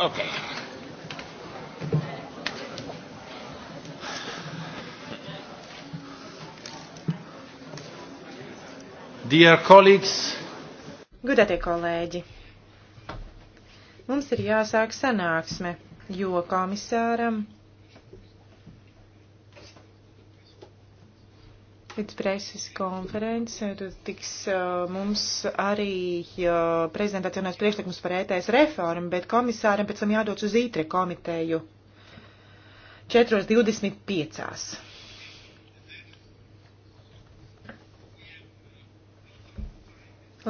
Okay. Dear colleagues. Gudatie kolēģi. Mums ir jāsāk sanāksme, jo komisāram Pēc preses konferences tiks uh, mums arī uh, prezentācijās priekšlikums par ETS reformu, bet komisāram pēc tam jādodas uz ITRE komiteju 4.25.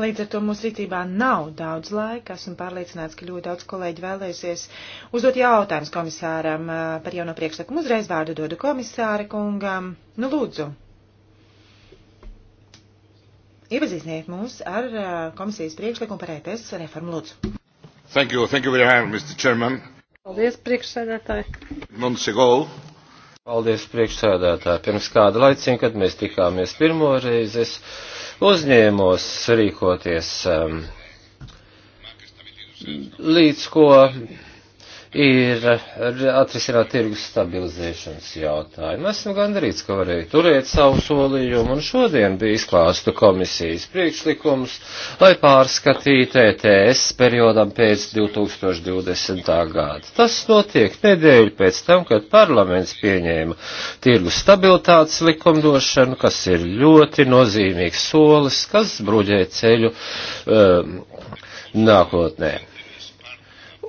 Līdz ar to mūsu rīcībā nav daudz laika. Esmu pārliecināts, ka ļoti daudz kolēģi vēlēsies uzdot jautājumus komisāram uh, par jauno priekšlikumu. Uzreiz vārdu dodu komisāra kungam. Nu, lūdzu! Iepazīstiniet mūs ar uh, komisijas priekšlikumu par ETS reformu lūdzu. Thank you, thank you very much, Mr. Chairman. Paldies, priekšsēdētāji. Months ago. Paldies, priekšsēdētāji. Pirms kāda laicina, kad mēs tikāmies pirmo reizi, es uzņēmos rīkoties um, līdz ko ir atrisināt tirgus stabilizēšanas jautājumu. Esmu gandarīts, ka varēju turēt savu solījumu, un šodien bija izklāstu komisijas priekšlikums, lai pārskatītu ETS periodam pēc 2020. gada. Tas notiek nedēļu pēc tam, kad parlaments pieņēma tirgus stabilitātes likumdošanu, kas ir ļoti nozīmīgs solis, kas bruģē ceļu um, nākotnē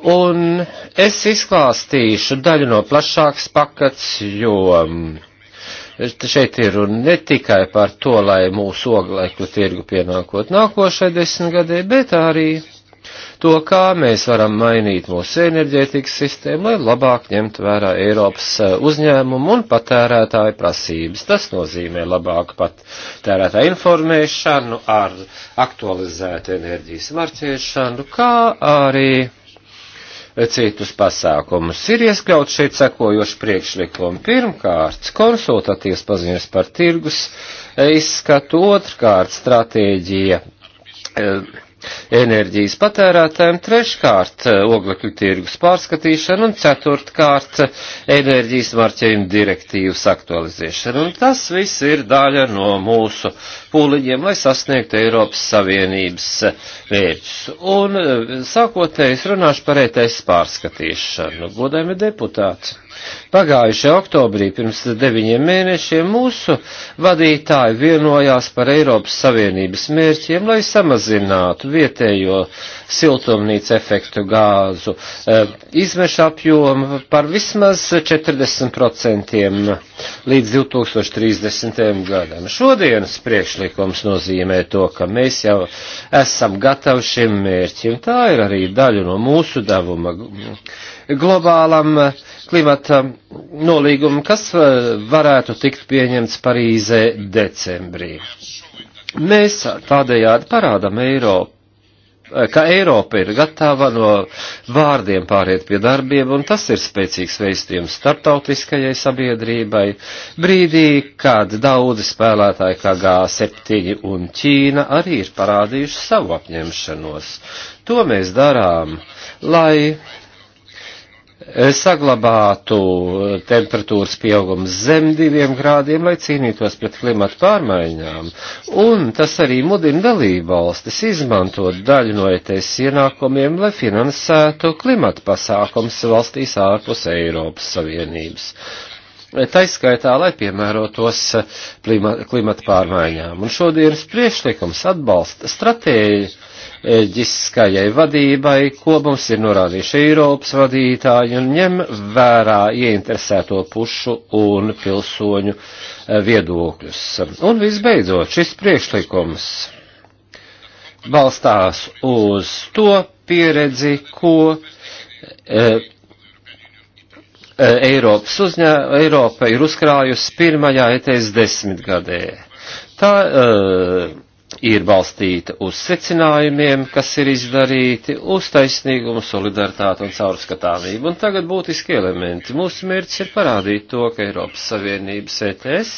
Un es izklāstīšu daļu no plašāks pakats, jo mm, šeit ir un ne tikai par to, lai mūsu oglekļu tirgu pienākot nākošai desmitgadē, bet arī to, kā mēs varam mainīt mūsu enerģētikas sistēmu, lai labāk ņemt vērā Eiropas e, uzņēmumu un patērētāju prasības. Tas nozīmē labāku patērētāju informēšanu ar aktualizētu enerģijas marķēšanu, kā arī citus pasākumus. Ir ieskauts šeit sekojoši priekšlikumi. Pirmkārt, konsultatīvs paziņas par tirgus e, izskatu, otrkārt, stratēģija. E, enerģijas patērētājiem, treškārt eh, oglekļu tirgus pārskatīšana un ceturtkārt eh, enerģijas marķējuma direktīvas aktualizēšana. Un tas viss ir daļa no mūsu pūliņiem, lai sasniegtu Eiropas Savienības eh, mērķus. Un sākotnēji es runāšu par ETS pārskatīšanu. Godējumi deputāti! Pagājušajā oktobrī pirms deviņiem mēnešiem mūsu vadītāji vienojās par Eiropas Savienības mērķiem, lai samazinātu vietējo siltumnīca efektu gāzu eh, izmešu apjomu par vismaz 40% līdz 2030. gadam. Šodienas priekšlikums nozīmē to, ka mēs jau esam gatavi šiem mērķiem. Tā ir arī daļa no mūsu devuma globālam eh, klimata nolīgumam, kas eh, varētu tikt pieņemts Parīzē decembrī. Mēs tādējādi parādam Eiropu eh, ka Eiropa ir gatava no vārdiem pāriet pie darbiem, un tas ir spēcīgs veistījums starptautiskajai sabiedrībai, brīdī, kad daudzi spēlētāji kā G7 un Ķīna arī ir parādījuši savu apņemšanos. To mēs darām, lai saglabātu temperatūras pieaugumu zem diviem grādiem, lai cīnītos pret klimatu pārmaiņām. Un tas arī mudina dalībvalstis izmantot daļu no ETS ienākumiem, lai finansētu klimatu pasākums valstīs ārpus Eiropas Savienības. Taiskaitā, lai piemērotos klimata pārmaiņām. Un šodienas priekšlikums atbalsta stratēģiju ģiskajai vadībai, ko mums ir norādījuši Eiropas vadītāji, un ņem vērā ieinteresēto pušu un pilsoņu eh, viedokļus. Un visbeidzot, šis priekšlikums balstās uz to pieredzi, ko e, Eiropas uzņē, Eiropa ir uzkrājusi pirmajā ETS desmitgadē. Tā uh, ir balstīta uz secinājumiem, kas ir izdarīti, uz taisnīgumu, solidaritāti un caurskatāmību. Un tagad būtiski elementi. Mūsu mērķis ir parādīt to, ka Eiropas Savienības ETS,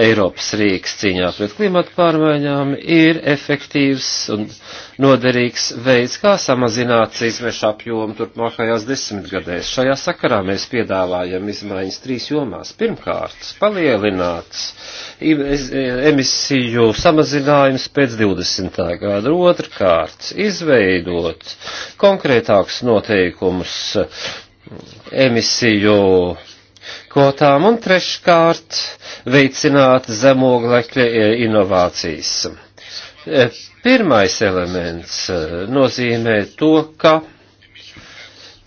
Eiropas rīks cīņā pret klimatu pārmaiņām ir efektīvs un noderīgs veids, kā samazināt izmešu apjomu turpmākajās desmitgadēs. Šajā sakarā mēs piedāvājam izmaiņas trīs jomās. Pirmkārt, palielināts emisiju samazinājums pēc 20. gada. Otrkārt, izveidot konkrētākus noteikumus emisiju kvotām un treškārt veicināt zemoglekļa e, inovācijas. E, pirmais elements e, nozīmē to, ka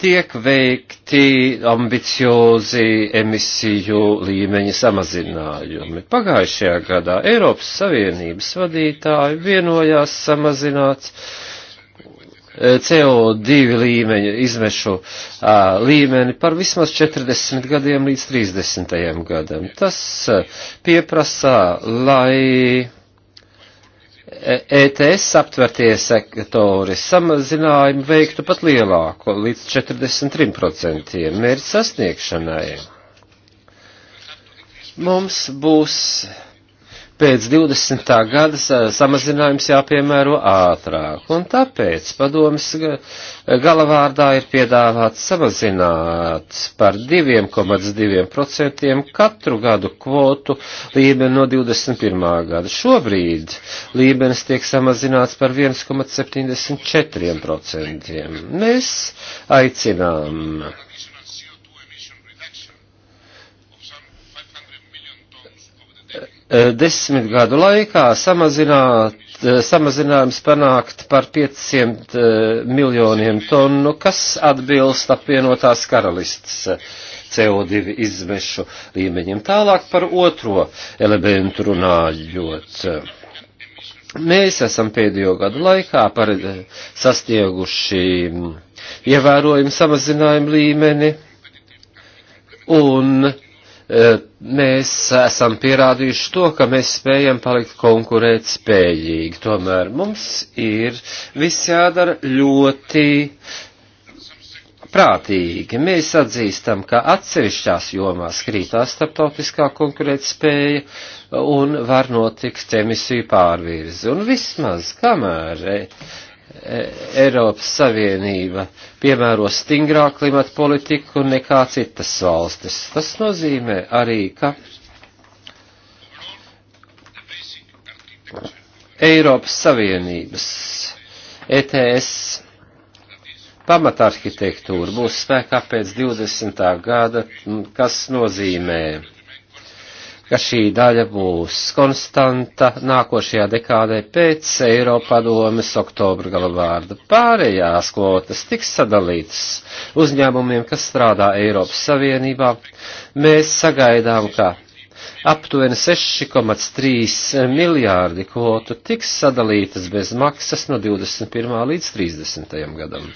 tiek veikti ambiciozi emisiju līmeņa samazinājumi. Pagājušajā gadā Eiropas Savienības vadītāji vienojās samazināt e, CO2 līmeņa izmešu a, līmeni par vismaz 40 gadiem līdz 30. gadam. Tas e, pieprasā, lai ETS aptvertie sektori samazinājumu veiktu pat lielāko, līdz 43% mērķu sasniegšanai. Mums būs pēc 20. gada samazinājums jāpiemēro ātrāk, un tāpēc padomas galavārdā ir piedāvāts samazināt par 2,2% katru gadu kvotu līmeni no 21. gada. Šobrīd līmenis tiek samazināts par 1,74%. Mēs aicinām Eh, desmit gadu laikā samazināt, eh, samazinājums panākt par 500 eh, miljoniem tonu, kas atbilst apvienotās karalists CO2 izmešu līmeņiem. Tālāk par otro elementu runājot. Mēs esam pēdējo gadu laikā par, sastieguši mm, ievērojumu samazinājumu līmeni un Eh, mēs esam pierādījuši to, ka mēs spējam palikt konkurēt spējīgi. Tomēr mums ir viss jādara ļoti prātīgi. Mēs atzīstam, ka atsevišķās jomās krītās starptautiskā konkurēt spēja un var notikt emisiju pārvirzi. Un vismaz, kamēr eh, E, Eiropas Savienība piemēro stingrāk klimata politiku nekā citas valstis. Tas nozīmē arī, ka Eiropas Savienības ETS pamatarhitektūra būs spēkā pēc 20. gada, kas nozīmē ka šī daļa būs konstanta nākošajā dekādē pēc Eiropadomes oktobra galavārda. Pārējās kvotas tiks sadalītas uzņēmumiem, kas strādā Eiropas Savienībā. Mēs sagaidām, ka aptuveni 6,3 miljārdi kvotu tiks sadalītas bez maksas no 21. līdz 30. gadam.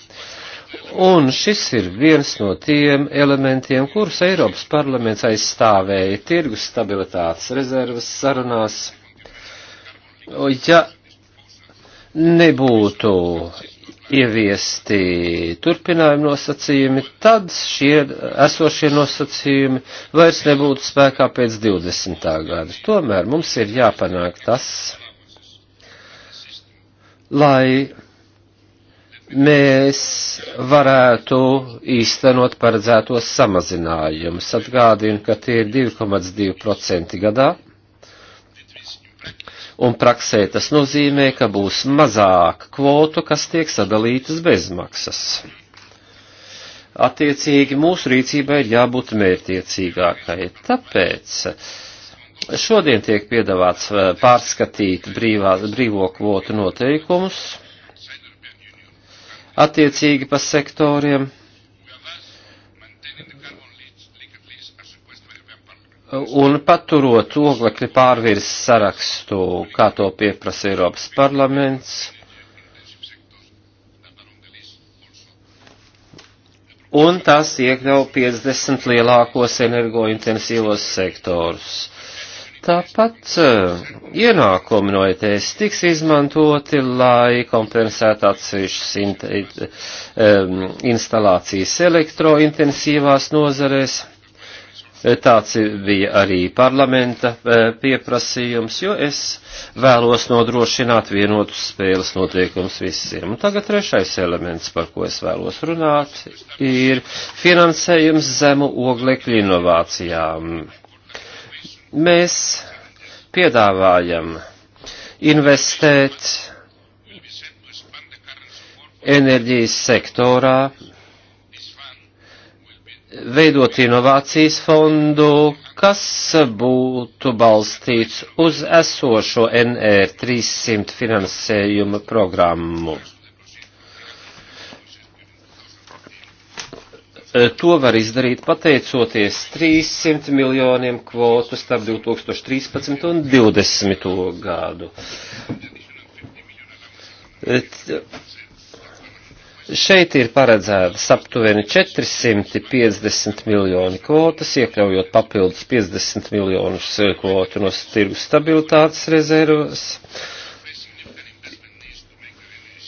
Un šis ir viens no tiem elementiem, kurus Eiropas parlaments aizstāvēja tirgus stabilitātes rezervas sarunās. Ja nebūtu ieviesti turpinājumi nosacījumi, tad šie esošie nosacījumi vairs nebūtu spēkā pēc 20. gada. Tomēr mums ir jāpanāk tas, lai mēs varētu īstenot paredzētos samazinājumus. Atgādinu, ka tie ir 2,2% gadā, un praksē tas nozīmē, ka būs mazāk kvotu, kas tiek sadalītas bezmaksas. Attiecīgi mūsu rīcībai ir jābūt mērtiecīgākai, tāpēc šodien tiek piedāvāts eh, pārskatīt brīvā, brīvo kvotu noteikumus attiecīgi pa sektoriem. Un paturot oglekļa pārvirs sarakstu, kā to pieprasa Eiropas parlaments, un tās iekļauj 50 lielākos energointensīvos sektorus. Tāpat eh, ienākumi no ETS tiks izmantoti, lai kompensētu atsevišķas in, um, instalācijas elektrointensīvās nozarēs. Eh, tāds bija arī parlamenta pieprasījums, jo es vēlos nodrošināt vienotus spēles noteikumus visiem. Un tagad trešais elements, par ko es vēlos runāt, ir finansējums zemu oglekļu inovācijām Mēs piedāvājam investēt enerģijas sektorā, veidot inovācijas fondu, kas būtu balstīts uz esošo NR 300 finansējuma programmu. Eh, to var izdarīt pateicoties 300 miljoniem kvotu starp 2013 un 2020 gadu. Eh, šeit ir paredzētas aptuveni 450 miljoni kvotas, iekļaujot papildus 50 miljonus eh, kvotu no tirgus stabilitātes rezervas.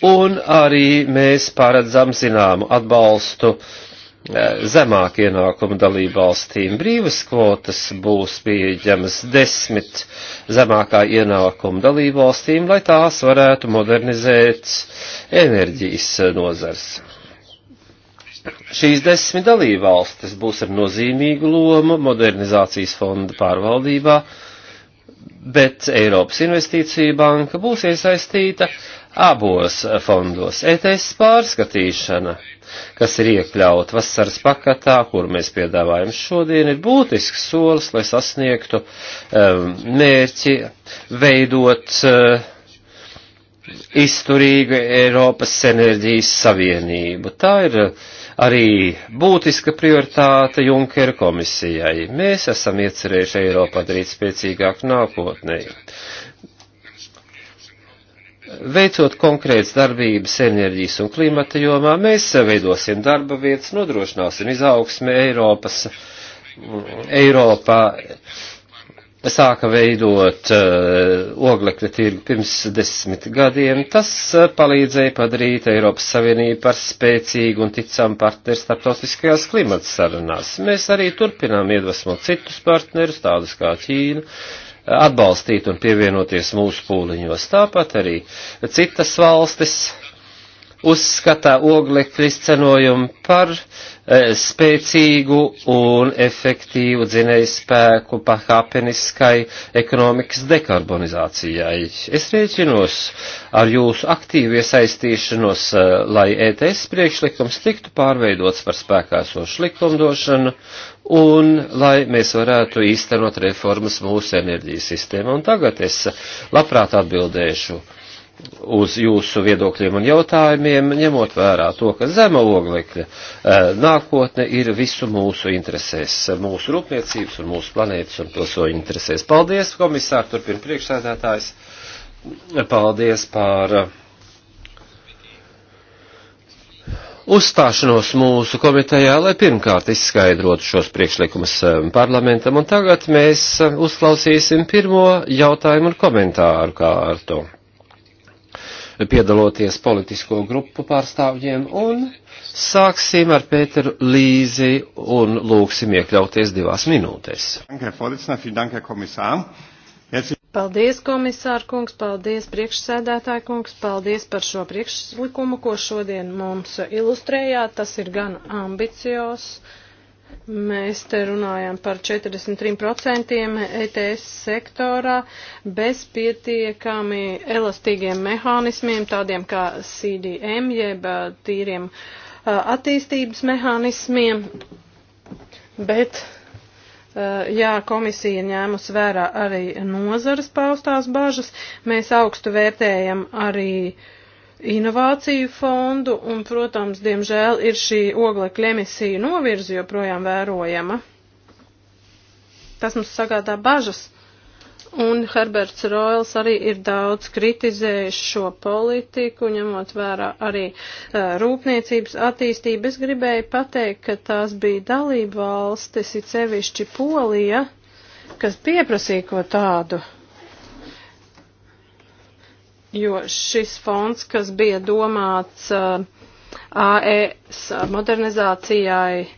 Un arī mēs paredzam zināmu atbalstu uh, Eh, zemāk ienākumu dalību valstīm. Brīvas kvotas būs pieejamas desmit zemākā ienākumu dalību valstīm, lai tās varētu modernizēt enerģijas nozars. Šīs desmit dalību valstis būs ar nozīmīgu lomu modernizācijas fonda pārvaldībā, bet Eiropas investīcija banka būs iesaistīta abos fondos. ETS pārskatīšana kas ir iekļaut vasaras pakatā, kur mēs piedāvājam šodien, ir būtisks solis, lai sasniegtu um, mērķi veidot uh, izturīgu Eiropas enerģijas savienību. Tā ir uh, arī būtiska prioritāte Junkera komisijai. Mēs esam iecerējuši Eiropu padarīt spēcīgāku nākotnē. Veicot konkrētas darbības enerģijas un klimata jomā, mēs veidosim darba vietas, nodrošināsim izaugsmi Eiropas, Eiropā, sāka veidot uh, oglekļa tirgu pirms desmit gadiem, tas uh, palīdzēja padarīt Eiropas Savienību par spēcīgu un ticamu partneri starptautiskajās klimata sarunās. Mēs arī turpinām iedvesmot citus partnerus, tādus kā Ķīna, atbalstīt un pievienoties mūsu pūliņos. Tāpat arī citas valstis uzskatā oglekļa izcenojumu par e, spēcīgu un efektīvu dzinēju spēku pakāpeniskai ekonomikas dekarbonizācijai. Es rēķinos ar jūsu aktīvu iesaistīšanos, e, lai ETS priekšlikums tiktu pārveidots par spēkāsošu likumdošanu un lai mēs varētu īstenot reformas mūsu enerģijas sistēmā. Un tagad es labprāt atbildēšu uz jūsu viedokļiem un jautājumiem, ņemot vērā to, ka zema oglekļa eh, nākotne ir visu mūsu interesēs, mūsu rūpniecības un mūsu planētas un pilsoņu interesēs. Paldies, komisār, turpina priekšsēdētājs. Paldies par eh, uzstāšanos mūsu komitejā, lai pirmkārt izskaidrotu šos priekšlikumus eh, parlamentam, un tagad mēs uzklausīsim pirmo jautājumu un komentāru kārtu piedaloties politisko grupu pārstāvjiem, un sāksim ar Pēteru Līzi un lūksim iekļauties divās minūtēs. Paldies, komisāra kungs, paldies, priekšsēdētāja kungs, paldies par šo priekšlikumu, ko šodien mums ilustrējāt. Tas ir gan ambiciozs Mēs te runājam par 43% ETS sektorā bez pietiekami elastīgiem mehānismiem, tādiem kā CDM, jeb tīriem attīstības mehānismiem, bet, jā, komisija ņēmus vērā arī nozares paustās bažas, mēs augstu vērtējam arī uh, inovāciju fondu, un, protams, diemžēl ir šī oglekļa emisija novirzi joprojām vērojama. Tas mums sagādā bažas. Un Herberts Royals arī ir daudz kritizējis šo politiku, ņemot vērā arī uh, rūpniecības attīstību. Es gribēju pateikt, ka tās bija dalība valstis, it sevišķi Polija, kas pieprasīja ko tādu. Uh, jo šis fonds, kas bija domāts uh, AES modernizācijai uh,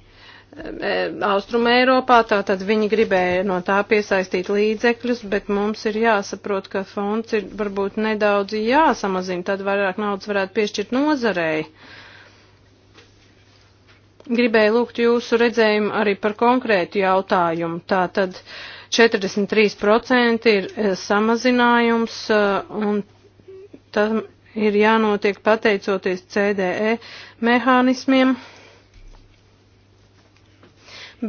Austrum Eiropā, tātad viņi gribēja no tā piesaistīt līdzekļus, bet mums ir jāsaprot, ka fonds ir varbūt nedaudz jāsamazina, tad vairāk naudas varētu piešķirt nozarei. Gribēju lūgt jūsu redzējumu arī par konkrētu jautājumu. Tātad 43% ir eh, samazinājums eh, un Tam ir jānotiek pateicoties CDE mehānismiem,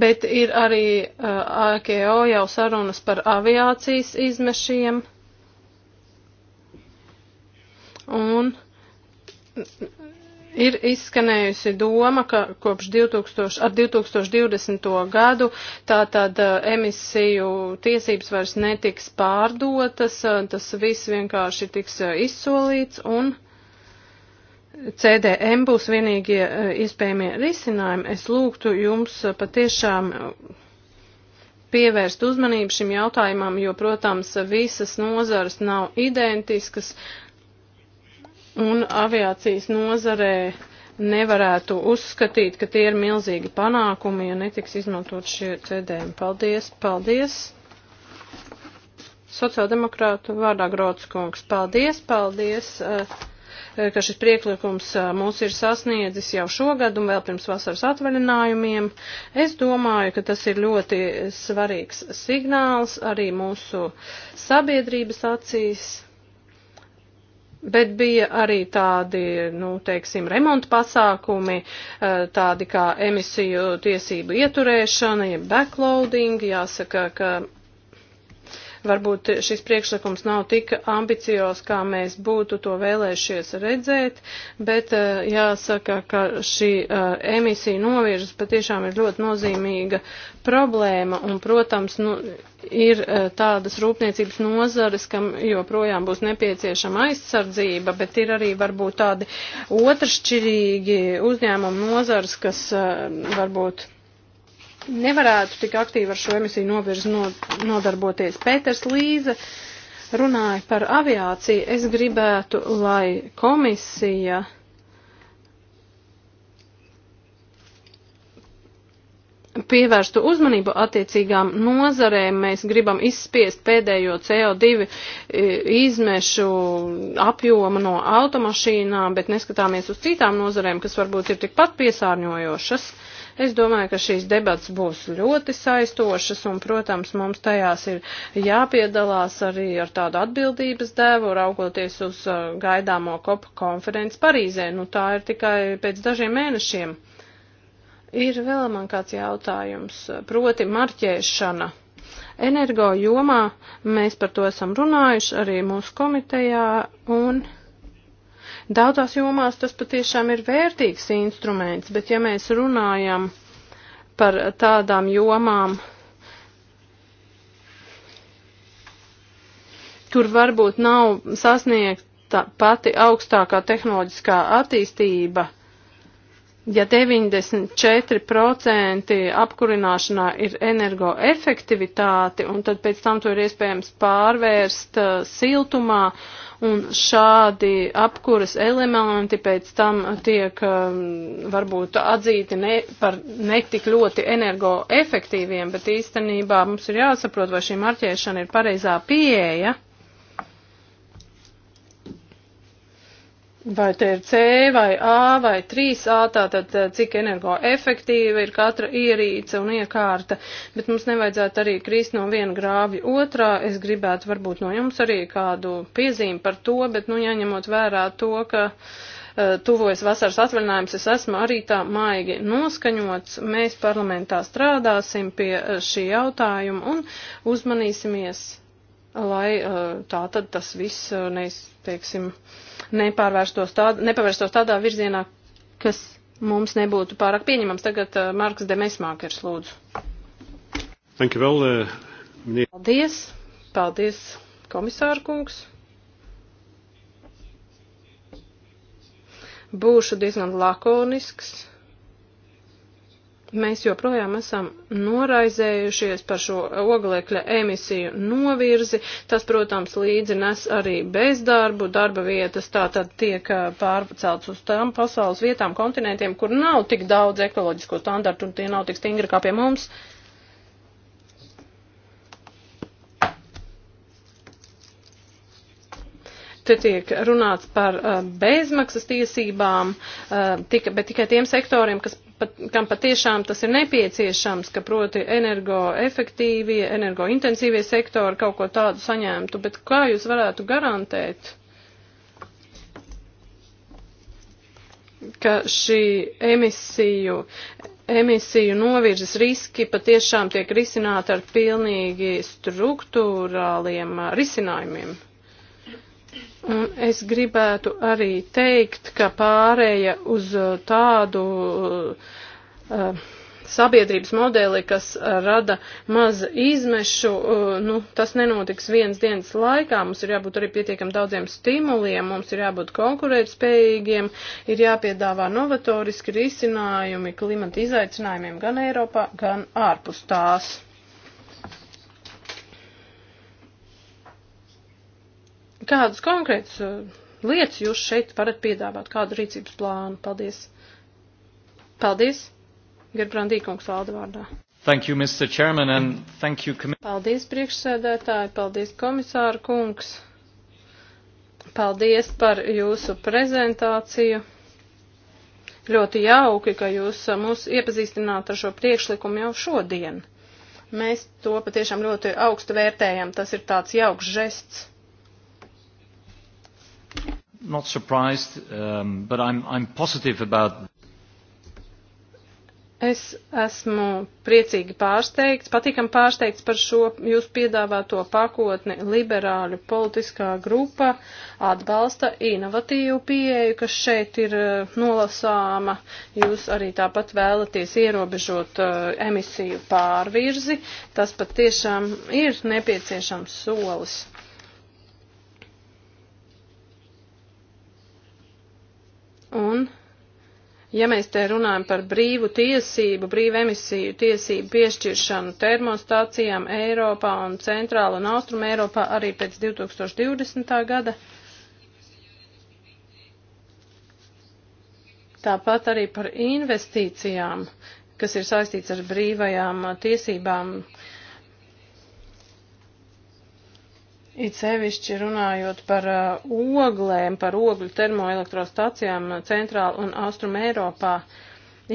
bet ir arī uh, AKO jau sarunas par aviācijas izmešiem. Un Ir izskanējusi doma, ka kopš 2000, ar 2020. gadu tātad eh, emisiju tiesības vairs netiks pārdotas, eh, tas viss vienkārši tiks eh, izsolīts un CDM būs vienīgie iespējamie risinājumi. Es lūgtu jums patiešām pievērst uzmanību šim jautājumam, jo, protams, visas nozares nav identiskas, un aviācijas nozarē nevarētu uzskatīt, ka tie ir milzīgi panākumi, ja netiks izmantot šie cedējumi. Paldies, paldies! Sociāldemokrātu vārdā Grotskungs, paldies, paldies, eh, ka šis prieklikums eh, mūs ir sasniedzis jau šogad un vēl pirms vasaras atvaļinājumiem. Es domāju, ka tas ir ļoti svarīgs signāls arī mūsu sabiedrības acīs Bet bija arī tādi, nu, teiksim, remonta pasākumi, eh, tādi kā emisiju tiesību ieturēšana, backloading, jāsaka, ka Varbūt šis priekšlikums nav tik ambiciozs, kā mēs būtu to vēlējušies redzēt, bet eh, jāsaka, ka šī eh, emisija novirzes patiešām ir ļoti nozīmīga problēma un, protams, nu, ir eh, tādas rūpniecības nozares, kam joprojām būs nepieciešama aizsardzība, bet ir arī varbūt tādi otršķirīgi uzņēmumu nozares, kas varbūt nevarētu tik aktīvi ar šo emisiju novirzi no, nodarboties. Pēters Līze runāja par aviāciju. Es gribētu, lai komisija pievērstu uzmanību attiecīgām nozarēm. Mēs gribam izspiest pēdējo CO2 izmešu apjomu no automašīnām, bet neskatāmies uz citām nozarēm, kas varbūt ir tikpat piesārņojošas. Uh, Es domāju, ka šīs debats būs ļoti saistošas un, protams, mums tajās ir jāpiedalās arī ar tādu atbildības devu, raugoties uz uh, gaidāmo kopu konferenci Parīzē. Nu, tā ir tikai pēc dažiem mēnešiem. Ir vēl man kāds jautājums, proti marķēšana. Energo jomā mēs par to esam runājuši arī mūsu komitejā un. Daudzās jomās tas patiešām ir vērtīgs instruments, bet ja mēs runājam par tādām jomām, kur varbūt nav sasniegta pati augstākā tehnoloģiskā attīstība, Ja 94% apkurināšanā ir energoefektivitāte, un tad pēc tam to ir iespējams pārvērst uh, siltumā, un šādi apkuras elementi pēc tam tiek um, varbūt atzīti ne, par netik ļoti energoefektīviem, bet īstenībā mums ir jāsaprot, vai šī marķēšana ir pareizā pieeja. Vai te ir C vai A vai 3A, tātad eh, cik energoefektīva ir katra ierīce un iekārta, bet mums nevajadzētu arī krīst no viena grāvja otrā. Es gribētu varbūt no jums arī kādu piezīmi par to, bet, nu, jaņemot vērā to, ka uh, tuvojas vasaras atvaļinājums, es esmu arī tā maigi noskaņots. Mēs parlamentā strādāsim pie eh, šī jautājuma un uzmanīsimies, lai uh, tātad tas viss, uh, neizteiksim, uh, nepārvērstos, tād, nepārvērstos tādā virzienā, kas mums nebūtu pārāk pieņemams. Tagad uh, Marks Demesmākers lūdzu. Well, uh, paldies, paldies, komisāra kungs. Būšu diezgan lakonisks mēs joprojām esam noraizējušies par šo oglekļa emisiju novirzi. Tas, protams, līdzi nes arī bezdarbu, darba vietas tā tad tiek pārcelts uz tām pasaules vietām, kontinentiem, kur nav tik daudz ekoloģisko standartu un tie nav tik stingri kā pie mums. Uh, Te tiek runāts par uh, bezmaksas tiesībām, uh, tika, bet tikai tiem sektoriem, kas, pat, kam patiešām tas ir nepieciešams, ka proti energoefektīvie, energointensīvie sektori kaut ko tādu saņemtu, bet kā jūs varētu garantēt? ka šī emisiju, emisiju novirzes riski patiešām tiek risināti ar pilnīgi struktūrāliem uh, risinājumiem. Mm, es gribētu arī teikt, ka pārēja uz uh, tādu uh, uh, sabiedrības modeli, kas rada maz izmešu, uh, nu, tas nenotiks viens dienas laikā. Mums ir jābūt arī pietiekam daudziem stimuliem, mums ir jābūt konkurētspējīgiem, ir jāpiedāvā novatoriski risinājumi klimata izaicinājumiem gan Eiropā, gan ārpus tās. Kādas konkrētas uh, lietas jūs šeit varat piedāvāt? Kādu rīcības plānu? Paldies! Paldies! Gerbrandīkungs valda vārdā. Thank you, Mr. Chairman, and thank you, Paldies, priekšsēdētāji, paldies, komisāra kungs. Paldies par jūsu prezentāciju. Ļoti jauki, ka jūs uh, mūs iepazīstināt ar šo priekšlikumu jau šodien. Mēs to patiešām ļoti augstu vērtējam. Tas ir tāds jauks žests not surprised, um, but I'm, I'm positive about. Es esmu priecīgi pārsteigts, patīkam pārsteigts par šo jūsu piedāvāto pakotni. Liberāļu politiskā grupa atbalsta inovatīvu pieeju, kas šeit ir uh, nolasāma. Jūs arī tāpat vēlaties ierobežot uh, emisiju pārvirzi. Tas pat tiešām ir nepieciešams solis. Un, ja mēs te runājam par brīvu tiesību, brīvu emisiju tiesību piešķiršanu termostācijām Eiropā un Centrāla un Austruma Eiropā arī pēc 2020. gada, tāpat arī par investīcijām, kas ir saistīts ar brīvajām tiesībām uh, It sevišķi runājot par uh, oglēm, par ogļu termoelektrostacijām uh, centrāla un austrum Eiropā,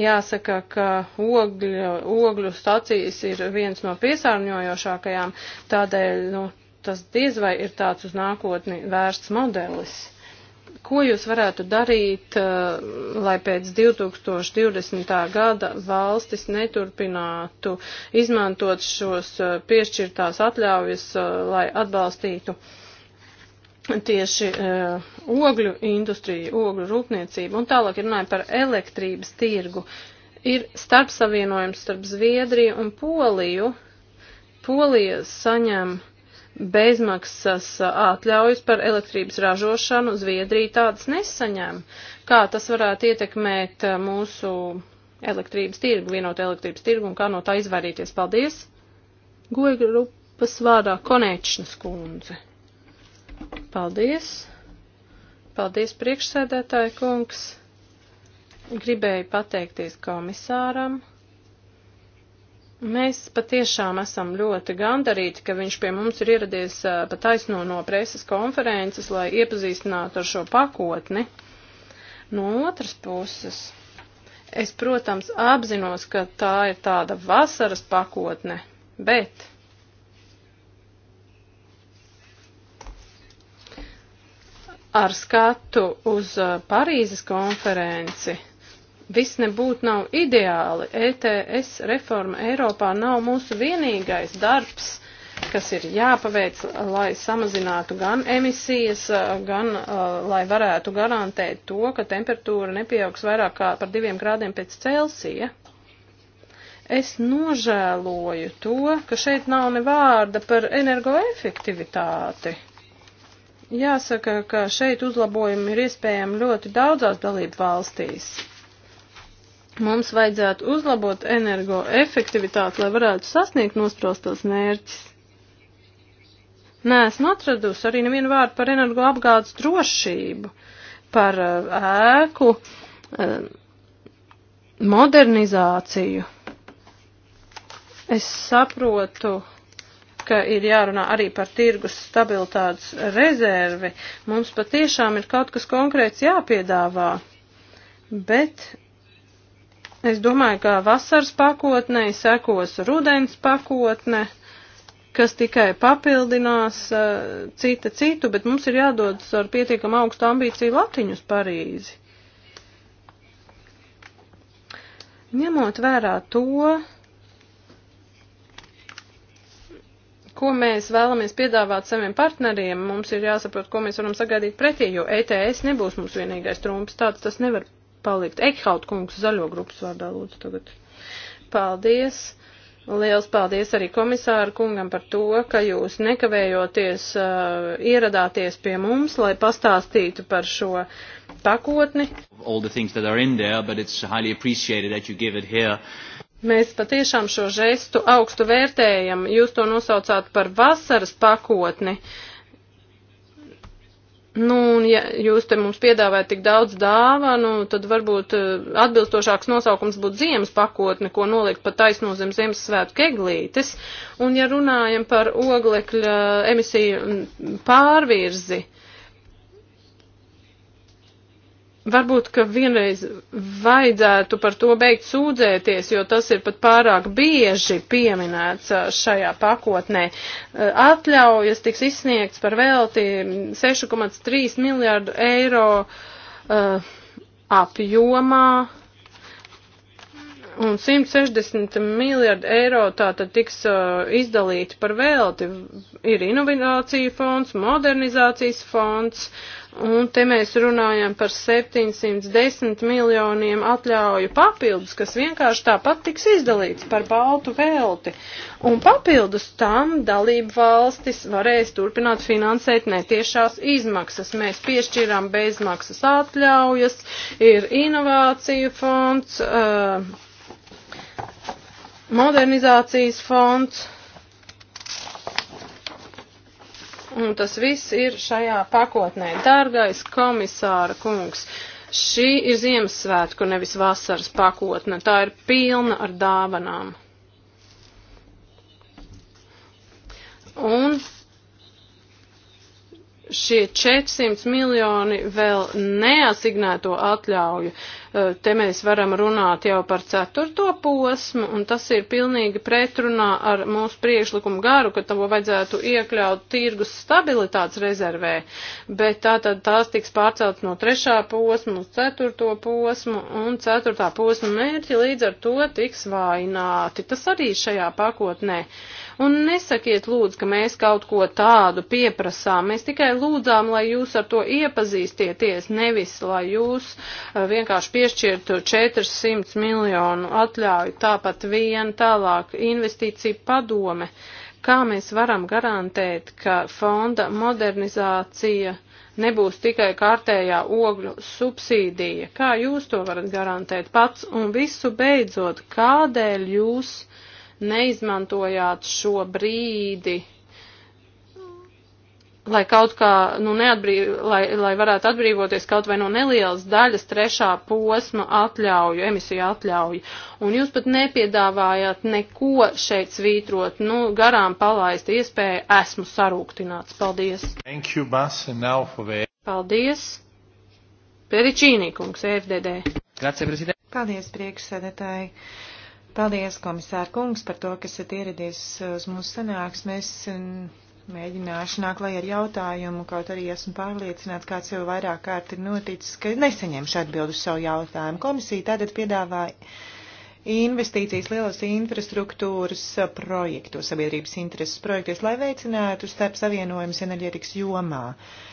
jāsaka, ka ogļu, ogļu stacijas ir viens no piesārņojošākajām, tādēļ nu, tas diez vai ir tāds uz nākotni vērsts modelis ko jūs varētu darīt, eh, lai pēc 2020. gada valstis neturpinātu izmantot šos eh, piešķirtās atļaujas, eh, lai atbalstītu tieši ogļu industriju, ogļu rūpniecību un tālāk runājot par elektrības tirgu. Ir starpsavienojums starp Zviedriju un Poliju. Polija saņem bezmaksas atļaujas par elektrības ražošanu Zviedrija tādas nesaņem. Kā tas varētu ietekmēt mūsu elektrības tirgu, vienot elektrības tirgu un kā no tā izvairīties? Paldies! Goja grupas vārdā Konēčnas kundze. Paldies! Paldies priekšsēdētāja kungs! Gribēju pateikties komisāram Mēs patiešām esam ļoti gandarīti, ka viņš pie mums ir ieradies pat aizno no preses konferences, lai iepazīstinātu ar šo pakotni. No otras puses, es, protams, apzinos, ka tā ir tāda vasaras pakotne, bet ar skatu uz Parīzes konferenci viss nebūtu nav ideāli. ETS reforma Eiropā nav mūsu vienīgais darbs, kas ir jāpaveic, lai samazinātu gan emisijas, gan uh, lai varētu garantēt to, ka temperatūra nepieaugs vairāk kā par diviem grādiem pēc Celsija. Es nožēloju to, ka šeit nav ne vārda par energoefektivitāti. Jāsaka, ka šeit uzlabojumi ir iespējami ļoti daudzās dalību valstīs. Mums vajadzētu uzlabot energoefektivitāti, lai varētu sasniegt nosprostos mērķis. Nē, esmu atradusi arī nevienu vārdu par energoapgādes drošību, par eh, ēku eh, modernizāciju. Es saprotu, ka ir jārunā arī par tirgus stabilitātes rezervi. Mums patiešām ir kaut kas konkrēts jāpiedāvā, bet Es domāju, ka vasaras pakotnei sekos rudens pakotne, kas tikai papildinās uh, cita citu, bet mums ir jādodas ar pietiekam augstu ambīciju latiņus Parīzi. Ņemot vērā to, ko mēs vēlamies piedāvāt saviem partneriem, mums ir jāsaprot, ko mēs varam sagaidīt pretī, jo ETS nebūs mums vienīgais trumps, tāds tas nevar palikt. Ekhaut kungs zaļo grupas vārdā lūdzu tagad. Paldies! Liels paldies arī komisāru kungam par to, ka jūs nekavējoties uh, ieradāties pie mums, lai pastāstītu par šo pakotni. There, Mēs patiešām šo žestu augstu vērtējam. Jūs to nosaucāt par vasaras pakotni. Uh, Nu, un ja jūs te mums piedāvājat tik daudz dāvanu, tad varbūt eh, atbilstošāks nosaukums būtu ziemas pakotne, ko nolikt pa taisno zem Ziemassvētku eglītes. Un ja runājam par oglekļa emisiju mm, pārvirzi, uh, Varbūt, ka vienreiz vajadzētu par to beigt sūdzēties, jo tas ir pat pārāk bieži pieminēts uh, šajā pakotnē. Uh, atļaujas tiks izsniegts par velti 6,3 miljārdu eiro uh, apjomā un 160 miljardi eiro tātad tiks uh, izdalīti par velti. Ir inovācija fonds, modernizācijas fonds Un te mēs runājam par 710 miljoniem atļauju papildus, kas vienkārši tāpat tiks izdalīts par baltu velti. Un papildus tam dalību valstis varēs turpināt finansēt netiešās izmaksas. Mēs piešķirām bezmaksas atļaujas, ir inovāciju fonds, eh, modernizācijas fonds Un tas viss ir šajā pakotnē. Dārgais komisāra kungs, šī ir Ziemassvētku nevis vasaras pakotne. Tā ir pilna ar dāvanām. Un šie 400 miljoni vēl neasignēto atļauju, e, te mēs varam runāt jau par ceturto posmu, un tas ir pilnīgi pretrunā ar mūsu priekšlikumu garu, ka tam vajadzētu iekļaut tirgus stabilitātes rezervē, bet tātad tās tiks pārcelt no trešā posma uz ceturto posmu, un ceturtā posma mērķi līdz ar to tiks vaināti. Tas arī šajā pakotnē. Uh, Un nesakiet lūdzu, ka mēs kaut ko tādu pieprasām. Mēs tikai lūdzām, lai jūs ar to iepazīstieties, nevis lai jūs eh, vienkārši piešķirtu 400 miljonu atļauju tāpat vien tālāk investīciju padome. Kā mēs varam garantēt, ka fonda modernizācija nebūs tikai kārtējā ogļu subsīdija. Kā jūs to varat garantēt pats? Un visu beidzot, kādēļ jūs uh, neizmantojāt šo brīdi, lai kaut kā, nu, neatbrīv, lai, lai varētu atbrīvoties kaut vai no nelielas daļas trešā posma atļauju, emisiju atļauju. Un jūs pat nepiedāvājāt neko šeit svītrot, nu, garām palaist iespēju, esmu sarūktināts. Paldies. Thank you, Bas, the... Paldies. Peričīnī kungs, e FDD. Grazie, prezident. Paldies, priekšsēdētāji. Uh, Paldies, komisār kungs, par to, kas esat ieradies uz mūsu sanāksmes. Mēģināšu nākt lai ar jautājumu, kaut arī esmu pārliecināts, kāds jau vairāk kārt ir noticis, ka neseņemšu atbildu uz savu jautājumu. Komisija tātad piedāvāja investīcijas lielos infrastruktūras projektos, sabiedrības intereses projektos, lai veicinātu starp savienojumus enerģētikas jomā. Uh,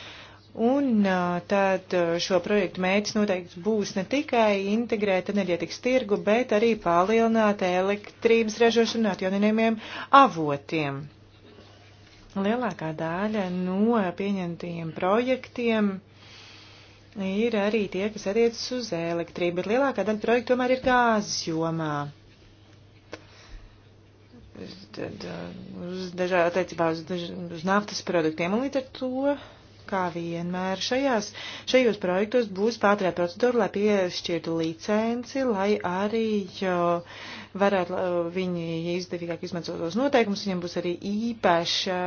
Un tad šo projektu mērķis noteikti būs ne tikai integrēt enerģētikas tirgu, bet arī palielināt elektrības ražošanu atjauninājumiem avotiem. Lielākā daļa no pieņemtajiem projektiem ir arī tie, kas attiecas uz elektrību, bet lielākā daļa projektu tomēr ir gāzes jomā. Tad, uz dažā, attiecībā uz, daž, uz naftas produktiem un līdz ar to kā vienmēr šajās, šajos projektos būs pātrē procedūra, lai piešķirtu licenci, lai arī varētu viņi izdevīgāk izmantot tos noteikumus, viņiem būs arī īpaša,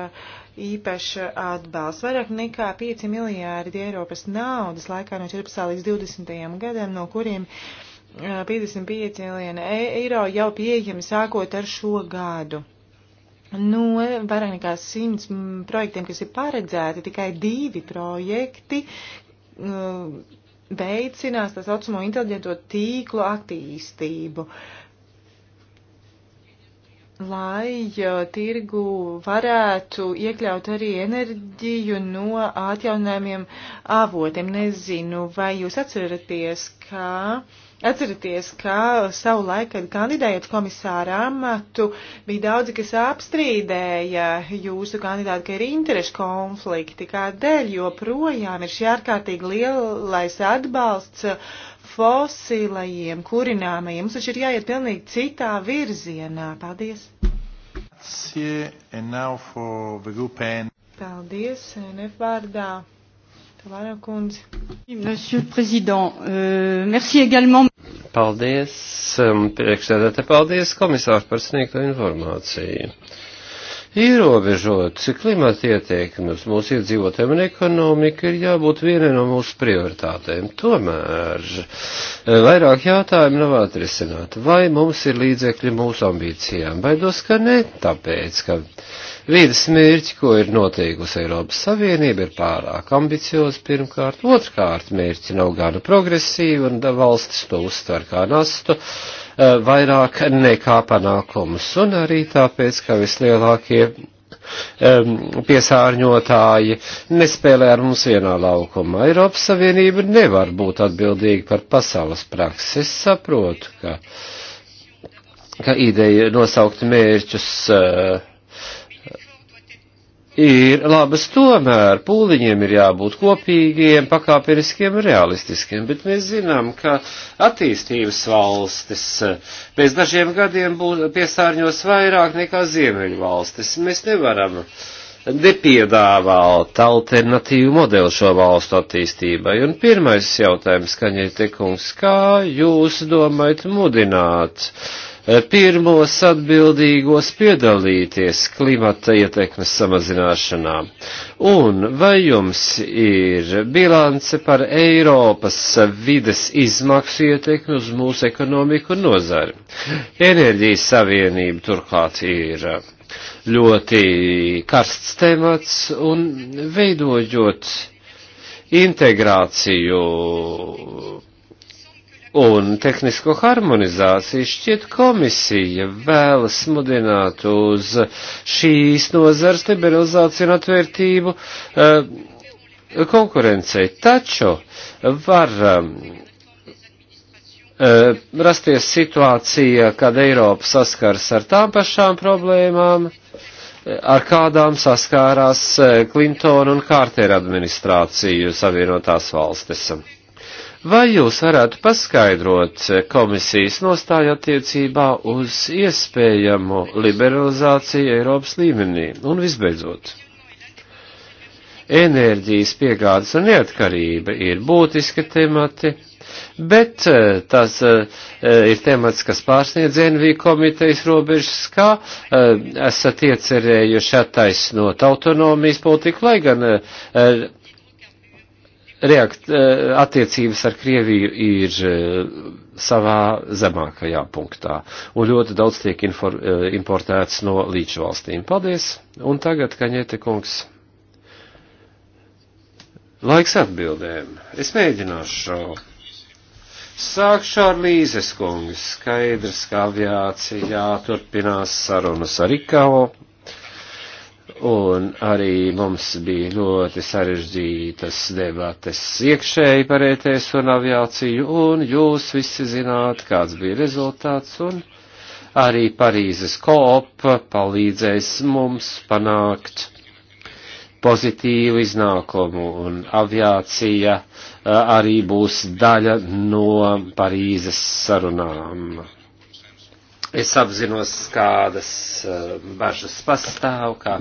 īpaša atbalsts. Vairāk nekā 5 miljārdi Eiropas naudas laikā no 14. līdz 20. gadam, no kuriem 55 miljoni e, eiro jau pieejami sākot ar šo gadu. No nu, vairāk nekā simts projektiem, kas ir paredzēti, tikai divi projekti uh, veicinās tā saucamo inteliģento tīklu attīstību, lai uh, tirgu varētu iekļaut arī enerģiju no atjaunājumiem avotiem. Nezinu, vai jūs atceraties, ka. Uh, Atcerieties, ka savu laiku, kad kandidējot komisāra amatu, bija daudzi, kas apstrīdēja jūsu kandidātu, ka ir interešu konflikti, kādēļ joprojām ir šī ārkārtīgi lielais atbalsts fosilajiem kurināmajiem. Mums taču ir jāiet pilnīgi citā virzienā. Paldies! Paldies, NF vārdā. Tavāra kundze. Monsieur le Président, euh, merci également. Paldies, um, priekšsēdētāji, paldies komisāru par sniegto informāciju. Ierobežot klimata ieteikumu uz mūsu iedzīvotājiem un ekonomiku ir jābūt vienai no mūsu prioritātēm. Tomēr eh, vairāk jautājumu nav atrisināti. Vai mums ir līdzekļi mūsu ambīcijām? Baidos, ka ne, tāpēc, ka Vīdas mērķi, ko ir noteikusi Eiropas Savienība, ir pārāk ambiciozi pirmkārt, otrkārt mērķi nav gana progresīvi un valstis to uztver kā nastu eh, vairāk nekā panākumus un arī tāpēc, ka vislielākie piesārņotāji nespēlē ar mums vienā laukumā. Eiropas Savienība nevar būt atbildīga par pasaules praksi. Es saprotu, ka, ka ideja nosaukt mērķus uh, ir labas tomēr, pūliņiem ir jābūt kopīgiem, pakāpeniskiem, realistiskiem, bet mēs zinām, ka attīstības valstis pēc dažiem gadiem būs piesārņos vairāk nekā ziemeļu valstis. Mēs nevaram nepiedāvāt alternatīvu modeli šo valstu attīstībai. Un pirmais jautājums, kaņietekungs, kā jūs domājat mudināt? Uh, Eh, pirmos atbildīgos piedalīties klimata ietekmes samazināšanā? Un vai jums ir bilance par Eiropas vides izmaksu ietekmi uz mūsu ekonomiku un nozari? Enerģijas savienība turklāt ir ļoti karsts temats un veidojot integrāciju un tehnisko harmonizāciju šķiet komisija vēlas mudināt uz šīs nozars liberalizāciju un atvērtību uh, konkurencei. Taču var um, uh, rasties situācija, kad Eiropa saskars ar tām pašām problēmām, eh, ar kādām saskārās Klintona un Kārtera administrāciju savienotās valstis. Vai jūs varētu paskaidrot komisijas nostāju attiecībā uz iespējamu liberalizāciju Eiropas līmenī? Un visbeidzot, enerģijas piegādes un neatkarība ir būtiski temati, bet eh, tas eh, ir temats, kas pārsniedz NV komitejas robežas, kā eh, esat iecerējuši attaisnot autonomijas politiku, lai gan reakt, eh, attiecības ar Krieviju ir eh, savā zemākajā punktā, un ļoti daudz tiek infor, eh, importēts no līča valstīm. Paldies, un tagad, Kaņete kungs, laiks atbildēm. Es mēģināšu. Sākšu ar Līzes kungu. Skaidrs, ka aviācijā turpinās sarunas ar Ikao Un arī mums bija ļoti sarežģītas debates iekšēji par ETS un aviāciju, un jūs visi zināt, kāds bija rezultāts, un arī Parīzes koop palīdzēs mums panākt pozitīvu iznākumu, un aviācija arī būs daļa no Parīzes sarunām Es apzinos, kādas eh, bažas pastāv, ka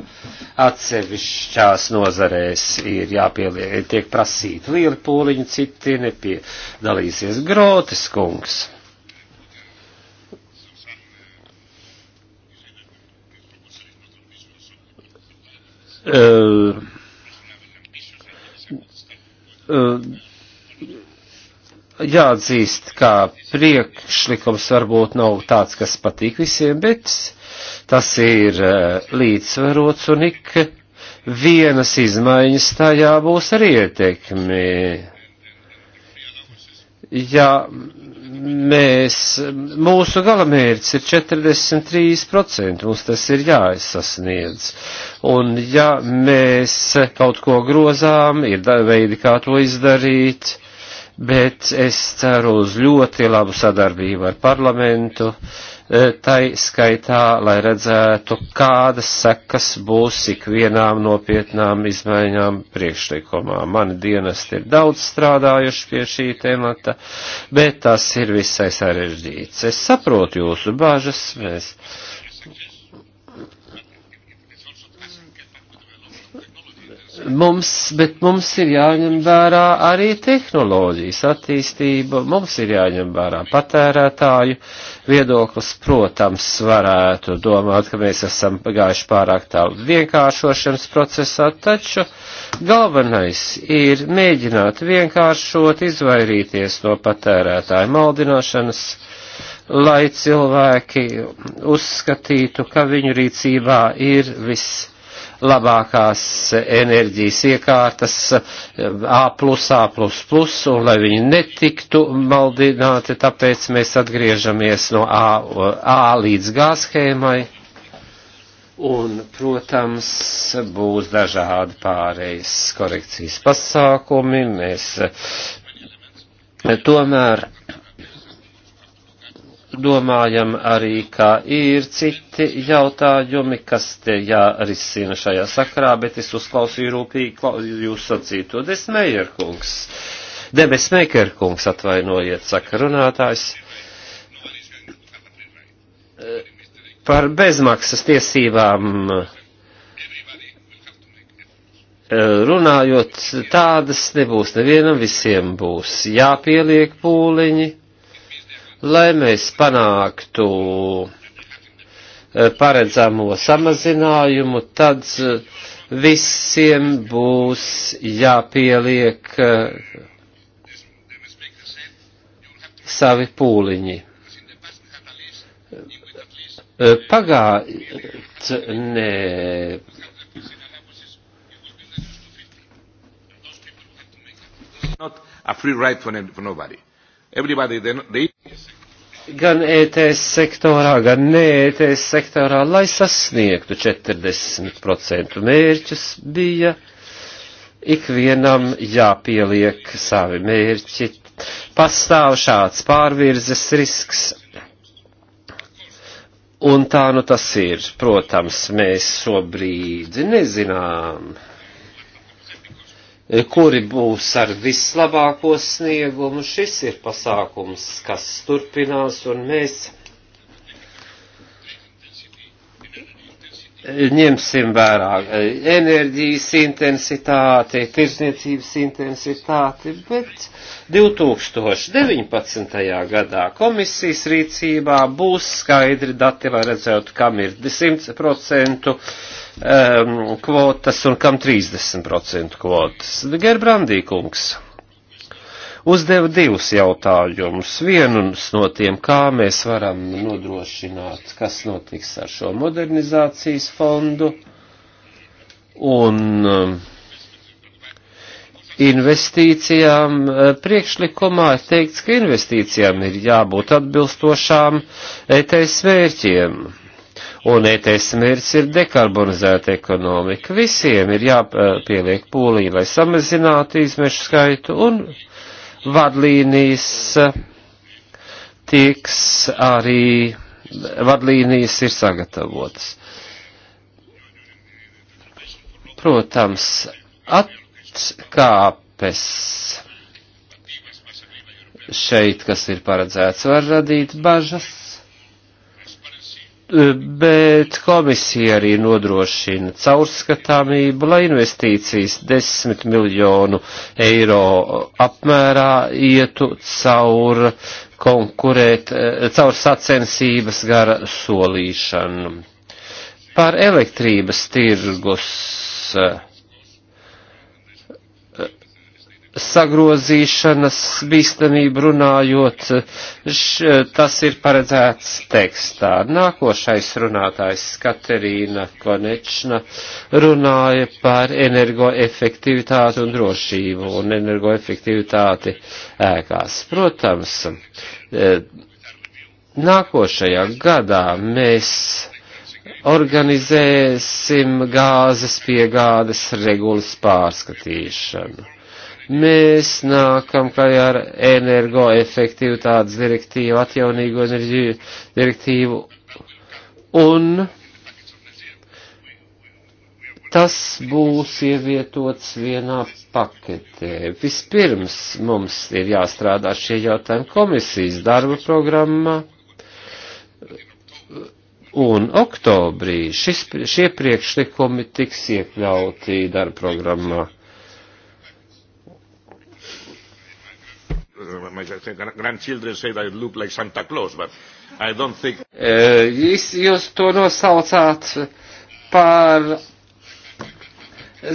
atsevišķās nozarēs ir jāpieliek, tiek prasīti lieli pūliņi, citi nepiedalīsies grotes kungs. Uh, uh, jāatzīst, ka priekšlikums varbūt nav tāds, kas patīk visiem, bet tas ir eh, līdzsvarots un ik vienas izmaiņas tajā būs arī ietekmi. Ja mēs, mūsu galamērķis ir 43%, mums tas ir jāizsasniedz. Un ja mēs kaut ko grozām, ir veidi, kā to izdarīt bet es ceru uz ļoti labu sadarbību ar parlamentu, e, tai skaitā, lai redzētu, kādas sekas būs ikvienām nopietnām izmaiņām priekšlikumā. Mani dienesti ir daudz strādājuši pie šī temata, bet tas ir visai sarežģīts. Es saprotu jūsu bāžas, mēs. Mēs Mums, bet mums ir jāņem vērā arī tehnoloģijas attīstība, mums ir jāņem vērā patērētāju viedoklis. Protams, varētu domāt, ka mēs esam pagājuši pārāk tālu vienkāršošanas procesā, taču galvenais ir mēģināt vienkāršot, izvairīties no patērētāju maldināšanas lai cilvēki uzskatītu, ka viņu rīcībā ir viss labākās enerģijas iekārtas A, A, un lai viņi netiktu maldināti, tāpēc mēs atgriežamies no A, A līdz G schēmai. Un, protams, būs dažādi pārējas korekcijas pasākumi. Mēs tomēr domājam arī, ka ir citi jautājumi, kas te jārisina šajā sakrā, bet es uzklausīju rūpīgi jūs sacīto desmeierkungs. Debes Meikerkungs atvainojiet, saka runātājs. Par bezmaksas tiesībām eh, runājot, tādas nebūs nevienam, visiem būs jāpieliek pūliņi lai mēs panāktu eh, paredzamo samazinājumu, tad eh, visiem būs jāpieliek eh, savi pūliņi. Pagātnē Not a free ride for nobody. Everybody, they, they... Gan ETS sektorā, gan ne ETS sektorā, lai sasniegtu 40% mērķus, bija ikvienam jāpieliek savi mērķi. Pastāv šāds pārvirzes risks, un tā nu tas ir. Protams, mēs šobrīd nezinām. E, kuri būs ar vislabāko sniegumu. Šis ir pasākums, kas turpinās, un mēs ņemsim vērā e, enerģijas intensitāti, tirsniecības intensitāti, bet 2019. gadā komisijas rīcībā būs skaidri dati, lai redzētu, kam ir 100% um, kvotas un kam 30% kvotas. Gerbrandīkungs uzdeva divus jautājumus. Vienus no tiem, kā mēs varam nodrošināt, kas notiks ar šo modernizācijas fondu un um, investīcijām. Eh, priekšlikumā ir teikts, ka investīcijām ir jābūt atbilstošām ETS mērķiem un ETS mērķis ir dekarbonizēta ekonomika. Visiem ir jāpieliek pūlī, lai samazinātu izmešu skaitu un vadlīnijas tieks arī, vadlīnijas ir sagatavotas. Protams, atkāpes šeit, kas ir paredzēts, var radīt bažas bet komisija arī nodrošina caurskatāmību, lai investīcijas 10 miljonu eiro apmērā ietu caur konkurēt, caur sacensības gara solīšanu. Par elektrības tirgus uh, sagrozīšanas bīstamību runājot, š, tas ir paredzēts tekstā. Nākošais runātājs Katerīna Konečna runāja par energoefektivitāti un drošību un energoefektivitāti ēkās. Protams, e, nākošajā gadā mēs organizēsim gāzes piegādes regulas pārskatīšanu Mēs nākam klajā ar energoefektivitātes direktīvu, atjaunīgo enerģiju direktīvu un tas būs ievietots vienā paketē. Vispirms mums ir jāstrādā šie jautājumi komisijas darba programmā, un oktobrī šis, šie priekšlikumi tiks iekļauti darba programmā. Eh, like think... Eh, jūs, jūs to nosaucāt par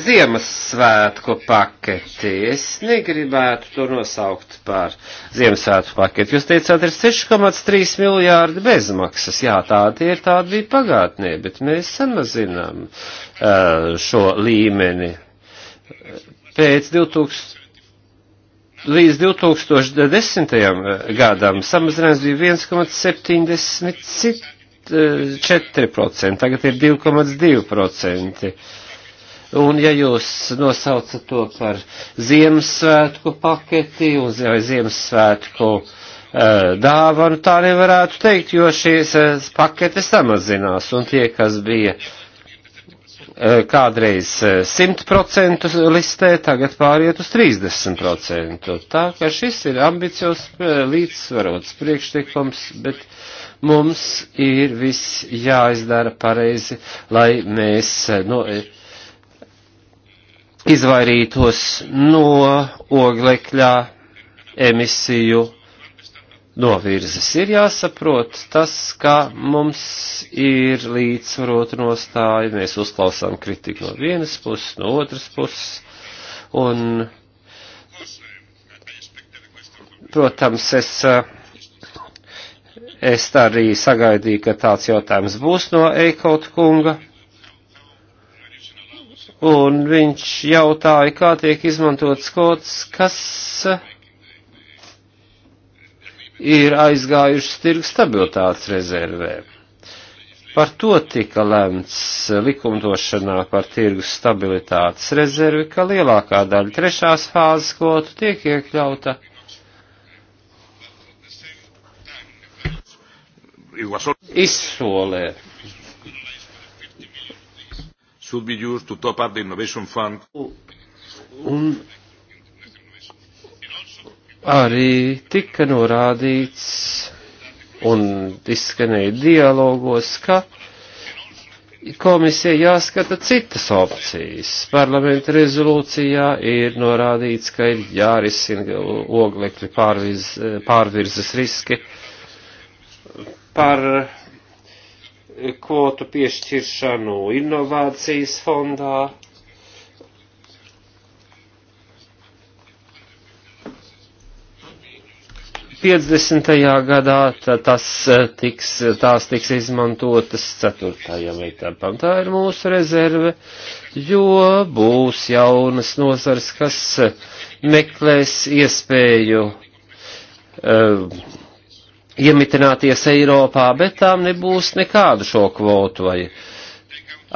Ziemassvētku paketi. Es negribētu to nosaukt par Ziemassvētku paketi. Jūs teicāt, ir 6,3 miljārdi bezmaksas. Jā, tāda ir, tāda bija pagātnē, bet mēs samazinām uh, šo līmeni. Pēc 2000 līdz 2010. Eh, gadam samazinājums bija 1,74%, eh, tagad ir 2,2%. Un ja jūs nosaucat to par Ziemassvētku paketi un vai Ziemassvētku uh, dāvanu, tā nevarētu teikt, jo šīs uh, paketes samazinās un tie, kas bija uh, Eh, kādreiz 100% eh, listē, tagad pāriet uz 30%. Tā ka šis ir ambicios eh, līdzsvarots priekšlikums, bet mums ir viss jāizdara pareizi, lai mēs no, izvairītos no oglekļā emisiju novirzes. Ir jāsaprot tas, ka mums ir līdzsvarota nostāja, mēs uzklausām kritiku no vienas puses, no otras puses, un, protams, es, es arī sagaidīju, ka tāds jautājums būs no Eikaut kunga. Un viņš jautāja, kā tiek izmantots kods, kas uh, ir aizgājušas tirgus stabilitātes rezervē. Par to tika lemts likumdošanā par tirgus stabilitātes rezervi, ka lielākā daļa trešās fāzes kvotu tiek iekļauta. Izsolē. Un, un arī tika norādīts un izskanēja dialogos, ka komisija jāskata citas opcijas. Parlamenta rezolūcijā ir norādīts, ka ir jārisina oglekļu pārviz, pārvirzes riski par kvotu piešķiršanu inovācijas fondā 50. gadā tas eh, tiks, tās tiks izmantotas 4. etapam. Tā ir mūsu rezerve, jo būs jaunas nozars, kas eh, meklēs iespēju uh, eh, iemitināties Eiropā, bet tām nebūs nekādu šo kvotu vai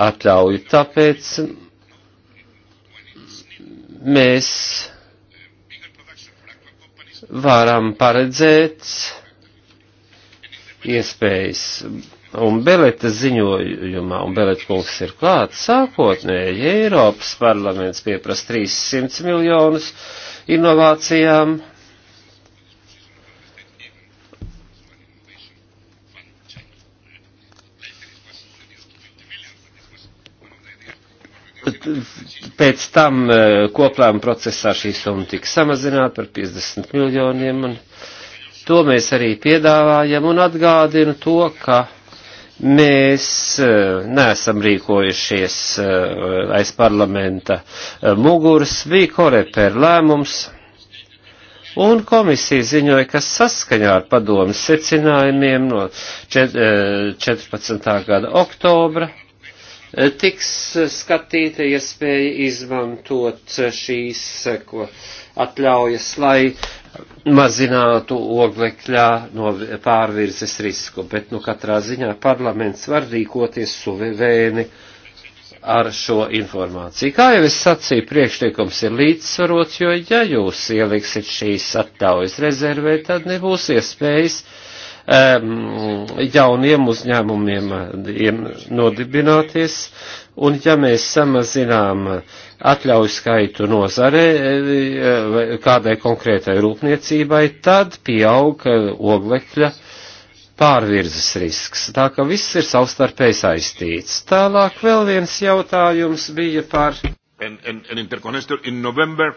atļauju. Tāpēc mēs varam paredzēt iespējas. Un Beleta ziņojumā, un Beleta kungs ir klāts, sākotnēji Eiropas parlaments pieprasa 300 miljonus inovācijām pēc tam eh, koplēma procesā šī summa tika samazināta par 50 miljoniem, un to mēs arī piedāvājam un atgādinu to, ka mēs eh, neesam rīkojušies eh, aiz parlamenta muguras, bija koreper lēmums, un komisija ziņoja, ka saskaņā ar padomas secinājumiem no 14. gada oktobra tiks skatīta iespēja izmantot šīs ko, atļaujas, lai mazinātu oglekļā no pārvirzes risku. Bet, nu, katrā ziņā parlaments var rīkoties suverēni ar šo informāciju. Kā jau es sacīju, priekšlikums ir līdzsvarots, jo ja jūs ieliksiet šīs atļaujas rezervē, tad nebūs iespējas uh, jauniem uzņēmumiem nodibināties, un ja mēs samazinām atļauju skaitu nozarē e, e, kādai konkrētai rūpniecībai, tad pieaug oglekļa pārvirzes risks. Tā ka viss ir savstarpēji saistīts. Tālāk vēl viens jautājums bija par. And, and, and in November, uh,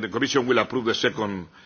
the Commission will approve the second uh,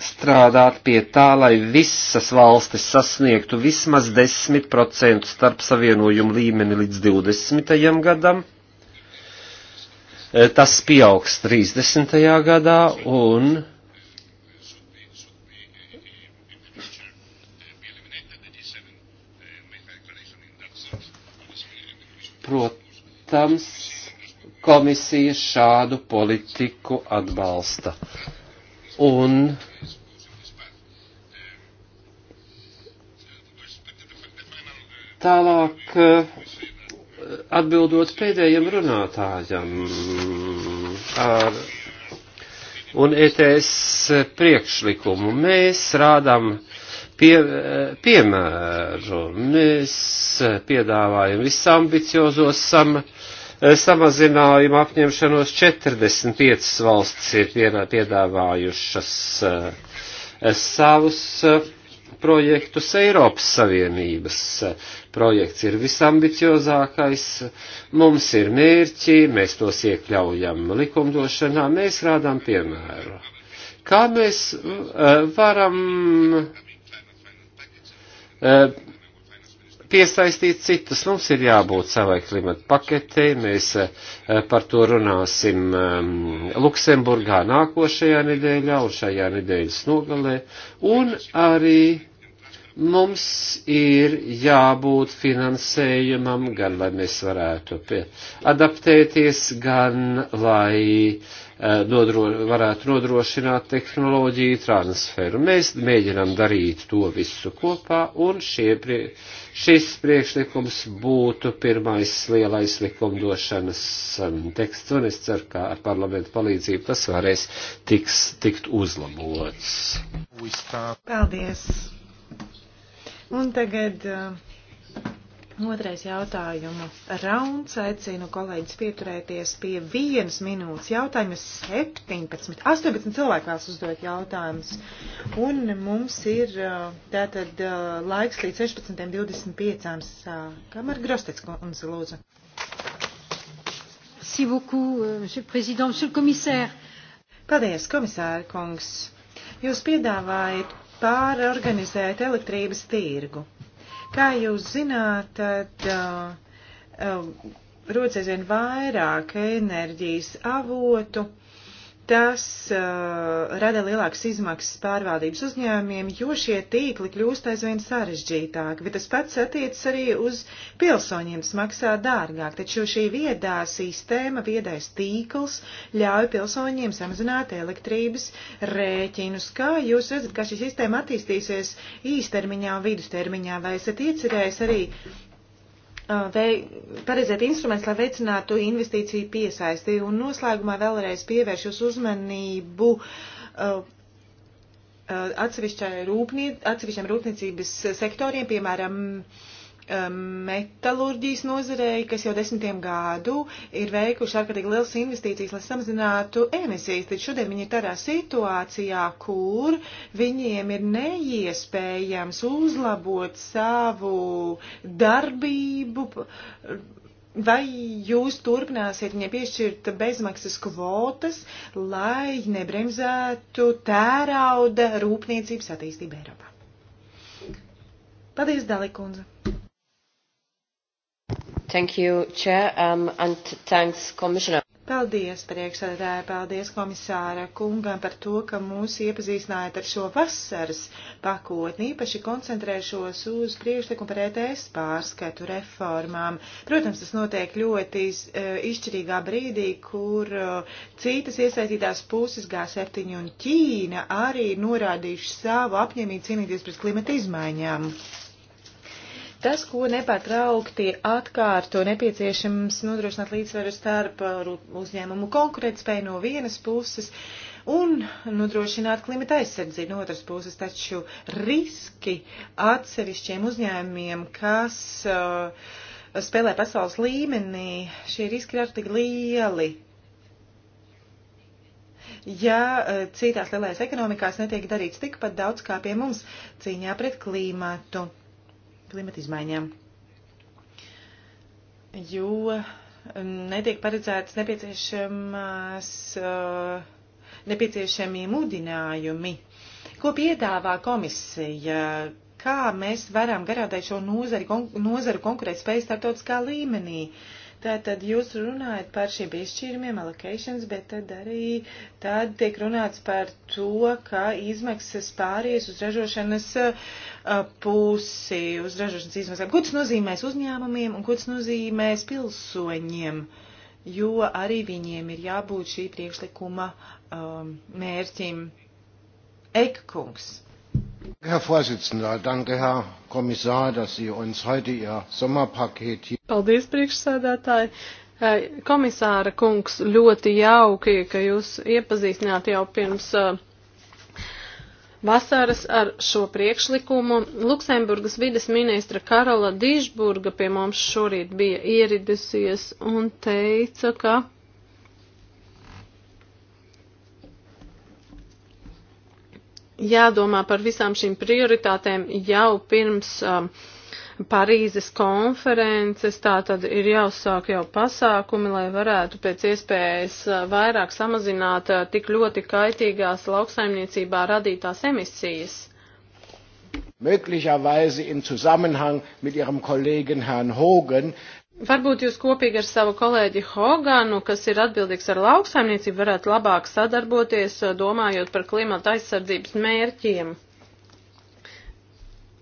strādāt pie tā, lai visas valstis sasniegtu vismaz 10% starp savienojumu līmeni līdz 20. gadam. E, tas pieaugs 30. gadā un protams, komisija šādu politiku atbalsta. Un Tālāk, eh, atbildot pēdējiem runātājam ar un ETS priekšlikumu, mēs rādām pie, eh, piemēru, mēs piedāvājam visambiciozos sam, eh, samazinājumu apņemšanos 45 valsts ir piedāvājušas savus projektus. Eiropas Savienības projekts ir visambiciozākais, mums ir mērķi, mēs tos iekļaujam likumdošanā, mēs rādām piemēru. Kā mēs eh, varam eh, piesaistīt citas. Mums ir jābūt savai klimata paketei, mēs eh, par to runāsim ehm, Luksemburgā nākošajā nedēļā un šajā nedēļas nogalē, un arī Mums ir jābūt finansējumam, gan lai mēs varētu adaptēties, gan lai eh, nodro, varētu nodrošināt tehnoloģiju transferu. Mēs mēģinām darīt to visu kopā, un šie prie, šis priekšlikums būtu pirmais lielais likumdošanas um, teksts, un es ceru, ka ar parlamentu palīdzību tas varēs tiks, tikt uzlabots. Paldies! Un tagad uh, otrais jautājumu rauns. Aicinu kolēģis pieturēties pie vienas minūtes jautājumus. 17, 18 cilvēki vēlas uzdot jautājumus. Un mums ir uh, tātad uh, laiks līdz 16.25. Kam ar Grostec kundze lūdzu? Merci beaucoup, euh, monsieur le président, monsieur le commissaire. Paldies, komisāra kungs. Jūs piedāvājat pārorganizēt elektrības tirgu. Kā jūs zināt, tad uh, uh, rodas aizvien vairāk enerģijas avotu, uh, Tas uh, rada lielākas izmaksas pārvaldības uzņēmumiem, jo šie tīkli kļūst aizvien sarežģītāki, bet tas pats attiecas arī uz pilsoņiem, tas maksā dārgāk, taču šī viedā sistēma, viedais tīkls ļauj pilsoņiem samazināt elektrības rēķinus. Kā jūs redzat, kā šī sistēma attīstīsies īstermiņā un vidustermiņā, vai esat iecerējis arī vei, paredzēt instruments, lai veicinātu investīciju piesaisti. Un noslēgumā vēlreiz pievērš jūs uzmanību uh, atsevišķiem rūpniecības sektoriem, piemēram, uh, Um, metalurģijas nozarei, kas jau desmitiem gadu ir veikuši ārkārtīgi liels investīcijas, lai samazinātu emisijas. Tad šodien viņi ir tādā situācijā, kur viņiem ir neiespējams uzlabot savu darbību. Vai jūs turpināsiet viņai piešķirt bezmaksas kvotas, lai nebremzētu tērauda rūpniecības attīstību Eiropā? Paldies, Dalikundze! Thank you, Chair, um, and thanks, Commissioner. Paldies, priekšsēdētāji, paldies komisāra kungam par to, ka mūs iepazīstinājāt ar šo vasaras pakotni, īpaši koncentrēšos uz priekšlikumu par ETS pārskatu reformām. Protams, tas notiek ļoti eh, izšķirīgā brīdī, kur eh, citas iesaistītās puses G7 un Ķīna arī norādījuši savu apņēmību cīnīties pret klimata izmaiņām. Tas, ko nepārtraukti atkārto, nepieciešams nodrošināt līdzsveru starp uh, uzņēmumu konkurētspēju no vienas puses un nodrošināt klimata aizsardzību no otras puses, taču riski atsevišķiem uzņēmumiem, kas uh, spēlē pasaules līmenī, šie riski ir ārkārtīgi lieli. Ja uh, citās lielajās ekonomikās netiek darīts tikpat daudz kā pie mums cīņā pret klīmatu klimata izmaiņām, jo mm, netiek paredzētas nepieciešamās, eh, nepieciešamie mudinājumi. Ko piedāvā komisija? Kā mēs varam garantēt šo nozari, kon, nozaru konkurētspēju starptautiskā līmenī? Uh, Tātad jūs runājat par šiem piešķīrumiem, allocations, bet tad arī tad tiek runāts par to, ka izmaksas pāries uz ražošanas pusi, uz ražošanas izmaksām. Ko tas nozīmēs uzņēmumiem un ko tas nozīmēs pilsoņiem? Jo arī viņiem ir jābūt šī priekšlikuma um, mērķim. Eikkungs. Herr Vorsitzender, danke, Herr Kommissar, dass Sie uns heute Ihr Sommerpaket hier. Paldies, priekšsēdētāji. Komisāra kungs, ļoti jauki, ka jūs iepazīstināt jau pirms uh, vasaras ar šo priekšlikumu. Luksemburgas vides ministra Karola Dižburga pie mums šorīt bija ieridusies un teica, ka jādomā par visām šīm prioritātēm jau pirms um, Parīzes konferences, tā tad ir jāuzsāk jau pasākumi, lai varētu pēc iespējas uh, vairāk samazināt uh, tik ļoti kaitīgās lauksaimniecībā radītās emisijas. Möglicherweise im Zusammenhang mit Ihrem Kollegen Herrn Hogan Varbūt jūs kopīgi ar savu kolēģi Hoganu, kas ir atbildīgs ar lauksaimniecību, varētu labāk sadarboties, domājot par klimata aizsardzības mērķiem.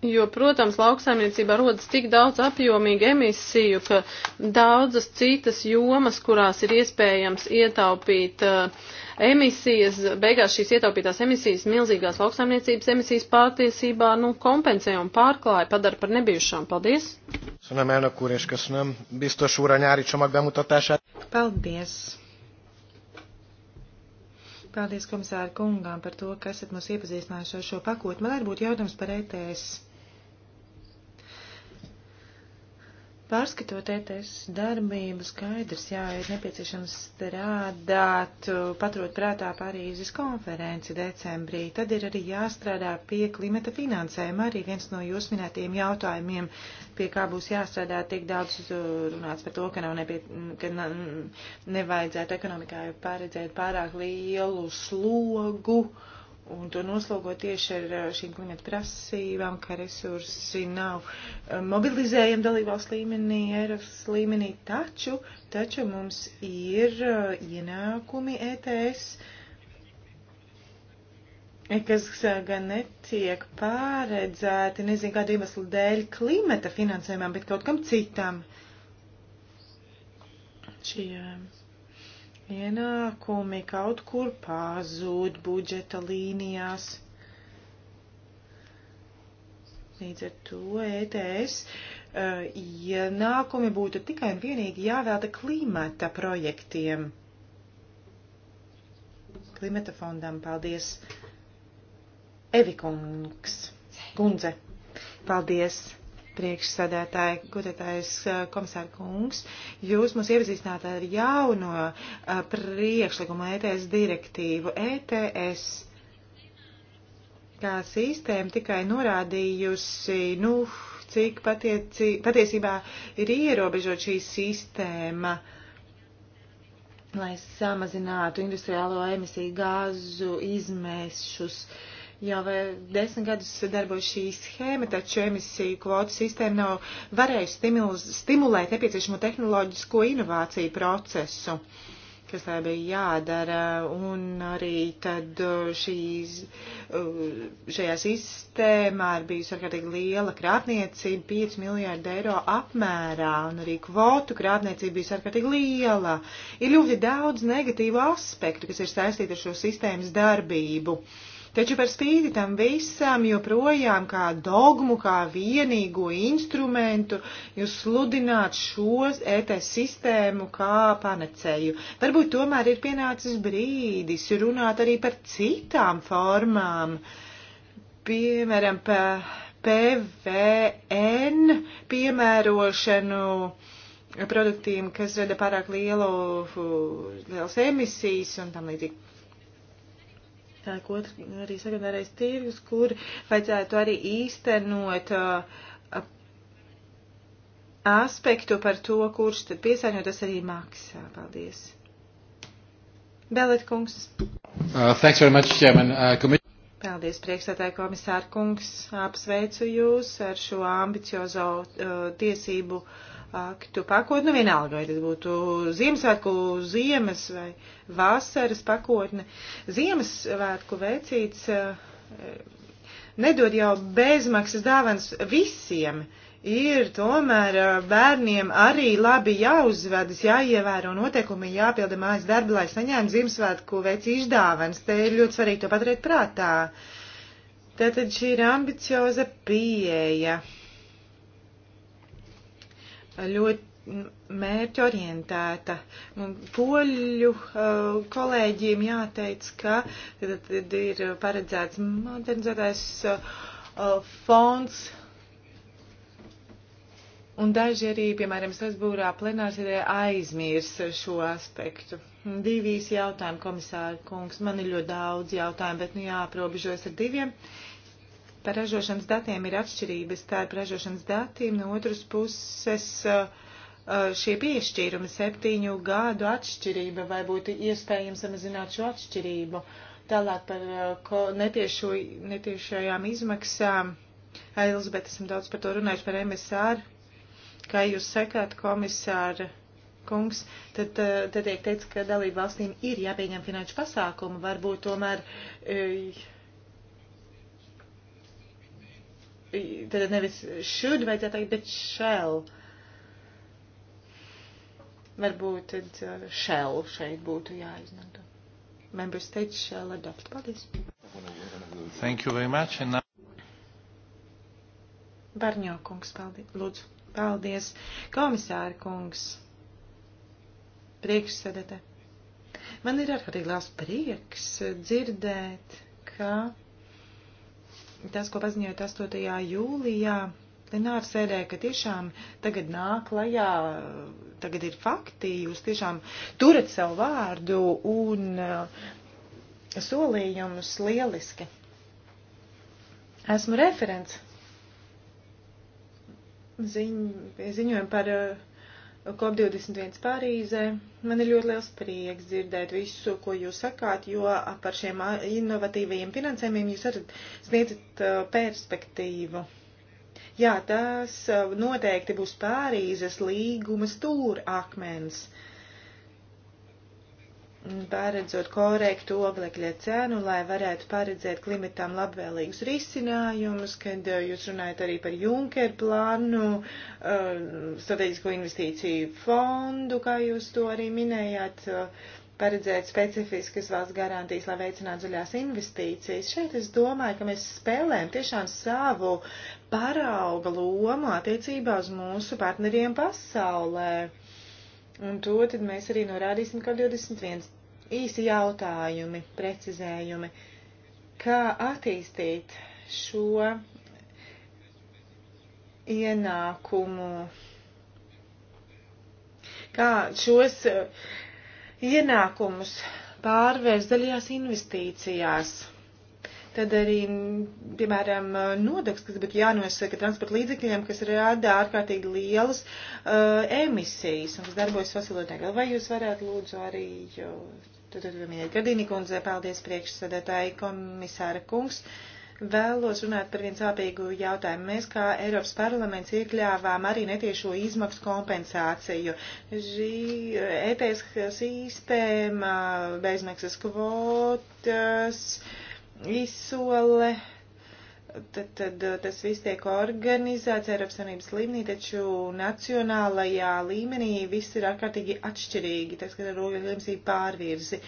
Jo, protams, lauksaimniecībā rodas tik daudz apjomīgu emisiju, ka daudzas citas jomas, kurās ir iespējams ietaupīt uh, emisijas, beigās šīs ietaupītās emisijas, milzīgās lauksaimniecības emisijas pārtiesībā, nu, kompensē un pārklāja, padara par nebijušām. Paldies! Köszönöm, elnök úr, és köszönöm biztos úr a nyári csomag bemutatását. Paldies! Paldies komisāra kungām par to, ka esat mūs iepazīstinājuši ar šo pakotni. Man arī būtu jautājums par ETS. Pārskatot ETS darbību, skaidrs, jā, ir nepieciešams strādāt, paturot prātā Parīzes konferenci decembrī. Tad ir arī jāstrādā pie klimata finansējuma, arī viens no jūs minētajiem jautājumiem, pie kā būs jāstrādā tik daudz runāts par to, ka, nav nepie, ka nevajadzētu ekonomikai paredzēt pārāk lielu slogu. Uh, un to noslogo tieši ar eh, šīm klimata prasībām, ka resursi nav eh, mobilizējami dalībvalsts līmenī, Eiropas līmenī, taču, taču mums ir eh, ienākumi ETS, kas gan netiek pārredzēti, nezinu kādu iemeslu dēļ, klimata finansējumam, bet kaut kam citam. Šī, uh, ienākumi kaut kur pazūd budžeta līnijās. Līdz ar to ETS uh, ienākumi būtu tikai un vienīgi jāvēlta klimata projektiem. Klimata fondam paldies. Evikungs, kundze, paldies priekšsēdētāji, gudētājs eh, komisāra kungs, jūs mūs iepazīstināt ar jauno eh, priekšlikumu ETS direktīvu. ETS kā sistēma tikai norādījusi, nu, cik patieci, patiesībā ir ierobežot šī sistēma, lai samazinātu industriālo emisiju gāzu izmešus. Uh, jau eh, desmit gadus darbojas šī schēma, taču emisiju kvotu sistēma nav varējusi stimulz, stimulēt nepieciešamo tehnoloģisko inovāciju procesu, kas tā bija jādara, un arī tad eh, šīs, eh, šajā sistēmā ir bijusi ārkārtīgi liela krāpniecība, 5 miljārdi eiro apmērā, un arī kvotu krāpniecība bijusi ārkārtīgi liela. Ir ļoti daudz negatīvu aspektu, kas ir saistīti ar šo sistēmas darbību. Uh, Taču par spīti tam visam joprojām kā dogmu, kā vienīgo instrumentu jūs sludināt šo ETS sistēmu kā paneceju. Varbūt tomēr ir pienācis brīdis runāt arī par citām formām, piemēram, par PVN piemērošanu produktiem, kas rada pārāk lielu, lielas emisijas un tam līdzīgi Sāk otrs arī sekundārais tirgus, kur vajadzētu arī īstenot uh, uh aspektu par to, kurš tad piesāņo, tas arī maksā. Paldies. Belet kungs. Uh, thanks very much, Chairman. Uh, Paldies, priekšsētāja komisāra kungs. Apsveicu jūs ar šo ambiciozo uh, tiesību uh, aktu pakotni, nu vienalga, vai tas būtu Ziemassvētku, ziemas vai vasaras pakotne. Ziemassvētku veicīts eh, nedod jau bezmaksas dāvans visiem. Ir tomēr eh, bērniem arī labi jāuzvedas, jāievēro noteikumi, jāpilda mājas darbi, lai saņemtu Ziemassvētku veicīšu dāvans. Te ir ļoti svarīgi to paturēt prātā. Tātad šī ir ambicioza pieeja ļoti mērķorientēta. Poļu uh, kolēģiem jāteic, ka tad ir paredzēts modernizētais uh, uh, fonds. Un daži arī, piemēram, Strasbūrā plenārsēdē aizmirs šo aspektu. Divīs jautājumu, komisāra kungs, man ir ļoti daudz jautājumu, bet nu jāaprobežos ar diviem. Uh, par ražošanas datiem ir atšķirības starp ražošanas datiem, no otras puses uh, uh, šie piešķīrumi septiņu gadu atšķirība, vai būtu iespējams samazināt šo atšķirību. Tālāk par uh, netiešo, netiešajām izmaksām. Elizabete, esam daudz par to runājuši par MSR. Kā jūs sakāt, komisāra kungs, tad, tad tiek teikt, ka dalību valstīm ir jāpieņem finanšu pasākumu. Varbūt tomēr. E, tad nevis should vajadzētu teikt, bet shall. Varbūt tad uh, shall šeit būtu jāizmanto. Member states shall adopt. Paldies. Thank you very much. And now... Barņo kungs, paldies. Lūdzu, paldies. Komisāra kungs. Priekšsēdētē. Man ir ārkārtīgi liels prieks uh, dzirdēt, ka tas, ko paziņojāt 8. jūlijā plenāra sēdē, ka tiešām tagad nāk lajā, tagad ir fakti, jūs tiešām turat savu vārdu un uh, solījumus lieliski. Esmu referents ziņ, ziņojumu par uh, COP21 Pārīzē. Man ir ļoti liels prieks dzirdēt visu, ko jūs sakāt, jo par šiem innovatīvajiem finansējumiem jūs arī sniedzat perspektīvu. Jā, tas noteikti būs Pārīzes līgumas stūra akmens. Uh, pārredzot korektu oglekļa cenu, lai varētu paredzēt klimatam labvēlīgus risinājumus, kad eh, jūs runājat arī par Junker plānu, eh, strateģisko investīciju fondu, kā jūs to arī minējāt, eh, paredzēt specifiskas valsts garantijas, lai veicinātu zaļās investīcijas. Šeit es domāju, ka mēs spēlējam tiešām savu parauga lomu attiecībā uz mūsu partneriem pasaulē Un to tad mēs arī norādīsim kā 21. Īsi jautājumi, precizējumi. Kā attīstīt šo ienākumu? Kā šos uh, ienākumus pārvērst daļās investīcijās? Tad arī, piemēram, nodeks, kas būtu jānosaka transporta līdzekļiem, kas rada ārkārtīgi lielas uh, emisijas un kas darbojas fosilotnē. Vai jūs varētu lūdzu arī, jo, tad, tad minēt, Gardīni kundze, paldies priekšsēdētāji komisāra kungs. Uh, Vēlos runāt par vienu sāpīgu jautājumu. Mēs kā Eiropas parlaments iekļāvām arī netiešo izmaksu kompensāciju. Šī ETS eh, e sistēma, bezmaksas kvotas. Uh, izsole, tad, tad eh, tas viss tiek organizēts Eiropas Savienības līmenī, taču nacionālajā līmenī viss ir ārkārtīgi atšķirīgi, tas, ka ir organizācija pārvirzi.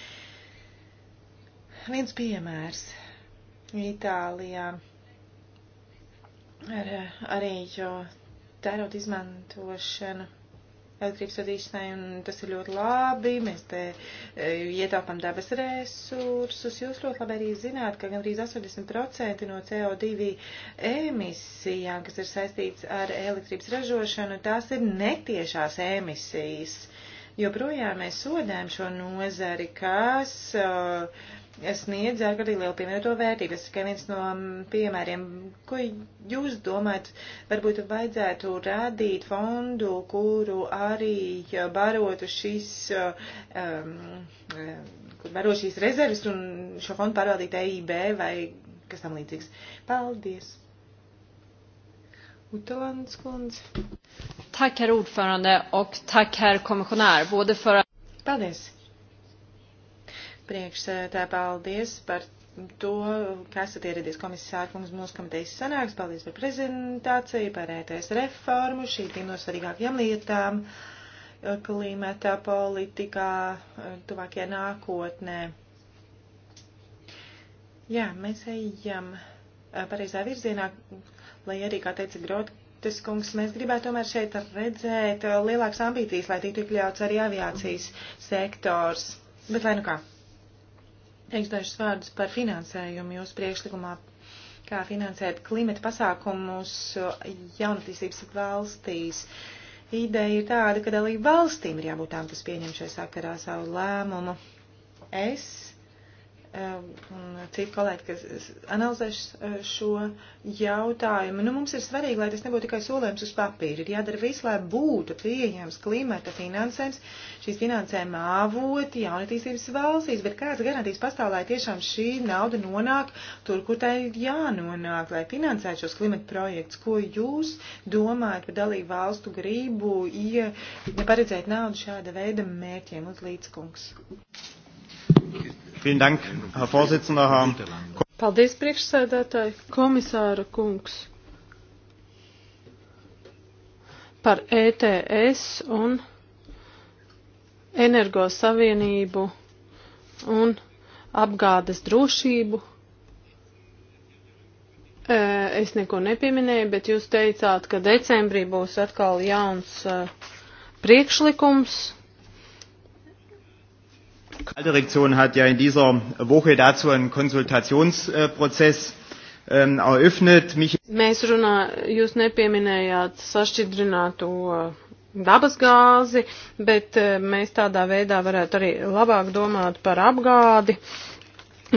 Viens piemērs. Itālijā ar, eh, arī jo tērauda izmantošana elektrības vadīšanai, un tas ir ļoti labi. Mēs te e, ietaupam dabas resursus. Jūs ļoti labi arī zināt, ka gandrīz 80% no CO2 emisijām, kas ir saistīts ar elektrības ražošanu, tās ir netiešās emisijas. Joprojām mēs sodējam šo nozari, kas uh, sniedz arī lielu pievienoto vērtību. Tas tikai viens no piemēriem, ko jūs domājat, varbūt vajadzētu radīt fondu, kuru arī barotu šis, um, um kur baro šīs rezerves un šo fondu pārvaldīt EIB vai kas tam līdzīgs. Paldies! Utelands kundze. Tack herr ordförande och tack herr kommissionär, både för... Paldies! Priekšsēdētāji, paldies par to, ka esat ieradies komisāra kungs mūsu komitejas sanāks. Paldies par prezentāciju, par ētais reformu, šīm no svarīgākajām lietām eh, klimata politikā eh, tuvākajā nākotnē. Jā, mēs ejam eh, pareizā virzienā, lai arī, kā teica Grotes kungs, mēs gribētu tomēr šeit redzēt lielākas ambīcijas, lai tiktu iekļauts arī aviācijas sektors. Bet lai nu kā. Teiks dažus vārdus par finansējumu jūsu priekšlikumā, kā finansēt klimata pasākumus jaunatīstības valstīs. Ideja ir tāda, ka dalību valstīm ir jābūt tām, kas pieņem šajā sakarā savu lēmumu. Es un um, citi kolēģi, kas analizēs uh, šo jautājumu. Nu, mums ir svarīgi, lai tas nebūtu tikai solījums uz papīra. Ir jādara viss, lai būtu pieejams klimata finansējums, šīs finansējuma avoti jaunatīstības valstīs, bet kāds garantīs pastāv, lai tiešām šī nauda nonāk tur, kur tai ir jānonāk, lai finansētu šos klimata projektus. Ko jūs domājat par dalību valstu gribu, ja paredzēt naudu šāda veida mērķiem uz līdzkungs? Vielen Dank, Herr Vorsitzender, Herr Paldies, priekšsēdētāji, komisāra kungs, par ETS un energosavienību un apgādes drošību. E, es neko nepieminēju, bet jūs teicāt, ka decembrī būs atkal jauns e, priekšlikums Direktion hat ja in dieser Woche dazu einen Konsultationsprozess ähm, eröffnet. Mich Mēs runā, jūs nepieminējāt sašķidrināto äh, dabasgāzi, bet äh, mēs tādā veidā varētu arī labāk domāt par apgādi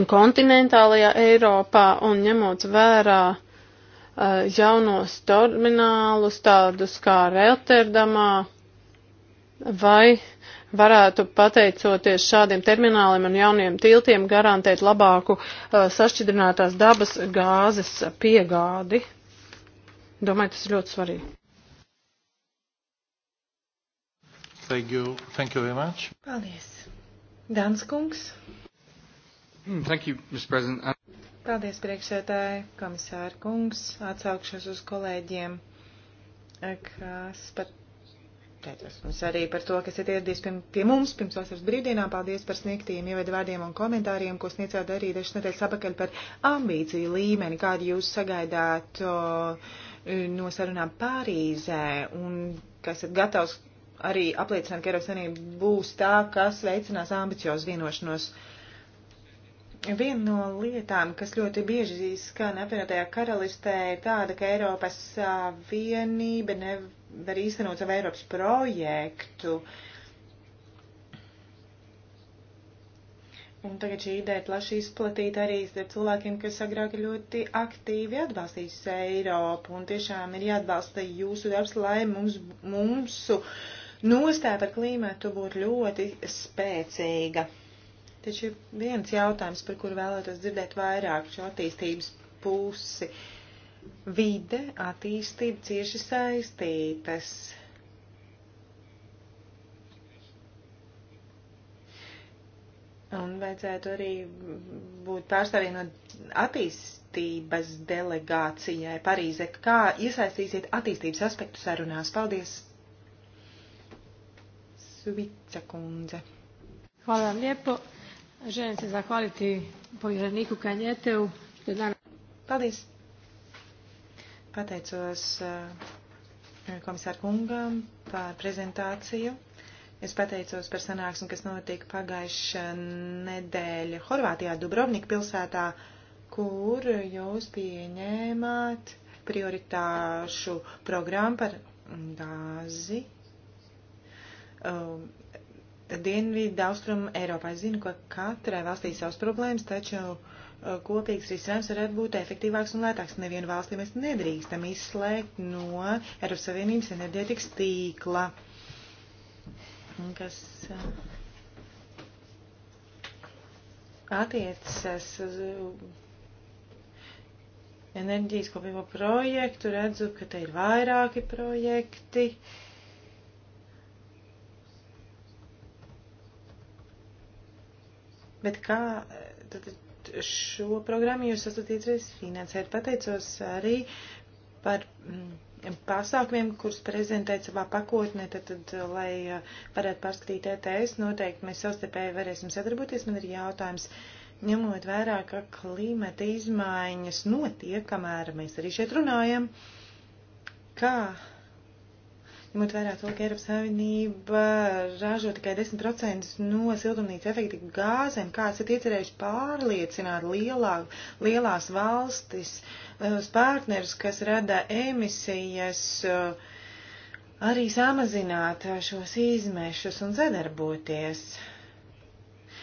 kontinentālajā Eiropā un ņemot vērā äh, jaunos terminālus, tādus kā Rotterdamā vai varētu pateicoties šādiem termināliem un jauniem tiltiem garantēt labāku uh, sašķidrinātās dabas gāzes piegādi. Domāju, tas ir ļoti svarīgi. Thank you. Thank you very much. Paldies. Dans kungs. Hmm, thank you, Mr. President. Uh, Paldies, priekšsētāji, komisāra kungs. Atsaukšos uz kolēģiem, kas pat Pateicos jums arī par to, kas ir ieradies pie, pie mums pirms vasaras brīvdienām. Paldies par sniegtījiem ievedu vārdiem un komentāriem, ko sniedzāt arī dažas nedēļas apakaļ par ambīciju līmeni, kādu jūs sagaidāt o, no sarunām Pārīzē un kas ir gatavs arī apliecināt, ka Eiropas Savienība būs tā, kas veicinās ambiciozu vienošanos. Viena no lietām, kas ļoti bieži skan apvienotajā karalistē, ir tāda, ka Eiropas Savienība nevar arī īstenot savu Eiropas projektu. Un tagad šī ideja plaši izplatīta arī starp cilvēkiem, kas agrāk ļoti aktīvi atbalstījis Eiropu. Un tiešām ir jāatbalsta jūsu darbs, lai mums, mūsu nostāja par klīmētu būtu ļoti spēcīga. Taču ir viens jautājums, par kuru vēlētos dzirdēt vairāk šo attīstības pusi. Uh, vide, attīstība cieši saistītas. Un vajadzētu arī būt pārstāvjiem no attīstības delegācijai Parīzē. Kā iesaistīsiet attīstības aspektu sarunās? Paldies! Suvica kundze. Hvala vam lijepo. Želim se zahvaliti povjereniku Kanjeteu. Paldies! Pateicos eh, komisāru kungam par prezentāciju. Es pateicos par sanāksmi, kas notika pagājušā nedēļa Horvātijā, Dubrovnik pilsētā, kur jūs pieņēmāt prioritāšu programmu par gāzi. Um, Dienvidu austrumu Eiropā. Es zinu, ka katrai valstī savas problēmas, taču uh, kopīgs risinājums varētu būt efektīvāks un lētāks. Nevienu valsti mēs nedrīkstam izslēgt no Eiropas Savienības enerģētikas tīkla. Kas uh, attiecas uz enerģijas kopīgo projektu, redzu, ka te ir vairāki projekti. Bet kā tad šo programmu jūs esat iecerējis finansēt. Pateicos arī par mm, pasākumiem, kurus prezentēt savā pakotnē, tad, tad lai eh, varētu pārskatīt ETS, noteikti mēs savstarpēji varēsim sadarboties. Man ir jautājums, ņemot vērā, ka klimata izmaiņas notiek, kamēr mēs arī šeit runājam, kā Ņemot vērā to, ka Eiropas Savienība ražo tikai 10% no siltumnīca efekta gāzēm, kā esat iecerējuši pārliecināt lielā, lielās valstis, lielus eh, partnerus, kas rada emisijas, eh, arī samazināt šos izmešus un sadarboties?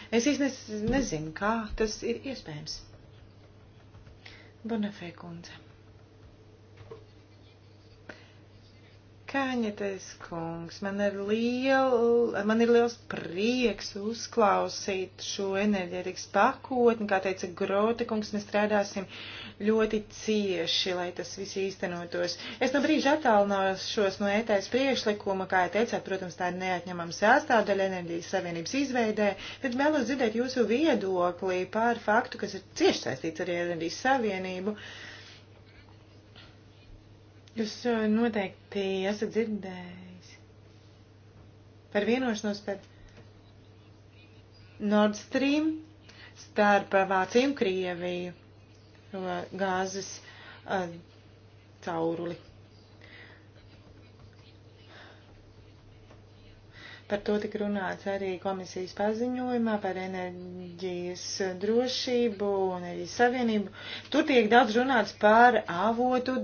Es īstenībā nezinu, kā tas ir iespējams. Bonafē kundze. Kaņetes kungs, man ir, liel, man ir liels prieks uzklausīt šo enerģētikas pakotni, kā teica Grote kungs, mēs strādāsim ļoti cieši, lai tas viss īstenotos. Es no brīža attālināšos no ētais priekšlikuma, kā jau teicāt, protams, tā ir neatņemama sastāvdaļa enerģijas savienības izveidē, bet vēlos dzirdēt jūsu viedokli par faktu, kas ir cieši saistīts ar enerģijas savienību. Uh, Jūs eh, noteikti esat dzirdējis par vienošanos pēc Nord Stream starp eh, Vāciju un Krieviju eh, gāzes uh, cauruli. Par to tika runāts arī komisijas paziņojumā par enerģijas drošību un enerģijas savienību. Tur tiek daudz runāts par avotu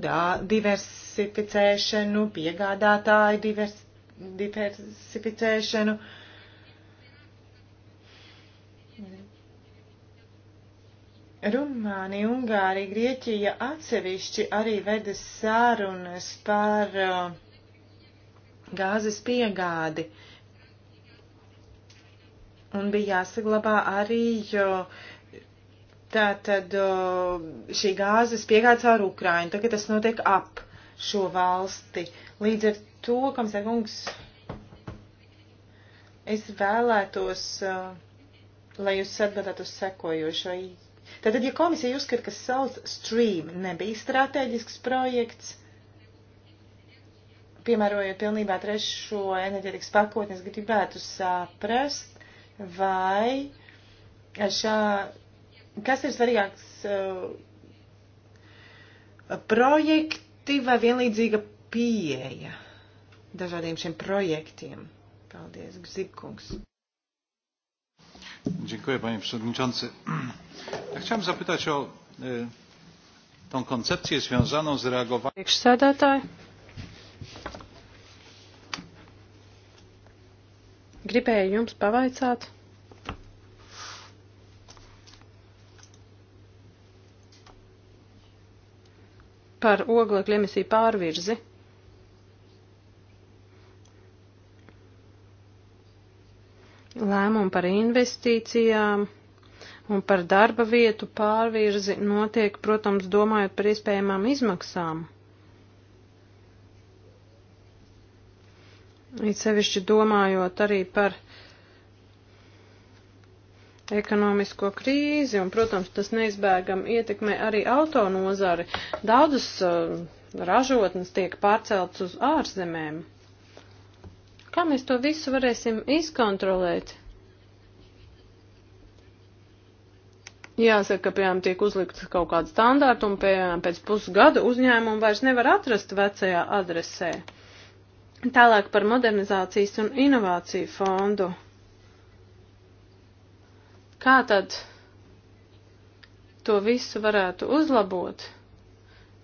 diversificēšanu, piegādātāju divers, diversificēšanu. Rumānija, Ungārija, Grieķija atsevišķi arī vedas sārunas par uh, gāzes piegādi. Uh, un bija jāsaglabā arī tātad šī gāzes piegādes ar Ukrainu, tagad tas notiek ap šo valsti. Līdz ar to, kam sarkungs, es vēlētos, lai jūs atbildētu uz sekojošo. Tātad, ja komisija uzskata, ka South Stream nebija strateģisks projekts, piemērojot pilnībā trešo enerģetikas pakotni, es gribētu saprast, vai šā, kas ir svarīgāks uh, projekti vai vienlīdzīga pieeja dažādiem šiem projektiem. Paldies, Gzipkungs. Dziękuję panie przewodniczący. Ja chciałem zapytać o y, tą koncepcję związaną z reagowaniem. Gribēju jums pavaicāt. par oglekļa emisiju pārvirzi. Lēmumu par investīcijām un par darba vietu pārvirzi notiek, protams, domājot par iespējamām izmaksām. It sevišķi domājot arī par ekonomisko krīzi, un, protams, tas neizbēgam ietekmē arī autonozari. Daudzas uh, ražotnes tiek pārceltas uz ārzemēm. Kā mēs to visu varēsim izkontrolēt? Jāsaka, ka, piemēram, tiek uzlikts kaut kāds standārts, un, piemēram, pēc pusgada uzņēmumu vairs nevar atrast vecajā adresē. Tālāk par modernizācijas un inovāciju fondu. Kā tad to visu varētu uzlabot?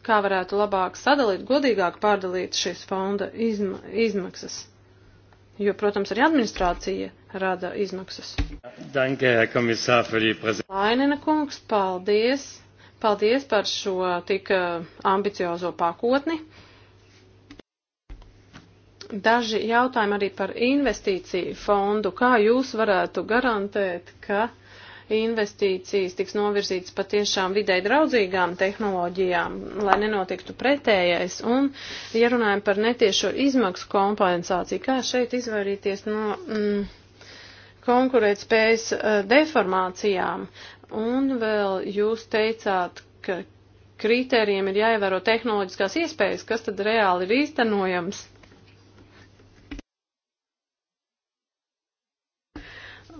Kā varētu labāk sadalīt, godīgāk pārdalīt šīs fonda izma izmaksas? Jo, protams, arī administrācija rada izmaksas. Danke, komisār, par jūsu Lainina kungs, paldies! Paldies par šo tik eh, ambiciozo pakotni. Daži jautājumi arī par investīciju fondu. Kā jūs varētu garantēt, ka investīcijas tiks novirzītas patiešām vidē draudzīgām tehnoloģijām, lai nenotiktu pretējais. Un, ja runājam par netiešo izmaksu kompensāciju, kā šeit izvairīties no mm, konkurētspējas uh, deformācijām? Un vēl jūs teicāt, ka kritērijiem ir jāievēro tehnoloģiskās iespējas, kas tad reāli ir īstenojams.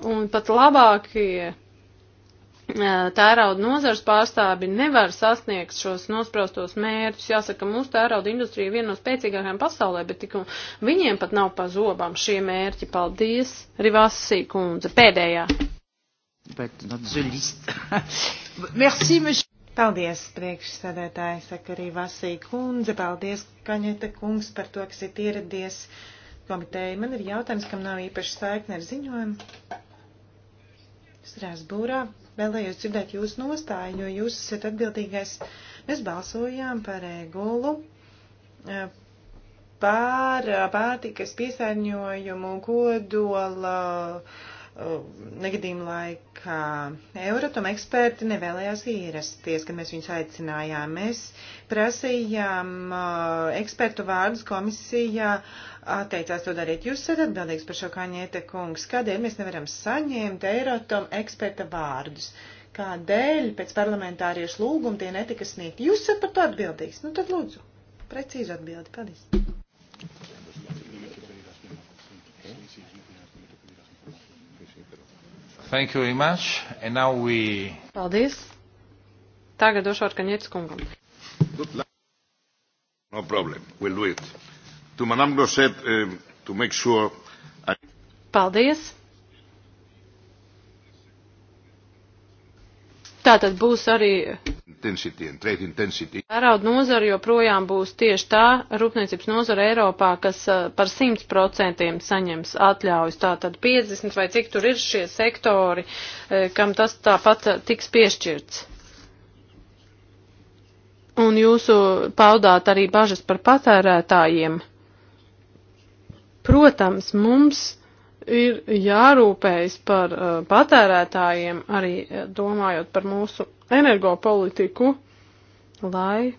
Un pat labākie tērauda nozars pārstāvi nevar sasniegt šos nospraustos mērķus. Jāsaka, mūsu tērauda industrija ir viena no spēcīgākajām pasaulē, bet tik viņiem pat nav pa zobām šie mērķi. Paldies, Rivasī kundze, pēdējā. Merci, monsieur. Paldies, priekšsēdētāji, saka arī Vasī kundze. Paldies, Kaņeta kungs, par to, kas ir ieradies komiteja. Man ir jautājums, kam nav īpaši saikne ar ziņojumu. Strasbūrā. Vēlējos dzirdēt jūsu nostāju, jo jūs esat atbildīgais. Mēs balsojām par regulu, eh, par eh, pārtikas piesārņojumu kodola eh, negadījuma laikā. Euratom eksperti nevēlējās ierasties, kad mēs viņus aicinājām. Mēs prasījām ekspertu vārdus komisijā. Uh, atteicās to darīt. Jūs esat atbildīgs par šo kaņiete kungs. Kādēļ mēs nevaram saņemt Eirotom eksperta vārdus? Kādēļ pēc parlamentāriešu lūguma tie netika sniegti? Jūs esat par to atbildīgs. Nu tad lūdzu, precīzi atbildi. Paldies. Thank you very much. And now we... Paldies. Tagad došu ar kaņietes kungam. Good luck. No problem. We'll do it to Madame Grosset uh, to make sure. I... Paldies! Tātad būs arī ērauda nozara joprojām būs tieši tā rūpniecības nozara Eiropā, kas uh, par 100% saņems atļaujas. Tātad 50 vai cik tur ir šie sektori, uh, kam tas tāpat uh, tiks piešķirts. Un jūsu paudāt arī bažas par patērētājiem. Protams, mums ir jārūpējas par uh, patērētājiem, arī uh, domājot par mūsu energopolitiku, lai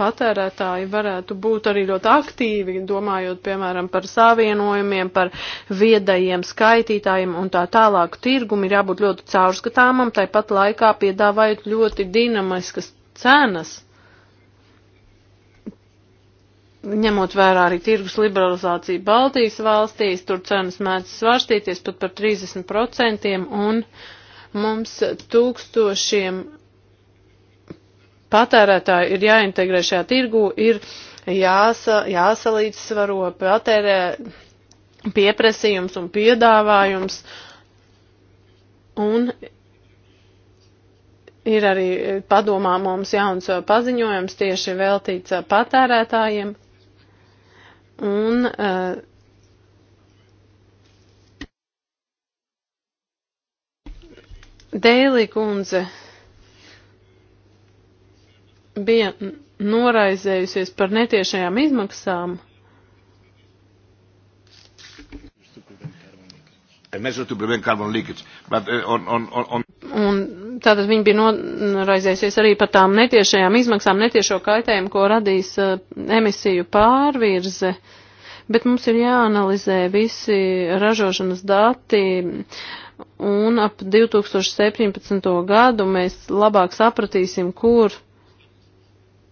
patērētāji varētu būt arī ļoti aktīvi, domājot, piemēram, par savienojumiem, par viedajiem skaitītājiem un tā tālāk. Tirgumi ir jābūt ļoti caurskatāmam, tāpat laikā piedāvājot ļoti dinamiskas cenas ņemot vērā arī tirgus liberalizāciju Baltijas valstīs, tur cenas mēdz svārstīties pat par 30% un mums tūkstošiem patērētāji ir jāintegrē šajā tirgu, ir jāsa, jāsalīdzsvaro patērē pieprasījums un piedāvājums. Un ir arī padomā mums jauns paziņojums tieši veltīts patērētājiem. Un, uh, Dēlī kundze bija noraizējusies par netiešajām izmaksām. Uh, Un tātad viņi bija noraizējusies arī par tām netiešajām izmaksām, netiešo kaitējumu, ko radīs uh, emisiju pārvirze. Bet mums ir jāanalizē visi ražošanas dati, un ap 2017. gadu mēs labāk sapratīsim, kur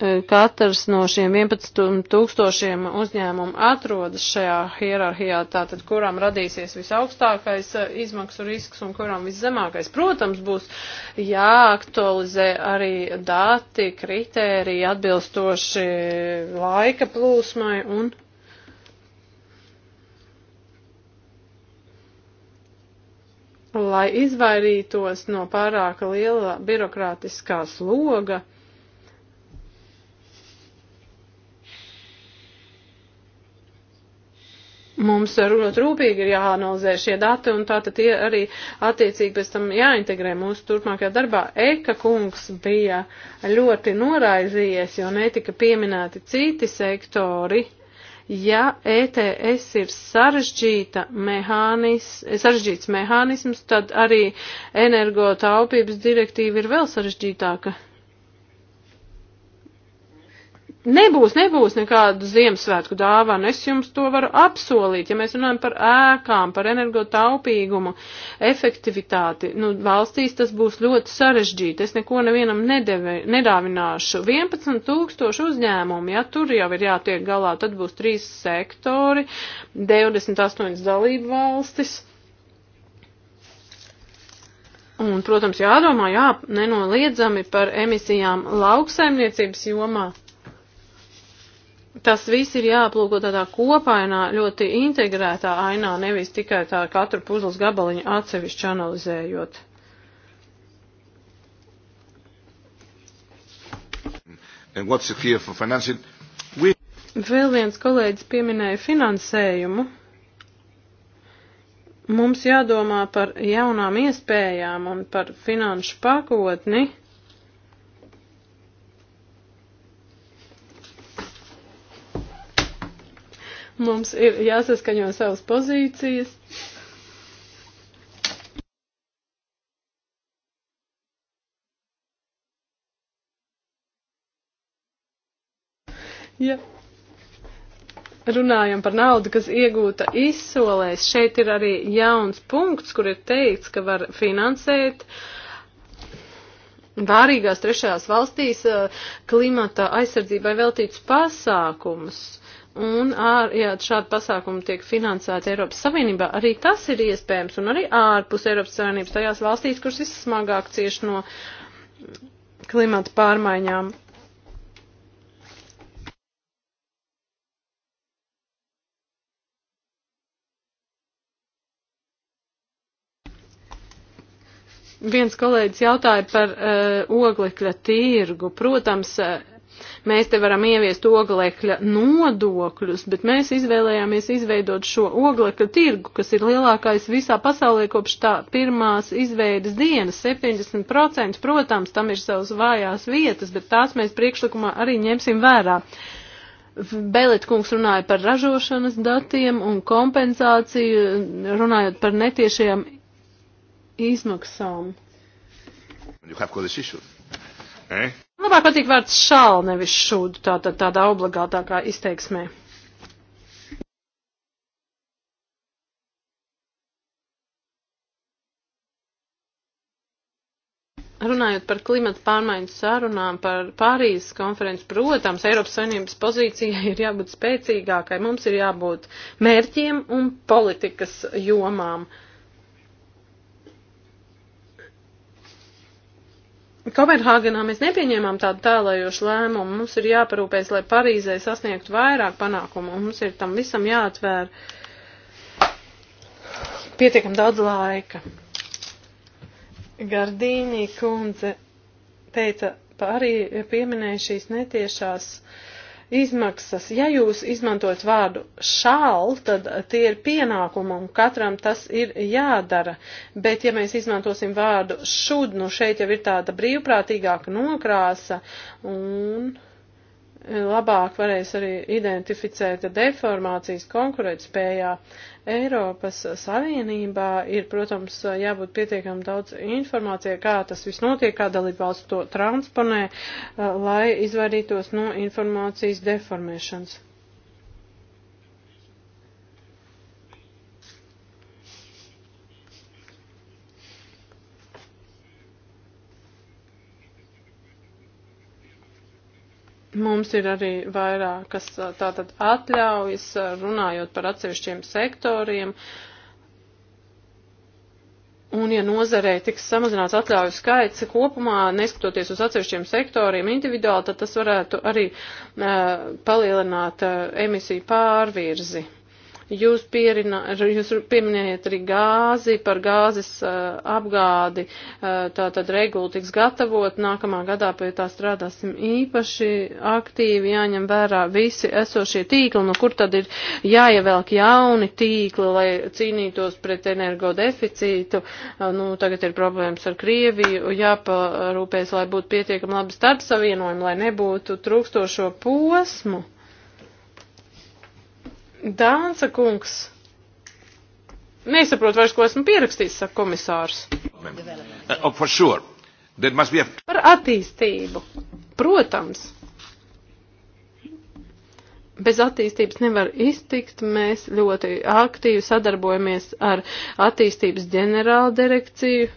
E, katrs no šiem 11 tūkstošiem uzņēmumu atrodas šajā hierarhijā, tātad kurām radīsies visaugstākais e, izmaksu risks un kurām viszemākais. Protams, būs jāaktualizē arī dati, kritēriji atbilstoši laika plūsmai un lai izvairītos no pārāk liela birokrātiskā sloga mums ļoti rūpīgi ir jāanalizē šie dati, un tātad tie arī attiecīgi pēc tam jāintegrē mūsu turpmākajā darbā. Eka kungs bija ļoti noraizījies, jo netika pieminēti citi sektori. Ja ETS ir mehānis, sarežģīts mehānisms, tad arī energotaupības direktīva ir vēl sarežģītāka. Nebūs, nebūs nekādu Ziemassvētku dāvanu, es jums to varu apsolīt, ja mēs runājam par ēkām, par energotaupīgumu, efektivitāti, nu, valstīs tas būs ļoti sarežģīti, es neko nevienam nedeve, nedāvināšu. 11 tūkstoši uzņēmumu, ja tur jau ir jātiek galā, tad būs trīs sektori, 98 dalību valstis. Un, protams, jādomā, jā, nenoliedzami par emisijām lauksaimniecības jomā tas viss ir jāaplūko tādā kopainā, ļoti integrētā ainā, nevis tikai tā katru puzles gabaliņu atsevišķi analizējot. We... Vēl viens kolēģis pieminēja finansējumu. Mums jādomā par jaunām iespējām un par finanšu pakotni. Mums ir jāsaskaņo savas pozīcijas. Ja runājam par naudu, kas iegūta izsolēs, šeit ir arī jauns punkts, kur ir teikts, ka var finansēt vārīgās trešajās valstīs eh, klimata aizsardzībai veltītus pasākumus. Un ār, ja šādi pasākumi tiek finansēti Eiropas Savienībā, arī tas ir iespējams, un arī ārpus Eiropas Savienības tajās valstīs, kuras vissmagāk cieši no klimata pārmaiņām. Viens kolēģis jautāja par uh, oglekļa tirgu. Protams, uh, Mēs te varam ieviest oglekļa nodokļus, bet mēs izvēlējāmies izveidot šo oglekļa tirgu, kas ir lielākais visā pasaulē kopš tā pirmās izveidas dienas. 70%, protams, tam ir savas vājās vietas, bet tās mēs priekšlikumā arī ņemsim vērā. Beletkungs runāja par ražošanas datiem un kompensāciju, runājot par netiešajām izmaksām. You have co-decision. Eh? Labāk patīk vārds šāl, nevis šūdu, tātad tā, tādā obligātākā izteiksmē. Runājot par klimata pārmaiņu sarunām, par Pārīzes konferenci, protams, Eiropas Savienības pozīcijai ir jābūt spēcīgākai. Mums ir jābūt mērķiem un politikas jomām. Uh, Kopenhāgenā mēs nepieņēmām tādu tālējošu lēmumu. Mums ir jāparūpēs, lai Parīzē sasniegtu vairāk panākumu. Mums ir tam visam jāatvēr pietiekam daudz laika. Gardīnī kundze teica, arī pieminēja šīs netiešās uh, izmaksas. Ja jūs izmantot vārdu šāl, tad tie ir pienākumi un katram tas ir jādara. Bet ja mēs izmantosim vārdu šud, nu šeit jau ir tāda brīvprātīgāka nokrāsa un labāk varēs arī identificēt deformācijas konkurētspējā. spējā. Eiropas Savienībā ir, protams, jābūt pietiekam daudz informācijai, kā tas viss notiek, kā dalībvalsts to transponē, eh, lai izvairītos no informācijas deformēšanas. Mums ir arī vairākas tātad atļaujas, runājot par atsevišķiem sektoriem. Un, ja nozarē tiks samazināts atļauju skaits kopumā, neskatoties uz atsevišķiem sektoriem individuāli, tad tas varētu arī uh, palielināt uh, emisiju pārvirzi. Jūs, pierina, jūs pieminējat arī gāzi, par gāzes uh, apgādi, uh, tā tad regula tiks gatavot, nākamā gadā pie tā strādāsim īpaši aktīvi, jāņem vērā visi esošie tīkli, no kur tad ir jāievelk jauni tīkli, lai cīnītos pret energodeficītu, uh, nu tagad ir problēmas ar Krieviju, jāparūpēs, lai būtu pietiekami labi starpsavienojumi, lai nebūtu trūkstošo posmu. Dānsa kungs. Nesaprotu vairs, ko esmu pierakstījis, saka komisārs. Uh, oh, sure. a... Par attīstību. Protams. Bez attīstības nevar iztikt. Mēs ļoti aktīvi sadarbojamies ar attīstības ģenerāldirekciju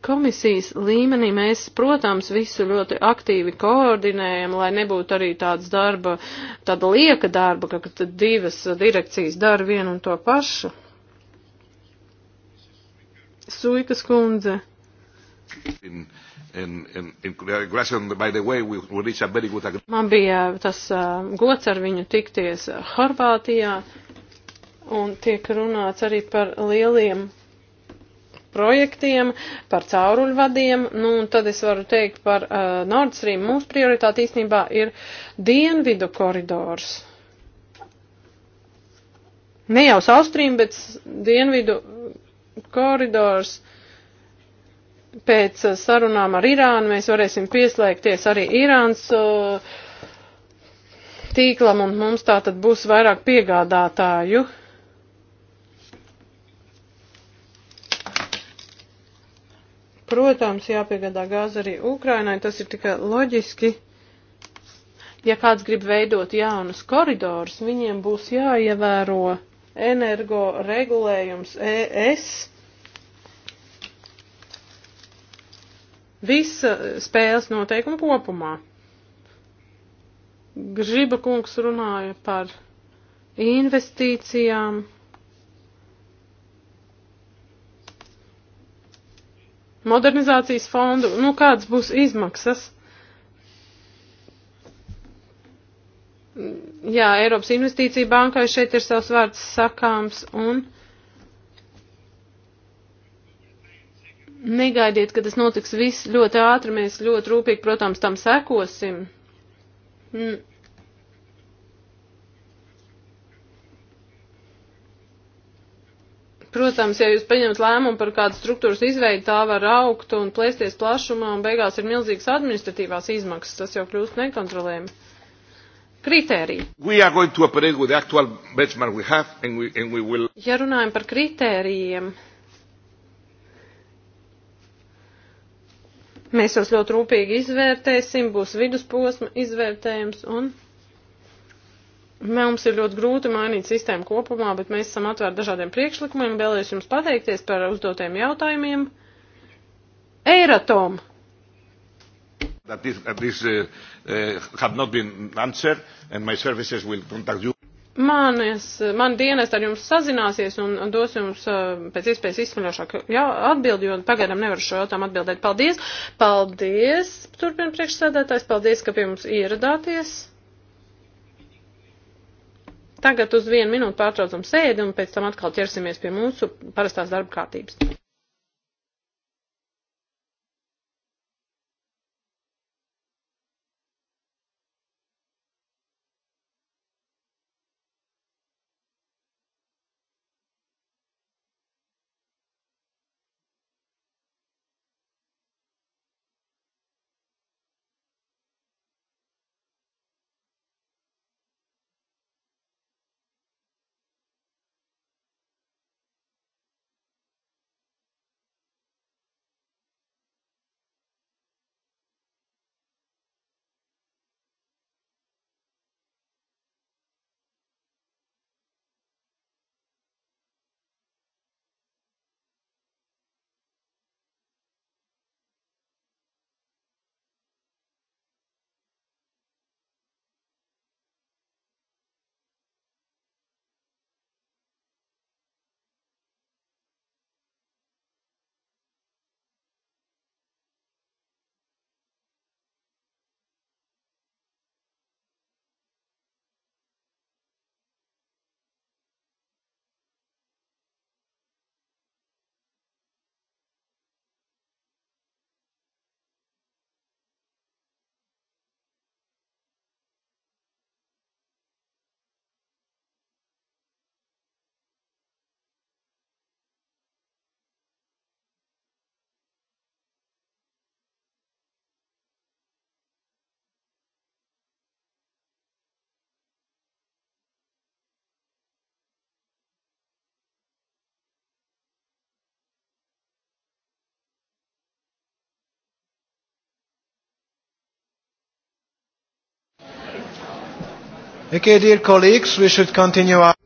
Komisijas līmenī mēs, protams, visu ļoti aktīvi koordinējam, lai nebūtu arī tāds darba, tāda lieka darba, ka tad divas direkcijas dara vienu un to pašu. Suikas kundze. In, in, in, in, way, we, we Man bija tas uh, gods ar viņu tikties Horvātijā un tiek runāts arī par lieliem projektiem, par cauruļvadiem, nu, un tad es varu teikt par uh, Nord Stream. Mūsu prioritāte īstenībā ir dienvidu koridors. Ne jau Saustrīm, bet dienvidu koridors. Pēc uh, sarunām ar Irānu mēs varēsim pieslēgties arī Irāns uh, tīklam, un mums tā tad būs vairāk piegādātāju. Uh, Protams, jāpiegādā gāze arī Ukrainai, tas ir tikai loģiski. Ja kāds grib veidot jaunus koridorus, viņiem būs jāievēro energo regulējums ES. Visa spēles noteikuma kopumā. Griba kungs runāja par investīcijām, modernizācijas fondu, nu kādas būs izmaksas? Jā, Eiropas investīcija bankai šeit ir savs vārds sakāms un negaidiet, ka tas notiks viss ļoti ātri, mēs ļoti rūpīgi, protams, tam sekosim. Mm. Protams, ja jūs pieņemat lēmumu par kādu struktūras izveidu, tā var augt un plēsties plašumā, un beigās ir milzīgas administratīvās izmaksas. Tas jau kļūst nekontrolējami. Kritēriji. And we, and we will... Ja runājam par kritērijiem, mēs tos ļoti rūpīgi izvērtēsim, būs vidusposma izvērtējums un. Mums ir ļoti grūti mainīt sistēmu kopumā, bet mēs esam atvērti dažādiem priekšlikumiem. Vēlējos jums pateikties par uzdotiem jautājumiem. Eiratom! That is, that is, uh, uh, have not been answered, and my services will contact you. Manis, man dienest ar jums sazināsies un dos jums uh, pēc iespējas izsmeļošāk atbildi, jo pagaidām nevaru šo jautājumu atbildēt. Paldies! Paldies, turpina priekšsēdētājs, paldies, ka pie mums ieradāties. Tagad uz vienu minūtu pārtraucam sēdi un pēc tam atkal ķersimies pie mūsu parastās darba kārtības. Okay, dear colleagues, we should continue our...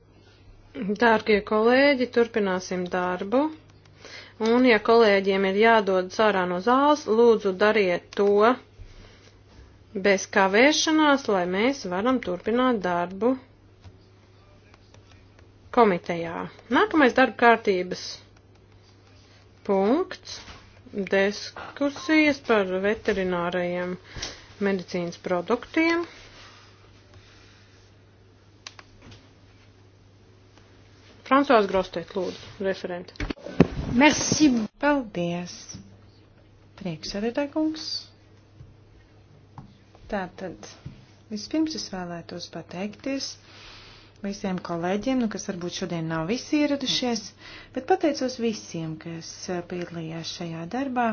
Dārgie kolēģi, turpināsim darbu. Un, ja kolēģiem ir jādod sārā no zāles, lūdzu dariet to bez kavēšanās, lai mēs varam turpināt darbu komitejā. Nākamais darba kārtības punkts - diskusijas par veterinārajiem medicīnas produktiem. Francās Grostēt, lūdzu, referente. Merci. Paldies. Priekšsēdētāj kungs. Tātad, vispirms es vēlētos pateikties visiem kolēģiem, nu, kas varbūt šodien nav visi ieradušies, bet pateicos visiem, kas piedalījās šajā darbā.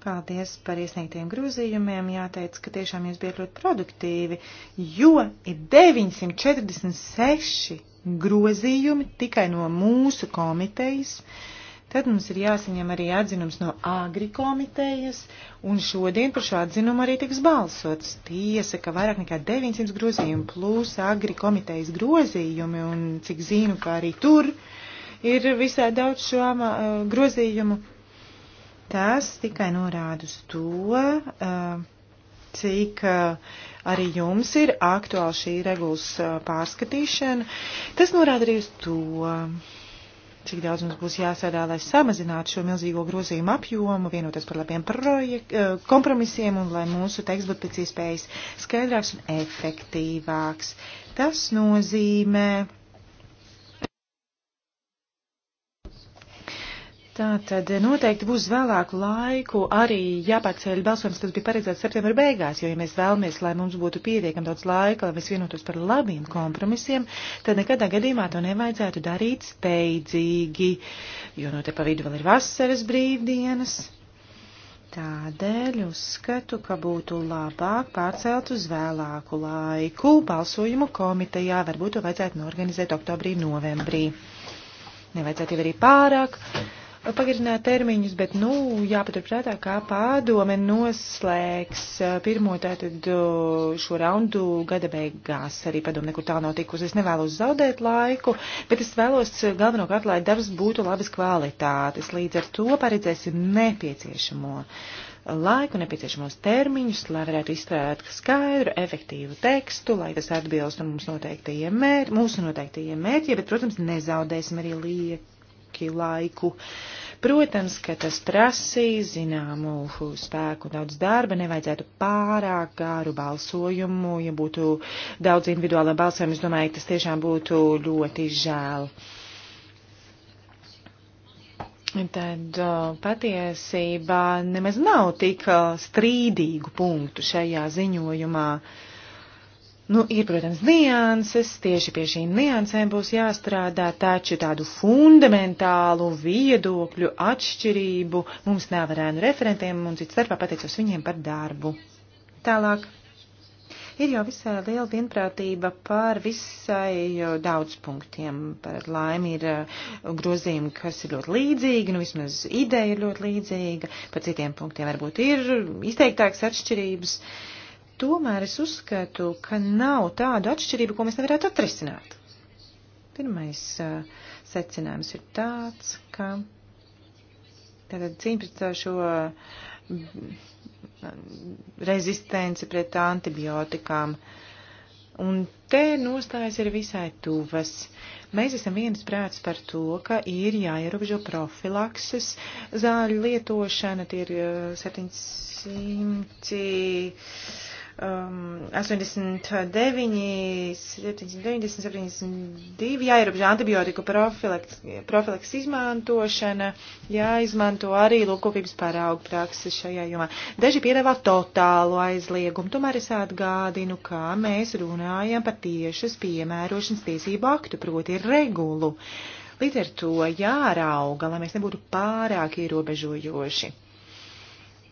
Paldies par iesniegtiem grozījumiem. Jāteic, ka tiešām jūs bijat ļoti produktīvi, jo ir 946 grozījumi tikai no mūsu komitejas. Tad mums ir jāsaņem arī atzinums no agri komitejas, un šodien par šo atzinumu arī tiks balsots. Tiesa, ka vairāk nekā 900 grozījumu plus agri komitejas grozījumi, un cik zinu, ka arī tur ir visai daudz šo eh, grozījumu Tas tikai norāda uz to, eh, cik eh, arī jums ir aktuāli šī regulas eh, pārskatīšana. Tas norāda arī uz to, cik daudz mums būs jāsēdā, lai samazinātu šo milzīgo grozījumu apjomu, vienoties par labiem projek, kompromisiem un lai mūsu teksts būtu pēc iespējas skaidrāks un efektīvāks. Tas nozīmē Tā tad noteikti būs vēlāku laiku arī jāpārceļ balsojums, kas bija paredzēts septembra beigās, jo, ja mēs vēlamies, lai mums būtu pietiekami daudz laika, lai mēs vienotos par labiem kompromisiem, tad nekadā gadījumā to nevajadzētu darīt steidzīgi, jo no te pa vidu vēl ir vasaras brīvdienas. Tādēļ uzskatu, ka būtu labāk pārcelt uz vēlāku laiku balsojumu komitejā, varbūt to vajadzētu norganizēt oktobrī, novembrī. Nevajadzētu jau arī pārāk pagarināt termiņus, bet, nu, jāpaturprātā, kā pārdome noslēgs eh, pirmo tātad eh, šo raundu gada beigās. Arī padome nekur tā nav tikusi. Es nevēlos zaudēt laiku, bet es vēlos eh, galvenokārt, lai darbs būtu labas kvalitātes. Līdz ar to paredzēsim nepieciešamo laiku, nepieciešamos termiņus, lai varētu izstrādāt skaidru, efektīvu tekstu, lai tas atbilstu mums noteiktajiem mērķiem, mūsu noteiktajiem mērķiem, bet, protams, nezaudēsim arī lieku ilgāki laiku. Protams, ka tas prasīs zināmu spēku daudz darba, nevajadzētu pārāk gāru balsojumu, ja būtu daudz individuālā balsēm, es domāju, tas tiešām būtu ļoti žēl. Tad patiesībā nemaz nav tik strīdīgu punktu šajā ziņojumā. Uh, Nu, ir, protams, nianses, tieši pie šīm niansēm būs jāstrādā, taču tādu fundamentālu viedokļu atšķirību mums nav ar ēnu referentiem, un cits starpā pateicos viņiem par darbu. Tālāk. Ir jau visai liela vienprātība par visai daudz punktiem. Par laimi ir uh, grozījumi, kas ir ļoti līdzīgi, nu vismaz ideja ir ļoti līdzīga, par citiem punktiem varbūt ir izteiktāks atšķirības. Uh, Tomēr es uzskatu, ka nav tādu atšķirību, ko mēs nevarētu atrisināt. Pirmais uh, secinājums ir tāds, ka tātad cīņa pret šo mm, rezistenci pret antibiotikām. Un te nostājas ir visai tuvas. Mēs esam viens prāts par to, ka ir jāierobežo profilakses zāļu lietošana, tie ir 700 uh, um, 89, 790, 72, jāierobežo antibiotiku profilaks izmantošana, jāizmanto arī lūkopības paraugu prakses šajā jomā. Daži piedāvā totālu aizliegumu, tomēr es atgādinu, kā mēs runājam par tiešas piemērošanas tiesību aktu, proti regulu. Līdz ar to jārauga, lai mēs nebūtu pārāk ierobežojoši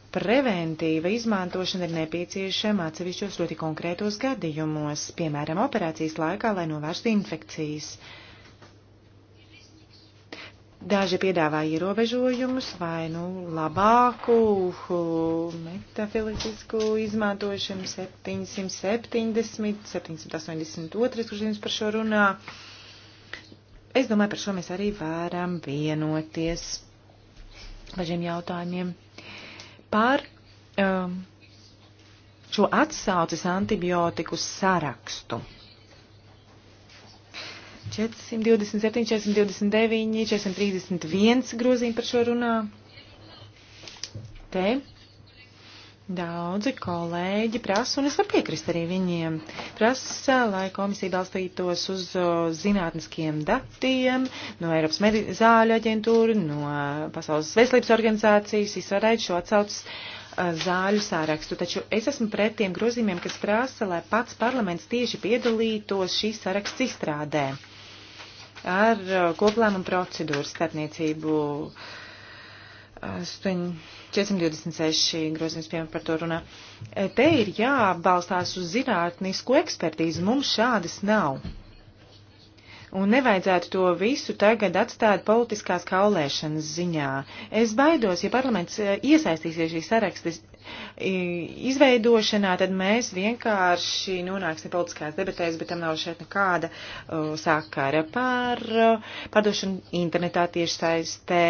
Preventīva izmantošana ir nepieciešama atsevišķos ļoti konkrētos gadījumos, piemēram, operācijas laikā, lai novērstu infekcijas. Daži piedāvā ierobežojumus vai nu labāku metafilisku izmantošanu 770, 782, kurš jums par šo runā. Es domāju, par šo mēs arī varam vienoties par šiem jautājumiem par um, šo atsaucis antibiotiku sarakstu. 427, 429, 431 grozījumi par šo runā. Te Daudzi kolēģi prasa, un es varu piekrist arī viņiem, prasa, lai komisija balstītos uz zinātniskiem datiem no Eiropas zāļu aģentūra, no Pasaules veselības organizācijas, izsvarēt šo atsaucas zāļu sārakstu. Taču es esmu pret tiem grozījumiem, kas prasa, lai pats parlaments tieši piedalītos šīs saraksts izstrādē ar koplēmumu procedūru starpniecību. 8. 426 grozījums piemēram par to runā. E, te ir jābalstās uz zinātnisko ekspertīzi, mums šādas nav. Un nevajadzētu to visu tagad atstāt politiskās kaulēšanas ziņā. Es baidos, ja parlaments e, iesaistīsies šīs sarakstas e, izveidošanā, tad mēs vienkārši nonāksim politiskās debatēs, bet tam nav šeit nekāda uh, sākara par uh, pārdošanu internetā tieši saistē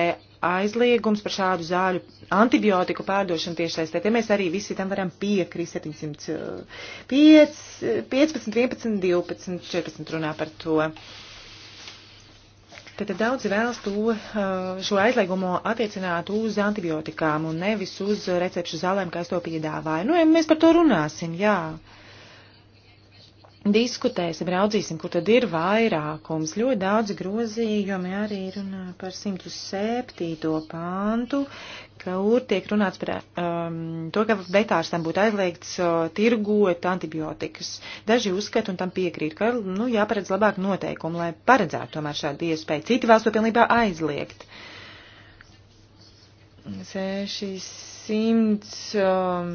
aizliegums par šādu zāļu antibiotiku pārdošanu tiešsaistē. Te mēs arī visi tam varam piekrist 705, 15, 11, 12, 14 runā par to. Tad daudzi vēlas to, eh, šo aizliegumu attiecināt uz antibiotikām un nevis uz recepšu zālēm, kā es to piedāvāju. Nu, ja mēs par to runāsim, jā. Uh, diskutēsim, raudzīsim, kur tad ir vairākums. Ļoti daudz grozījumi arī runā par 107. pāntu, kur tiek runāts par um, to, ka vetārstam būtu aizliegts uh, tirgot antibiotikas. Daži uzskata un tam piekrīt, ka nu, jāparedz labāk noteikumu, lai paredzētu tomēr šādu iespēju. Citi vēlas to pilnībā aizliegt. 600. Um,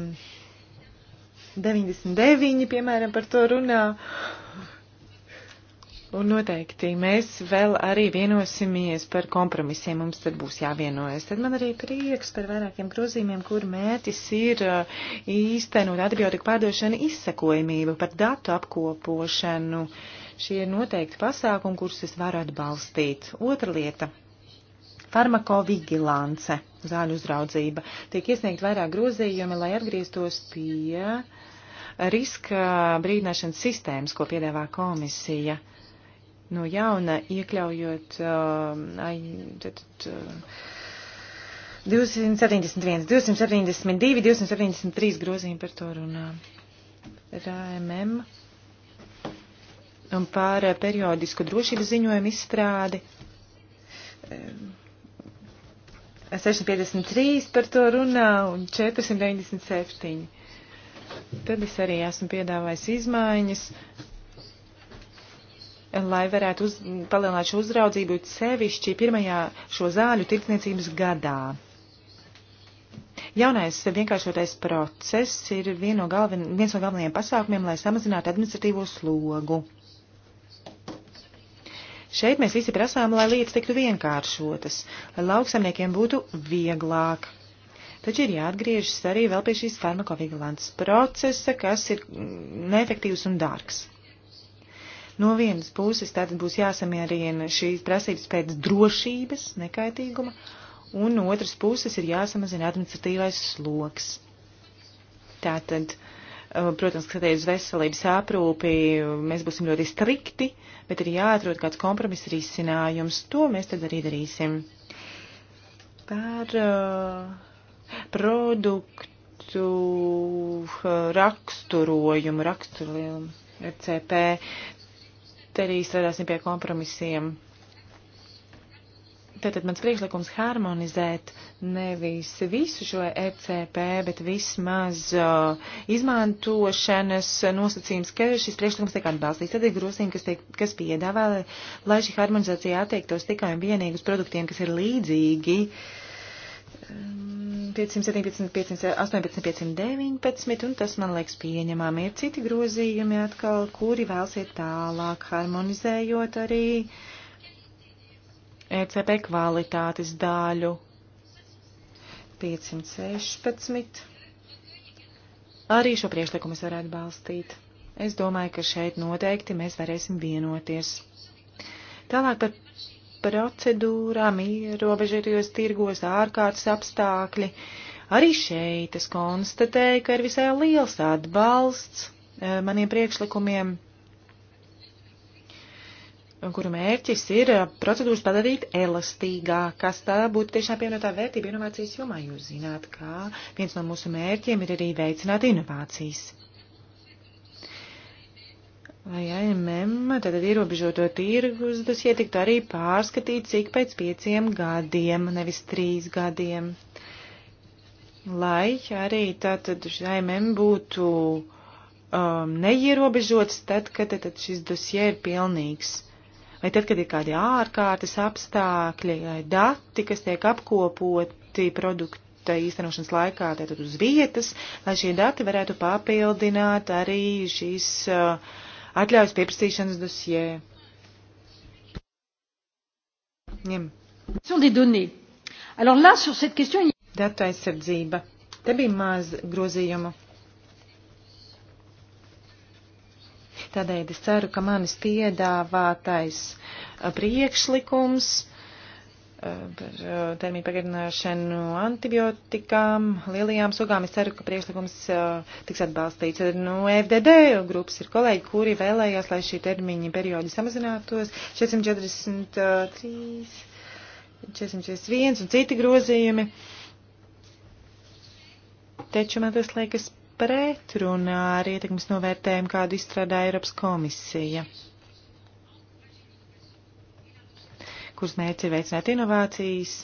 99, piemēram, par to runā. Un noteikti mēs vēl arī vienosimies par kompromisiem, mums tad būs jāvienojas. Tad man arī prieks par vairākiem grozījumiem, kur mērķis ir uh, īstenot antibiotiku pārdošanu izsekojamību, par datu apkopošanu. Šie ir noteikti pasākumi, kurus es varu atbalstīt. Otra lieta farmakovigilance, zāļu uzraudzība. Tiek iesniegt vairāk grozījumi, lai atgrieztos pie riska brīdināšanas sistēmas, ko piedāvā komisija. No jauna iekļaujot uh, 271, 272, 273 grozījumi par to runā. RMM un par periodisku drošības ziņojumu izstrādi. Um, 653 par to runā un 497. Tad es arī esmu piedāvājis izmaiņas, lai varētu uz, palielināt šo uzraudzību sevišķi pirmajā šo zāļu tirdzniecības gadā. Jaunais vienkāršotais process ir vien no galven, viens no galvenajiem pasākumiem, lai samazinātu administratīvo slogu. Šeit mēs visi prasām, lai lietas tiktu vienkāršotas, lai lauksamniekiem būtu vieglāk. Taču ir jāatgriežas arī vēl pie šīs farmakovigilants procesa, kas ir mm, neefektīvs un dārgs. No vienas puses tātad būs jāsamierina šīs prasības pēc drošības, nekaitīguma, un no otras puses ir jāsamazina administratīvais sloks. Tātad Eh, protams, kas attiecas uz veselības aprūpi, mēs būsim ļoti strikti, bet ir jāatrod kāds kompromiss risinājums. To mēs tad arī darīsim. Par uh, produktu uh, raksturojumu, raksturojumu RCP, te arī strādāsim pie kompromisiem. Tātad mans priekšlikums harmonizēt nevis visu šo ECP, bet vismaz uh, izmantošanas nosacījums, ka šis priekšlikums tiek atbalstīts. Tad ir grozījumi, kas, tiek, kas piedāvā, lai, lai šī harmonizācija attiektos tikai un vienīgi uz produktiem, kas ir līdzīgi. Um, 517, 518, 519, un tas man liekas pieņemami. Ir citi grozījumi atkal, kuri vēlsiet tālāk harmonizējot arī uh, ECB kvalitātes daļu 516. Arī šo priekšlikumu es varētu balstīt. Es domāju, ka šeit noteikti mēs varēsim vienoties. Tālāk par procedūrām, ierobežotajos tirgos, ārkārtas apstākļi. Arī šeit es konstatēju, ka ir visai liels atbalsts eh, maniem priekšlikumiem kuru mērķis ir eh, procedūras padarīt elastīgākas. Tā būtu tiešām pievienotā vērtība inovācijas jomā. Jūs zināt, ka viens no mūsu mērķiem ir arī veicināt inovācijas. Lai AMM tātad ierobežoto tirgus dosie tiktu arī pārskatīt, cik pēc pieciem gadiem, nevis trīs gadiem. Lai arī tātad AMM būtu um, neierobežots, tad, kad tad šis dosie ir pilnīgs vai tad, kad ir kādi ārkārtas apstākļi, dati, kas tiek apkopoti produkta īstenošanas laikā, tātad uz vietas, lai šie dati varētu papildināt arī šīs uh, atļaujas pieprasīšanas dosjē. Ņem. Datu aizsardzība. Te bija maz grozījumu. Tādēļ es ceru, ka manis piedāvātais uh, priekšlikums uh, par uh, termīnu pagarināšanu antibiotikām, lielajām sugām, es ceru, ka priekšlikums tiks atbalstīts. No nu, FDD grupas ir kolēģi, kuri vēlējās, lai šī termiņa periodi samazinātos 443, 441 un citi grozījumi. Taču man tas liekas pretrunā ar ietekmes novērtējumu, kādu izstrādā Eiropas komisija, kuras mērķi ir veicināt inovācijas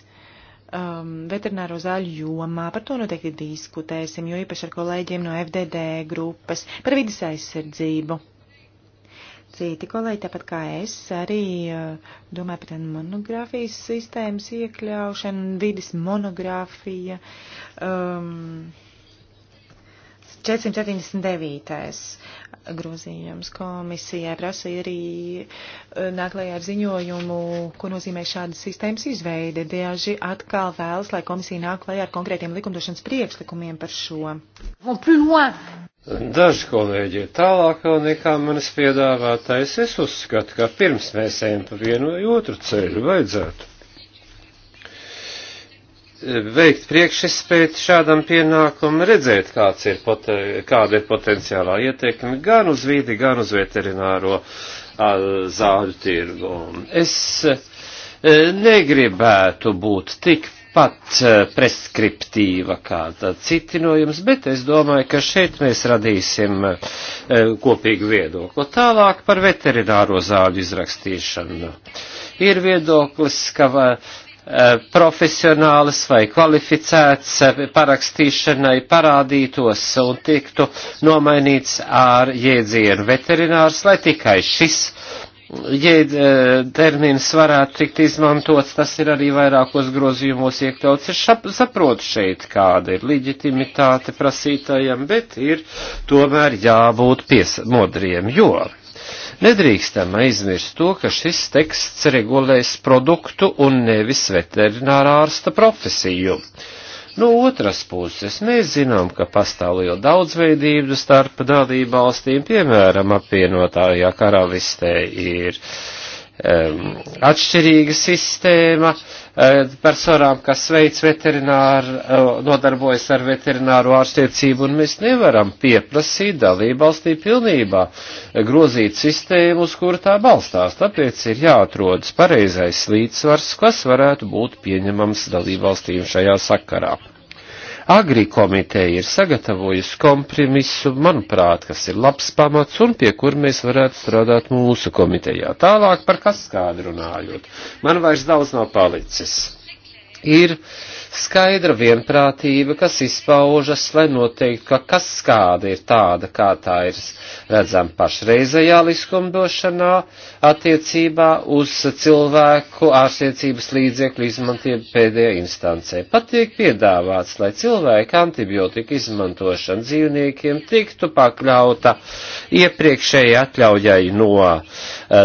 um, veterināro zāļu jomā. Par to noteikti diskutēsim, jo īpaši ar kolēģiem no FDD grupas par vidas aizsardzību. Citi kolēģi, tāpat kā es, arī uh, domāju par tādu monogrāfijas sistēmas iekļaušanu, vidas monogrāfija. Um, 479. grozījums komisijai prasīja arī e, nākamajā ar ziņojumu, ko nozīmē šāda sistēmas izveide. Daži atkal vēlas, lai komisija nāk klajā ar konkrētiem likumdošanas priekšlikumiem par šo. Daži kolēģi ir tālāk nekā manis piedāvātais. Es uzskatu, ka pirms mēs ejam pa vienu vai otru ceļu vajadzētu veikt priekšespēti šādam pienākumam, redzēt, kāds ir pot, kāda ir potenciālā ietekme gan uz vidi, gan uz veterināro zāļu tirgu. Es e, negribētu būt tik pat e, preskriptīva kā citi no jums, bet es domāju, ka šeit mēs radīsim e, kopīgu viedokli. Tālāk par veterināro zāļu izrakstīšanu. Ir viedoklis, ka Eh, profesionāls vai kvalificēts eh, parakstīšanai parādītos un tiktu nomainīts ar jēdzienu veterinārs, lai tikai šis jēd, eh, termins varētu tikt izmantots. Tas ir arī vairākos grozījumos iekļauts. Es šap, saprotu šeit, kāda ir leģitimitāte prasītājiem, bet ir tomēr jābūt piesmodriem, jo Nedrīkstam aizmirst to, ka šis teksts regulēs produktu un nevis veterinārā ārsta profesiju. No otras puses, mēs zinām, ka pastāv liela daudzveidība starp dalību valstīm, piemēram, apvienotājā karalistē ir uh, atšķirīga sistēma e, personām, kas veic veterināru, e, nodarbojas ar veterināru ārstniecību, un mēs nevaram pieprasīt dalībvalstī pilnībā grozīt sistēmu, uz kur tā balstās. Tāpēc ir jāatrodas pareizais līdzsvars, kas varētu būt pieņemams dalībvalstīm šajā sakarā. Agri komiteja ir sagatavojusi kompromisu, manuprāt, kas ir labs pamats un pie kur mēs varētu strādāt mūsu komitejā. Tālāk par kaskādu runājot. Man vairs daudz nav palicis. Ir uh, skaidra vienprātība, kas izpaužas, lai noteiktu, ka kas kāda ir tāda, kā tā ir redzama pašreizējā likumdošanā attiecībā uz cilvēku ārstniecības līdzekļu izmantību pēdējā instancē. Pat tiek piedāvāts, lai cilvēka antibiotika izmantošana dzīvniekiem tiktu pakļauta iepriekšēji atļaujai no uh,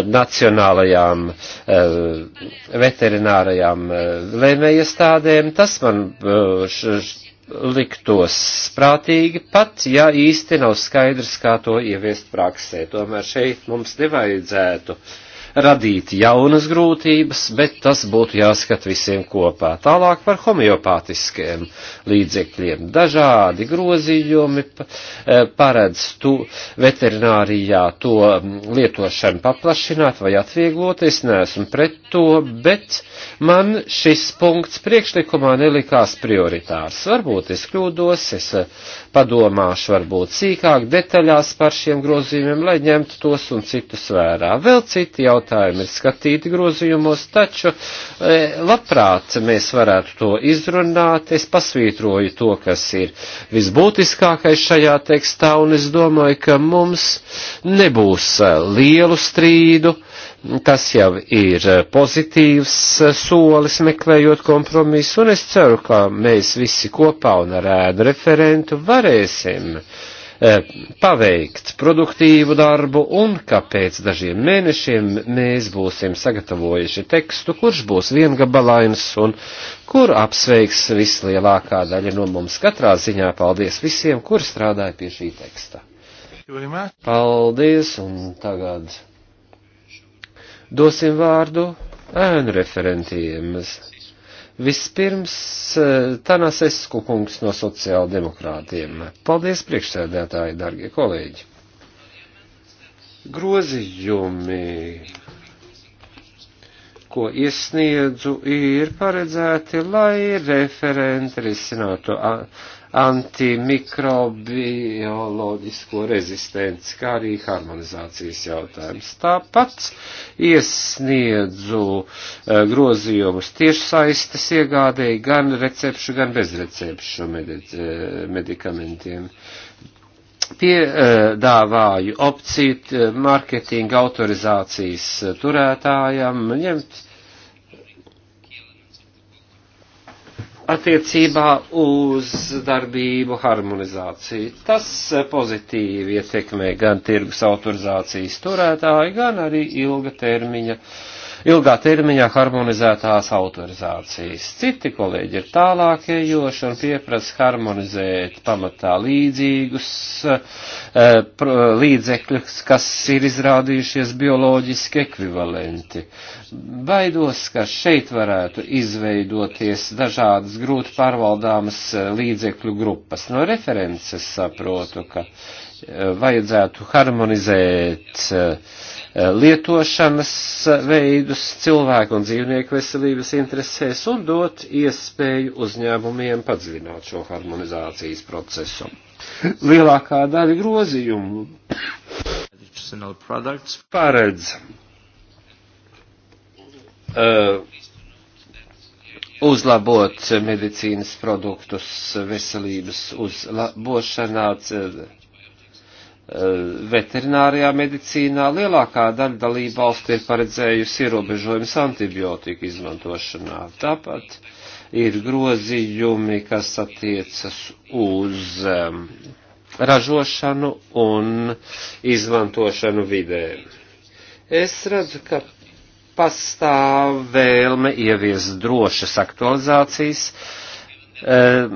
nacionālajām uh, veterinārajām uh, lēmējiestādēm. Tas tas man uh, š, š, liktos prātīgi, pat ja īsti nav skaidrs, kā to ieviest praksē. Tomēr šeit mums nevajadzētu uh, radīt jaunas grūtības, bet tas būtu jāskat visiem kopā. Tālāk par homeopātiskiem līdzekļiem. Dažādi grozījumi eh, paredz tu veterinārijā to mm, lietošanu paplašināt vai atvieglot. Es neesmu pret to, bet man šis punkts priekšlikumā nelikās prioritārs. Varbūt es kļūdos, es eh, padomāšu varbūt sīkāk detaļās par šiem grozījumiem, lai ņemtu tos un citus vērā. Vēl citi jautājumi ir skatīti grozījumos, taču e, labprāt mēs varētu to izrunāt. Es pasvītroju to, kas ir visbūtiskākais šajā tekstā, un es domāju, ka mums nebūs lielu strīdu Tas jau ir eh, pozitīvs eh, solis meklējot kompromisu, un es ceru, ka mēs visi kopā un ar ēdu referentu varēsim eh, paveikt produktīvu darbu un ka pēc dažiem mēnešiem mēs būsim sagatavojuši tekstu, kurš būs viengabalains un kur apsveiks vislielākā daļa no mums. Katrā ziņā paldies visiem, kur strādāja pie šī teksta. Paldies un tagad. Dosim vārdu ēnu referentiem. Vispirms eh, Tanas Esku kungs no sociāldemokrātiem. Paldies priekšsēdētāji, dargie kolēģi! Grozījumi, ko iesniedzu, ir paredzēti, lai referenti risinātu. A, antimikrobioloģisko rezistenci, kā arī harmonizācijas jautājums. Tāpat iesniedzu eh, grozījumus tiešsaistes iegādēji gan recepšu, gan bezrecepšu eh, medikamentiem piedāvāju opciju eh, marketinga autorizācijas turētājam ņemt attiecībā uz darbību harmonizāciju. Tas pozitīvi ietekmē gan tirgus autorizācijas turētāju, gan arī ilga termiņa uh, ilgā termiņā harmonizētās autorizācijas. Citi kolēģi ir tālākējoši un pieprasa harmonizēt pamatā līdzīgus eh, līdzekļus, kas ir izrādījušies bioloģiski ekvivalenti. Baidos, ka šeit varētu izveidoties dažādas grūti pārvaldāmas eh, līdzekļu grupas. No references saprotu, ka eh, vajadzētu harmonizēt uh, lietošanas veidus cilvēku un dzīvnieku veselības interesēs un dot iespēju uzņēmumiem padziļināt šo harmonizācijas procesu. Lielākā daļa grozījumu paredz uh, uzlabot medicīnas produktus veselības uzlabošanā. Uh, Eh, veterinārijā medicīnā lielākā daļa dalību valstu ir paredzējusi ierobežojums antibiotika izmantošanā. Tāpat ir grozījumi, kas attiecas uz ražošanu un izmantošanu vidē. Es redzu, ka pastāv vēlme ievies drošas aktualizācijas, eh,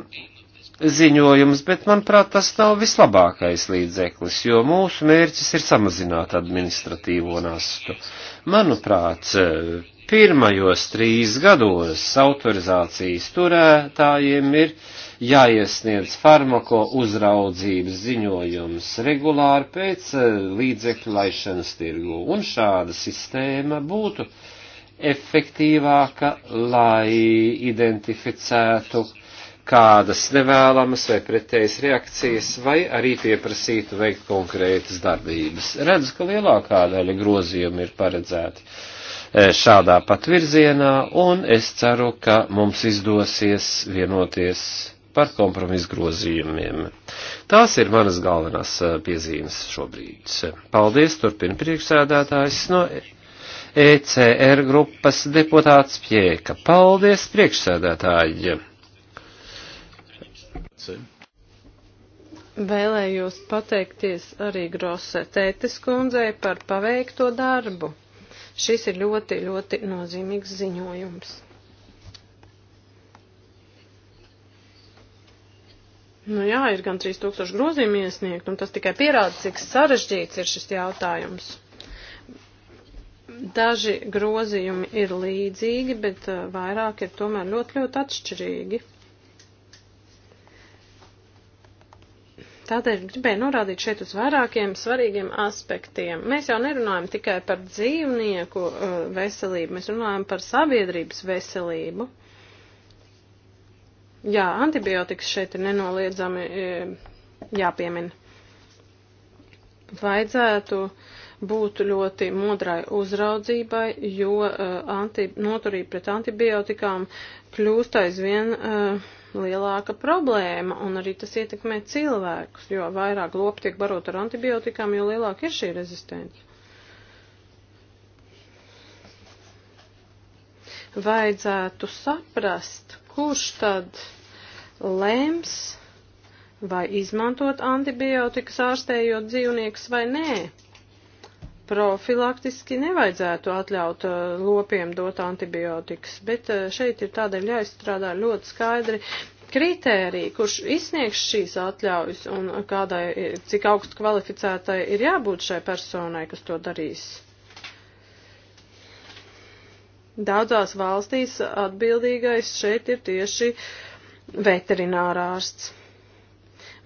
ziņojums, bet, manuprāt, tas nav vislabākais līdzeklis, jo mūsu mērķis ir samazināt administratīvo nastu. Manuprāt, pirmajos trīs gados autorizācijas turētājiem ir jāiesniedz farmako uzraudzības ziņojums regulāri pēc eh, līdzekļu laišanas tirgu, un šāda sistēma būtu efektīvāka, lai identificētu kādas nevēlamas vai pretējas reakcijas, vai arī pieprasītu veikt konkrētas darbības. Redzu, ka lielākā daļa grozījumu ir paredzēti e, šādā pat virzienā, un es ceru, ka mums izdosies vienoties par kompromisu grozījumiem. Tās ir manas galvenās e, piezīmes šobrīd. Paldies, turpina priekšsēdētājs no ECR grupas deputāts Pieka. Paldies, priekšsēdētāji! Grosse. Vēlējos pateikties arī Grosse tētis kundzei par paveikto darbu. Šis ir ļoti, ļoti nozīmīgs ziņojums. Nu jā, ir gan 3000 grozījumu iesniegt, un tas tikai pierāda, cik sarežģīts ir šis jautājums. Daži grozījumi ir līdzīgi, bet eh, vairāk ir tomēr ļoti, ļoti atšķirīgi. Tādēļ gribēju norādīt šeit uz vairākiem svarīgiem aspektiem. Mēs jau nerunājam tikai par dzīvnieku uh, veselību, mēs runājam par sabiedrības veselību. Jā, antibiotikas šeit ir nenoliedzami uh, jāpiemina. Vajadzētu būt ļoti modrai uzraudzībai, jo uh, anti, noturība pret antibiotikām kļūst aizvien uh, lielāka problēma, un arī tas ietekmē cilvēkus, jo vairāk lopi tiek barot ar antibiotikām, jo lielāka ir šī rezistence. Vajadzētu saprast, kurš tad lems, vai izmantot antibiotikas ārstējot dzīvniekus vai nē profilaktiski nevajadzētu atļaut uh, lopiem dot antibiotikas, bet uh, šeit ir tādēļ jāizstrādā ļoti skaidri kritēriji, kurš izsniegs šīs atļaujas un kādai, cik augstu kvalificētai ir jābūt šai personai, kas to darīs. Daudzās valstīs atbildīgais šeit ir tieši veterinārārsts.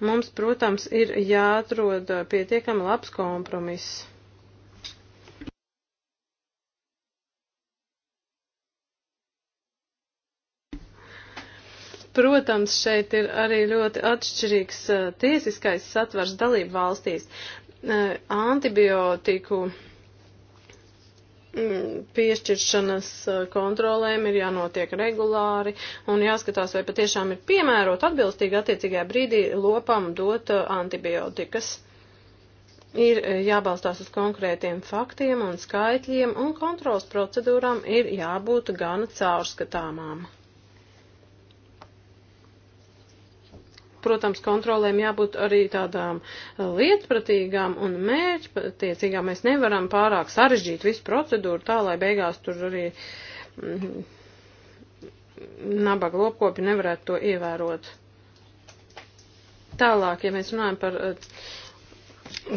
Mums, protams, ir jāatrod pietiekami labs kompromiss. Protams, šeit ir arī ļoti atšķirīgs uh, tiesiskais satvers dalību valstīs. Uh, antibiotiku mm, piešķiršanas kontrolēm ir jānotiek regulāri un jāskatās, vai patiešām ir piemērot atbilstīgi attiecīgajā brīdī lopam dot antibiotikas. Ir jābalstās uz konkrētiem faktiem un skaitļiem, un kontrols procedūrām ir jābūt gana caurskatāmām. protams, kontrolēm jābūt arī tādām uh, lietpratīgām un mērķtiecīgām. Mēs nevaram pārāk sarežģīt visu procedūru tā, lai beigās tur arī mm, nabaga lopkopi nevarētu to ievērot. Tālāk, ja mēs runājam par uh,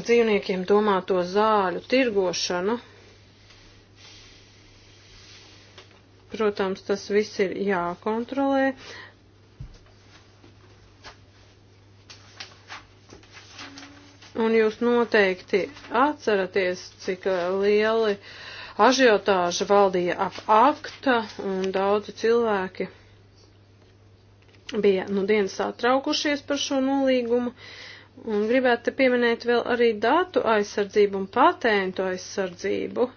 dzīvniekiem domāto zāļu tirgošanu, protams, tas viss ir jākontrolē. Uh, Un jūs noteikti atceraties, cik eh, lieli ažiotāža valdīja ap akta un daudzi cilvēki bija nu dienas satraukušies par šo nolīgumu. Un gribētu te pieminēt vēl arī datu aizsardzību un patentu aizsardzību.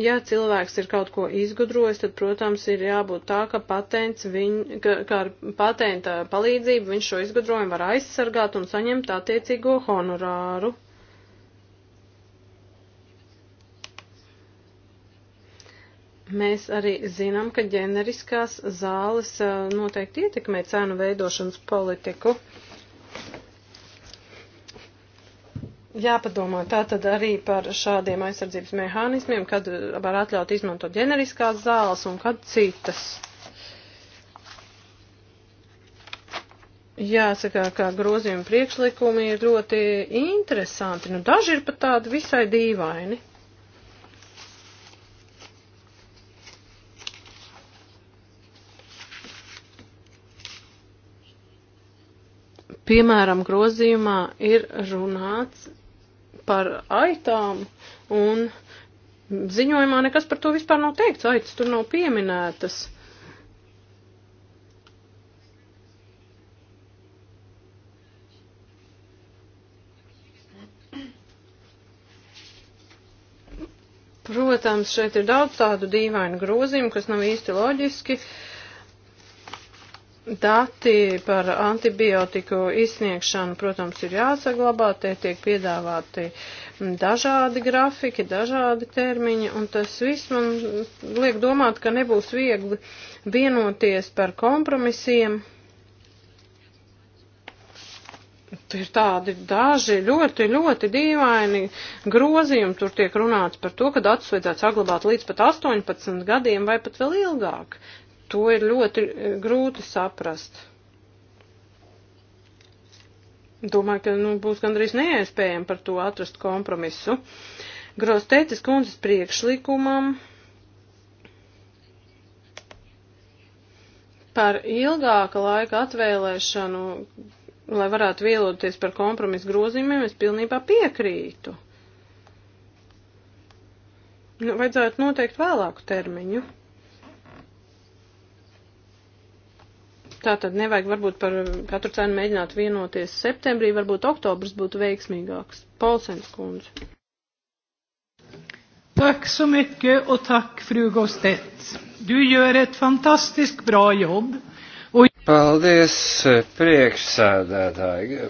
Ja cilvēks ir kaut ko izgudrojis, tad, protams, ir jābūt tā, ka, patents viņ, ka, ka ar patenta palīdzību viņš šo izgudrojumu var aizsargāt un saņemt attiecīgo honorāru. Mēs arī zinām, ka ģeneriskās zāles eh, noteikti ietekmē cēnu veidošanas politiku. Uh, jāpadomā tātad arī par šādiem aizsardzības mehānismiem, kad eh, var atļaut izmantot ģeneriskās zāles un kad citas. Jāsaka, ka grozījuma priekšlikumi ir ļoti interesanti. Nu, daži ir pat tādi visai dīvaini. Piemēram, grozījumā ir runāts par aitām, un ziņojumā nekas par to vispār nav teikts, aitas tur nav pieminētas. Protams, šeit ir daudz tādu dīvainu grozījumu, kas nav īsti loģiski. Uh, Dati par antibiotiku izsniegšanu, protams, ir jāsaglabā, te tiek piedāvāti dažādi grafiki, dažādi termiņi, un tas viss man liek domāt, ka nebūs viegli vienoties par kompromisiem. Tur ir tādi daži ļoti, ļoti dīvaini grozījumi, tur tiek runāts par to, ka datus vajadzētu saglabāt līdz pat 18 gadiem vai pat vēl ilgāk to ir ļoti e, grūti saprast. Domāju, ka nu, būs gandrīz neiespējami par to atrast kompromisu. Gros teicis kundzes priekšlikumam par ilgāka laika atvēlēšanu, lai varētu vieloties par kompromisu grozījumiem, es pilnībā piekrītu. Nu, vajadzētu noteikt vēlāku termiņu. Tā tad nevajag varbūt par katru cenu mēģināt vienoties septembrī, varbūt oktobrs būtu veiksmīgāks. Polsens kundze. Tack så mycket och tack fru Gostedt. Du gör ett fantastiskt bra jobb. Och... Paldies, priekšsēdētāji.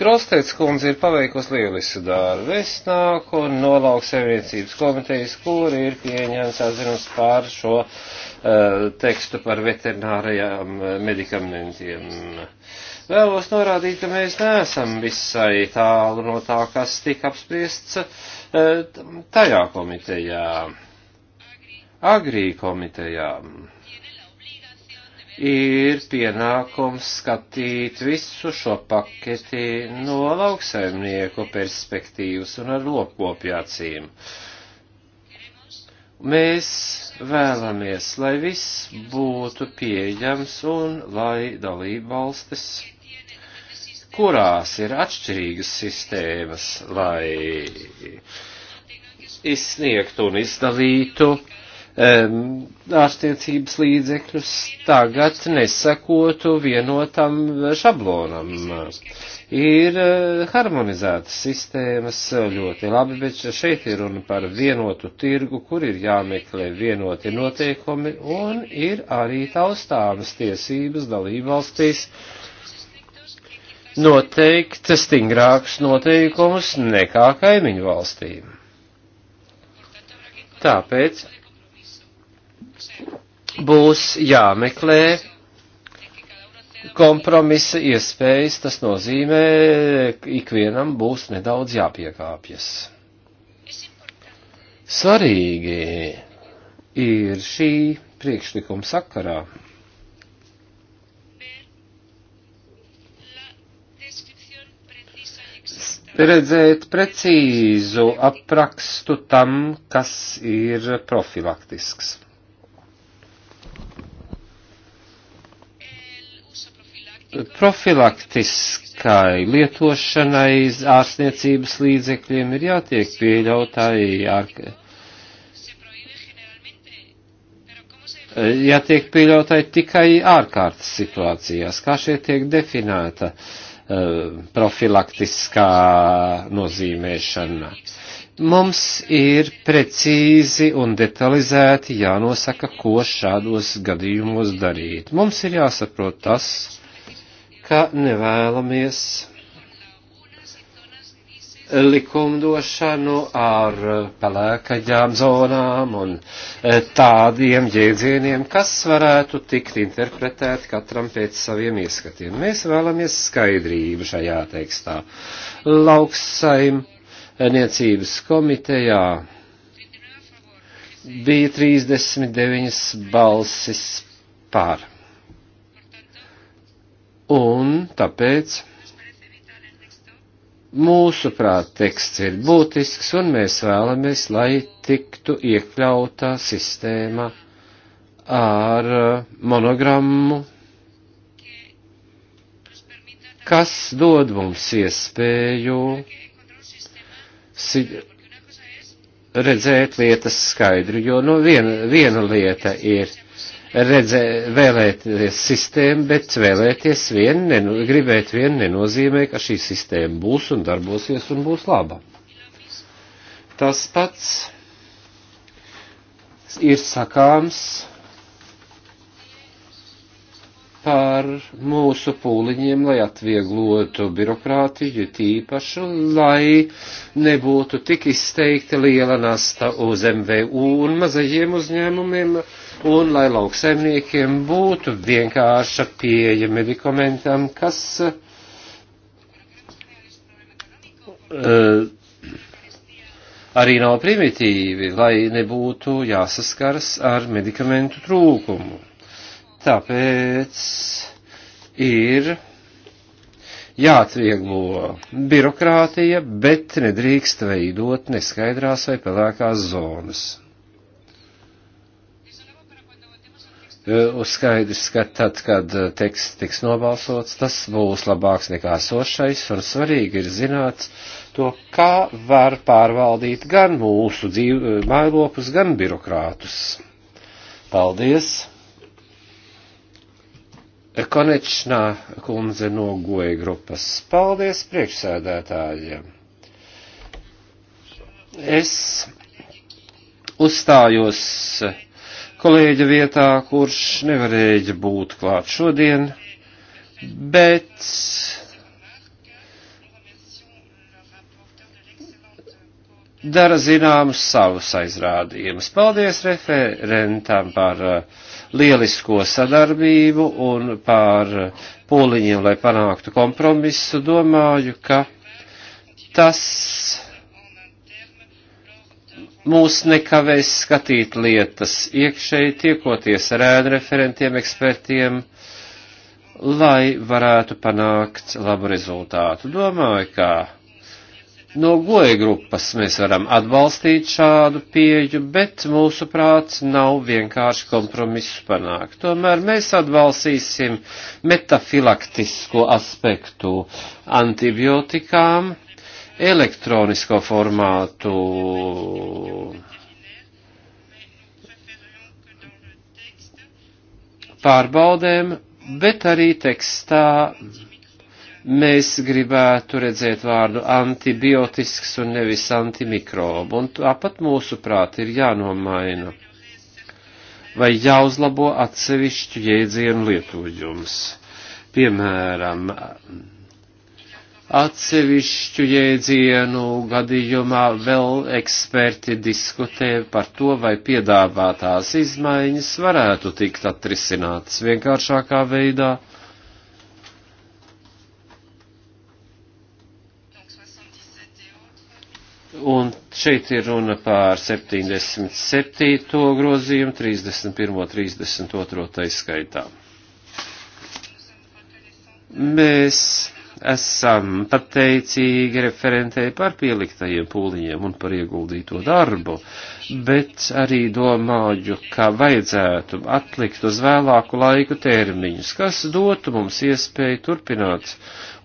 Grostēts kundze ir paveikusi lielisku darbu. Es nāku no lauksaimniecības komitejas, kur ir pieņemts atzinums pār šo uh, Uh, tekstu par veterinārajām uh, medikamentiem. Vēlos norādīt, ka mēs neesam visai tālu no tā, kas tika apspriests uh, tajā komitejā, agrī komitejā ir pienākums skatīt visu šo paketi no lauksaimnieku perspektīvas un ar lopkopju acīm. Uh, Mēs vēlamies, lai viss būtu pieejams un lai dalība valstis, kurās ir atšķirīgas sistēmas, lai izsniegtu un izdalītu ārstniecības līdzekļus, tagad nesakotu vienotam šablonam. Ir e, harmonizētas sistēmas e, ļoti labi, bet šeit ir runa par vienotu tirgu, kur ir jāmeklē vienoti noteikumi un ir arī taustāmas tiesības dalībvalstīs noteikt stingrākus noteikumus nekā kaimiņu valstīm. Tāpēc būs jāmeklē kompromisa iespējas, tas nozīmē, ikvienam būs nedaudz jāpiekāpjas. Svarīgi ir šī priekšlikuma sakarā. redzēt precīzu aprakstu tam, kas ir profilaktisks. profilaktiskai lietošanai ārstniecības līdzekļiem ir jātiek pieļautai ar. Jātiek pieļautai tikai ārkārtas situācijās, kā šeit tiek definēta uh, profilaktiskā nozīmēšana. Mums ir precīzi un detalizēti jānosaka, ko šādos gadījumos darīt. Mums ir jāsaprot tas, ka nevēlamies likumdošanu ar pelēkaļām zonām un e, tādiem jēdzieniem, kas varētu tikt interpretēti katram pēc saviem ieskatiem. Mēs vēlamies skaidrību šajā tekstā. Lauksaim niecības komitejā bija 39 balsis pār. Un tāpēc mūsuprāt teksts ir būtisks un mēs vēlamies, lai tiktu iekļautā sistēma ar uh, monogrammu, kas dod mums iespēju si redzēt lietas skaidri, jo no nu, viena, viena lieta ir redzē, vēlēties sistēmu, bet vēlēties vien, neno, gribēt vien nenozīmē, ka šī sistēma būs un darbosies un būs laba. Tas pats ir sakāms par mūsu pūliņiem, lai atvieglotu birokrātiju tīpašu, lai nebūtu tik izteikti liela nasta uz MVU un mazajiem uzņēmumiem, uh, un lai lauksaimniekiem būtu vienkārša pieeja medikamentam, kas uh, arī nav primitīvi, lai nebūtu jāsaskars ar medikamentu trūkumu. Tāpēc ir jāatvieglo birokrātija, bet nedrīkst veidot neskaidrās vai pelēkās zonas. Eh, uzskaidrs, ka tad, kad eh, teksts tiks nobalsots, tas būs labāks nekā sošais, un svarīgi ir zināt to, kā var pārvaldīt gan mūsu dzīvi, eh, mājlopus, gan birokrātus. Paldies! Konečnā kundze no goja grupas. Paldies priekšsēdētājiem! Es uzstājos kolēģa vietā, kurš nevarēja būt klāt šodien, bet dara zināmus savus aizrādījumus. Paldies referentam par uh, lielisko sadarbību un par uh, poliņiem, lai panāktu kompromisu. Domāju, ka tas mūs nekavēs skatīt lietas iekšēji, tiekoties ar ēnreferentiem, ekspertiem, lai varētu panākt labu rezultātu. Domāju, ka no goja grupas mēs varam atbalstīt šādu pieju, bet mūsu prāts nav vienkārši kompromisu panākt. Tomēr mēs atbalstīsim metafilaktisko aspektu antibiotikām elektronisko formātu. Pārbaudēm, bet arī tekstā mēs gribētu redzēt vārdu antibiotisks un nevis antimikrobu, un tāpat mūsu prāt ir jānomaina vai jāuzlabo atsevišķu jēdzienu lietojums. Piemēram, Atsevišķu jēdzienu gadījumā vēl eksperti diskutē par to, vai piedāvātās izmaiņas varētu tikt atrisinātas vienkāršākā veidā. Un šeit ir runa pār 77. grozījumu, 31. 32. taiskaitā. Mēs esam pateicīgi referentei par pieliktajiem pūliņiem un par ieguldīto darbu, bet arī domāju, ka vajadzētu atlikt uz vēlāku laiku termiņus, kas dotu mums iespēju turpināt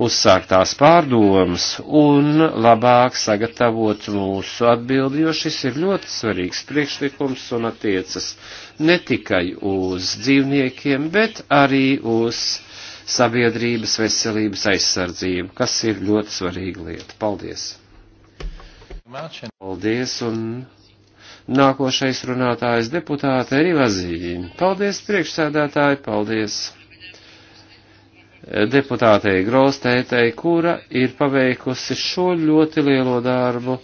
uzsāktās pārdomas un labāk sagatavot mūsu atbildi, jo šis ir ļoti svarīgs priekšlikums un attiecas ne tikai uz dzīvniekiem, bet arī uz sabiedrības veselības aizsardzību, kas ir ļoti svarīga lieta. Paldies! Paldies un nākošais runātājs deputāte Rivazīņa. Paldies priekšsēdētāji, paldies! deputātei Grostētei, kura ir paveikusi šo ļoti lielo darbu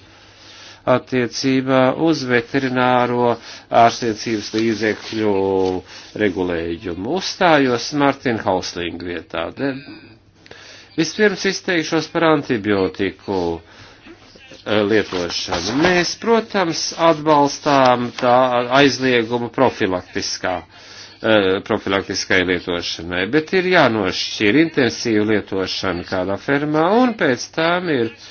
attiecībā uz veterināro ārstniecības līdzekļu regulējumu. Uzstājos Martina Hauslinga vietā. De. Vispirms izteikšos par antibiotiku e, lietošanu. Mēs, protams, atbalstām tā aizliegumu profilaktiskā e, profilaktiskai lietošanai, bet ir jānošķir intensīva lietošana kādā fermā, un pēc tam ir uh,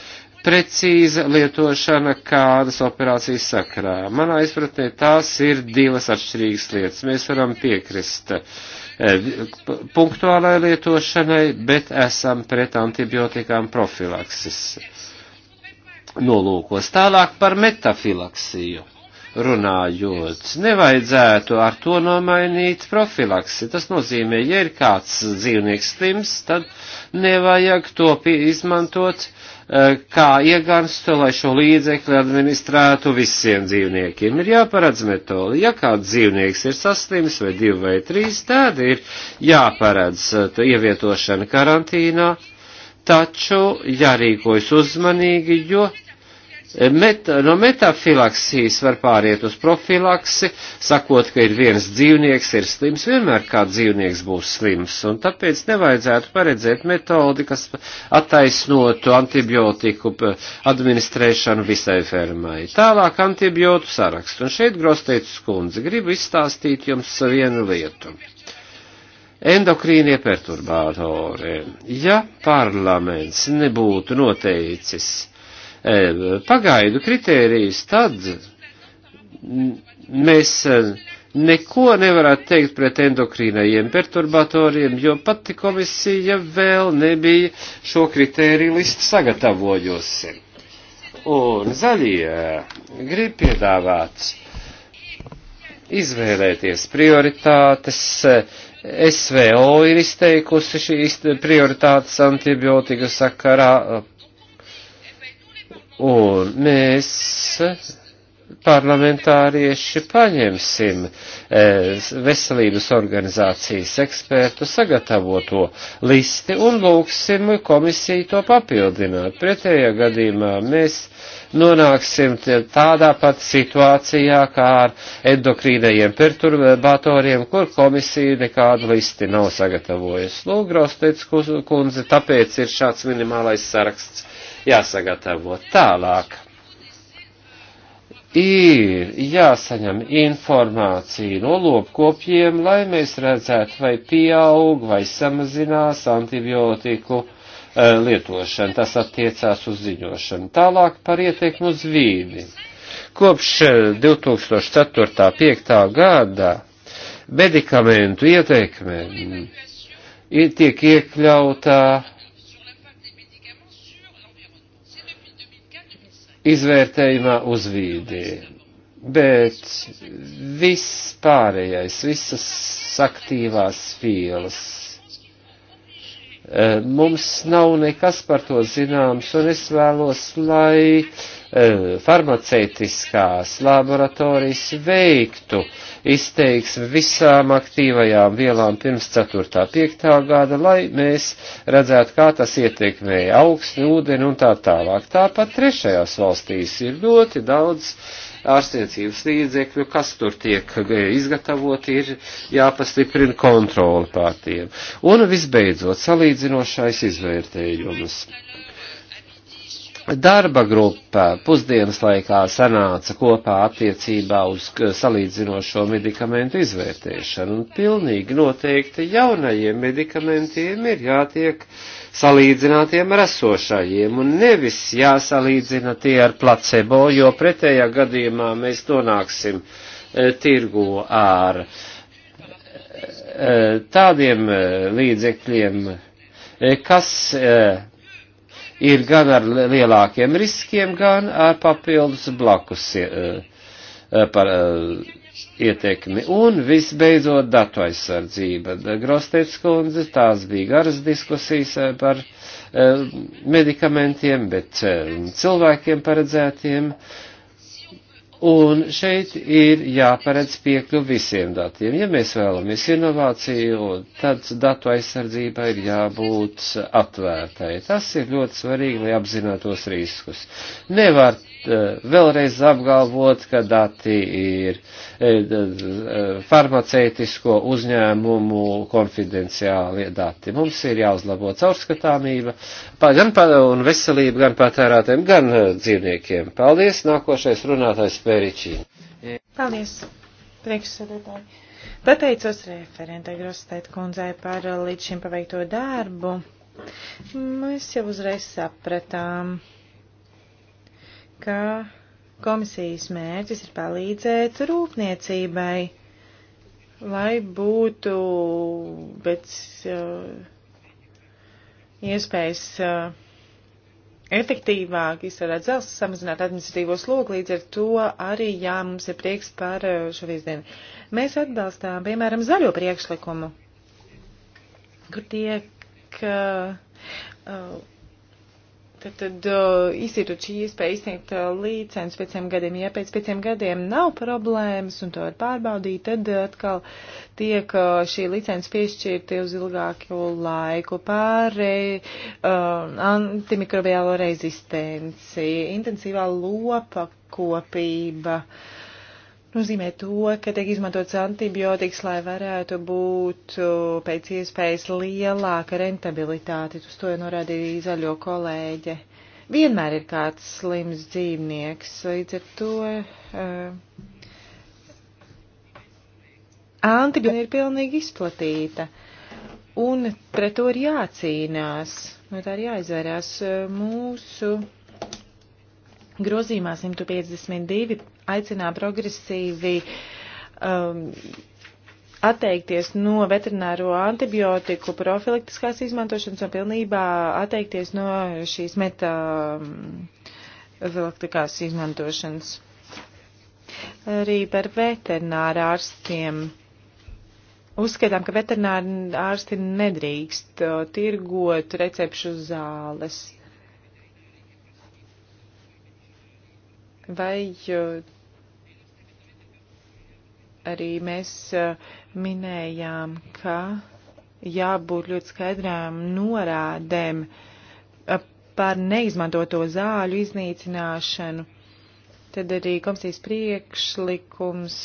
precīza lietošana kādas operācijas sakrā. Manā izpratnē tās ir divas atšķirīgas lietas. Mēs varam piekrist eh, punktuālai lietošanai, bet esam pret antibiotikām profilakses nolūkos. Tālāk par metafilaksiju runājot. Nevajadzētu ar to nomainīt profilaksi. Tas nozīmē, ja ir kāds dzīvnieks slims, tad nevajag to izmantot Eh, kā iegarstu, lai šo līdzekli administrētu visiem dzīvniekiem. Ir jāparedz metodi. Ja kāds dzīvnieks ir saslims vai divi vai trīs, tad ir jāparedz eh, ievietošana karantīnā, taču jārīkojas uzmanīgi, jo Met, no metafilaksijas var pāriet uz profilaksi, sakot, ka ir viens dzīvnieks ir slims, vienmēr kā dzīvnieks būs slims, un tāpēc nevajadzētu paredzēt metodi, kas attaisnotu antibiotiku administrēšanu visai fermai. Tālāk antibiotu saraksts, un šeit grosteicu skundze, gribu izstāstīt jums vienu lietu. Endokrīnie perturbātori. Ja parlaments nebūtu noteicis, E, pagaidu kritērijas, tad mēs e, neko nevarētu teikt pret endokrīnajiem perturbatoriem, jo pati komisija vēl nebija šo kritēriju listu sagatavojusi. Un zaļie grib piedāvāt izvēlēties prioritātes. SVO ir izteikusi šīs prioritātes antibiotika sakarā Un mēs parlamentārieši paņemsim eh, veselības organizācijas ekspertu sagatavoto listi un lūksim komisiju to papildināt. Pretējā gadījumā mēs nonāksim tādā pat situācijā kā ar endokrīnajiem perturbatoriem, kur komisija nekādu listi nav sagatavojusi. Lūk, Grausteic kundze, tāpēc ir šāds minimālais saraksts jāsagatavo tālāk. Ir jāsaņem informācija no lopkopjiem, lai mēs redzētu, vai pieaug vai samazinās antibiotiku eh, lietošana, tas attiecās uz ziņošanu. Tālāk par ietekmu uz vīdi. Kopš 2004.5. Eh, gada medikamentu ietekme tiek iekļautā izvērtējumā uz vīdi. Bet viss pārējais, visas aktīvās vielas, eh, mums nav nekas par to zināms, un es vēlos, lai Eh, farmaceitiskās laboratorijas veiktu izteiksmi visām aktīvajām vielām pirms 4.5. gada, lai mēs redzētu, kā tas ietekmēja augsni, ūdeni un tā tālāk. Tāpat trešajās valstīs ir ļoti daudz ārstniecības līdzekļu, kas tur tiek eh, izgatavoti, ir jāpastiprina kontroli pār tiem. Un visbeidzot, salīdzinošais izvērtējums Darba grupa pusdienas laikā sanāca kopā attiecībā uz salīdzinošo medikamentu izvērtēšanu, un pilnīgi noteikti jaunajiem medikamentiem ir jātiek salīdzinātiem ar esošajiem, un nevis jāsalīdzina tie ar placebo, jo pretējā gadījumā mēs nonāksim e, tirgu ar e, tādiem e, līdzekļiem, kas ir gan ar lielākiem riskiem, gan ar papildus blakus eh, eh, par eh, ietekmi. Un visbeidzot datu aizsardzība. Grostēts kundze, tās bija garas diskusijas par medikamentiem, bet cilvēkiem paredzētiem. Uh, Un šeit ir jāparedz piekļuvi visiem datiem. Ja mēs vēlamies inovāciju, tad datu aizsardzībai ir jābūt atvērtai. Tas ir ļoti svarīgi, lai apzinātos riskus. Nevar Eh, vēlreiz apgalvot, ka dati ir eh, farmaceitisko uzņēmumu konfidenciāli dati. Mums ir jāuzlabo caurskatāmība gan un veselība gan patērētiem, gan eh, dzīvniekiem. Paldies, nākošais runātājs Pēričī. Paldies, priekšsēdētāji. Pateicos referentai Grostēt kundzei par līdz šim paveikto darbu. Mēs jau uzreiz sapratām ka komisijas mērķis ir palīdzēt rūpniecībai, lai būtu pēc uh, iespējas uh, efektīvāk izstrādāt zelstu, samazināt administratīvo slogu, līdz ar to arī, jā, mums ir prieks par uh, šo viesdienu. Mēs atbalstām, piemēram, zaļo priekšlikumu, kur tiek uh, uh, Tad uh, institūts šī iespēja izsniegt uh, licenci pēc tiem gadiem. Ja pēc pieciem gadiem nav problēmas un to var pārbaudīt, tad atkal tiek uh, šī licenci piešķirta uz ilgāku laiku pāri uh, antimikrobiālo rezistenci, intensīvā lopa kopība. Uh, nozīmē to, ka tiek izmantots antibiotikas, lai varētu būt pēc iespējas lielāka rentabilitāte. Uz to jau norādīja zaļo kolēģe. Vienmēr ir kāds slims dzīvnieks, līdz ar to. Uh, Antibiotika ir pilnīgi izplatīta, un pret to ir jācīnās, no tā ir jāizvērās mūsu grozīmā 152 aicinām progresīvi um, atteikties no veterināro antibiotiku profilaktiskās izmantošanas un pilnībā atteikties no šīs metafilaktiskās um, izmantošanas. Arī par veterināru ārstiem. Uzskatām, ka veterināri ārsti nedrīkst uh, tirgot recepšu zāles. Vai uh, arī mēs eh, minējām, ka jābūt ļoti skaidrām norādēm eh, par neizmantoto zāļu iznīcināšanu. Tad arī komisijas priekšlikums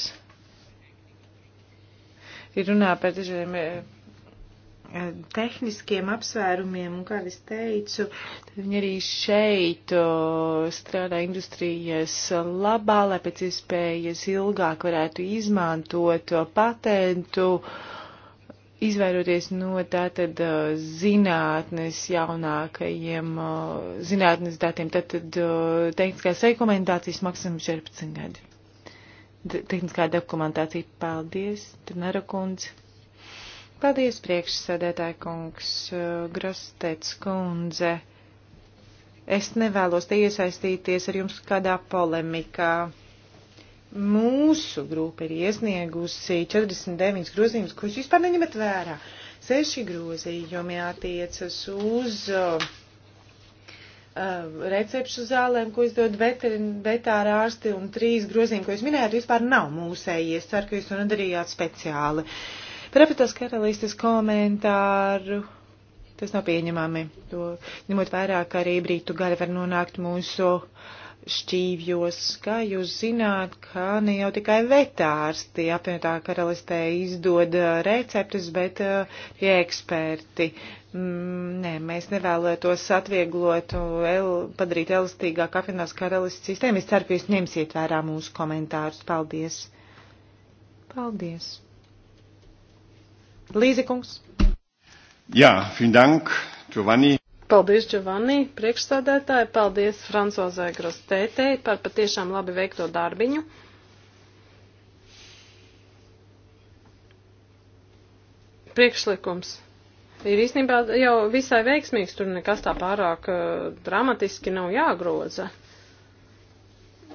ir runā par dažiem eh, tehniskiem apsvērumiem, un kā es teicu, viņi arī šeit strādā industrijas labā, lai pēc iespējas ilgāk varētu izmantot patentu, izvairoties no tātad zinātnes jaunākajiem zinātnes datiem, tātad tehniskās rekomendācijas maksimums 14 gadi. Tehniskā dokumentācija. Paldies, Trunara kundze. Paldies, priekšsēdētāji kungs, eh, Grostets kundze. Es nevēlos te iesaistīties ar jums kādā polemikā. Mūsu grupa ir iesniegusi 49 grozījumus, kurus vispār neņemat vērā. Seši grozījumi attiecas uz uh, recepšu zālēm, ko izdod vetāra ārsti, un trīs grozījumi, ko jūs minējāt, vispār nav mūsējies. Ceru, ka jūs to nedarījāt speciāli. Uh, Par apvienotās karalistes komentāru. Tas nav pieņemami. To ņemot vērā, ka arī brītu gari var nonākt mūsu šķīvjos, kā jūs zināt, ka ne jau tikai vetārsti apvienotā karalistē izdod uh, receptus, bet arī uh, eksperti. Mm, nē, mēs nevēlētos atvieglot un uh, el, padarīt elastīgāk apvienotās karalistes sistēmu. Es ceru, ka jūs ņemsiet vērā mūsu komentārus. Paldies! Paldies! Līzi kungs. Jā, vielen dank, Giovanni. Paldies, Giovanni, priekšstādētāji, paldies Francozai Grostētei par patiešām labi veikto darbiņu. Priekšlikums ir īstenībā jau visai veiksmīgs, tur nekas tā pārāk uh, dramatiski nav jāgroza.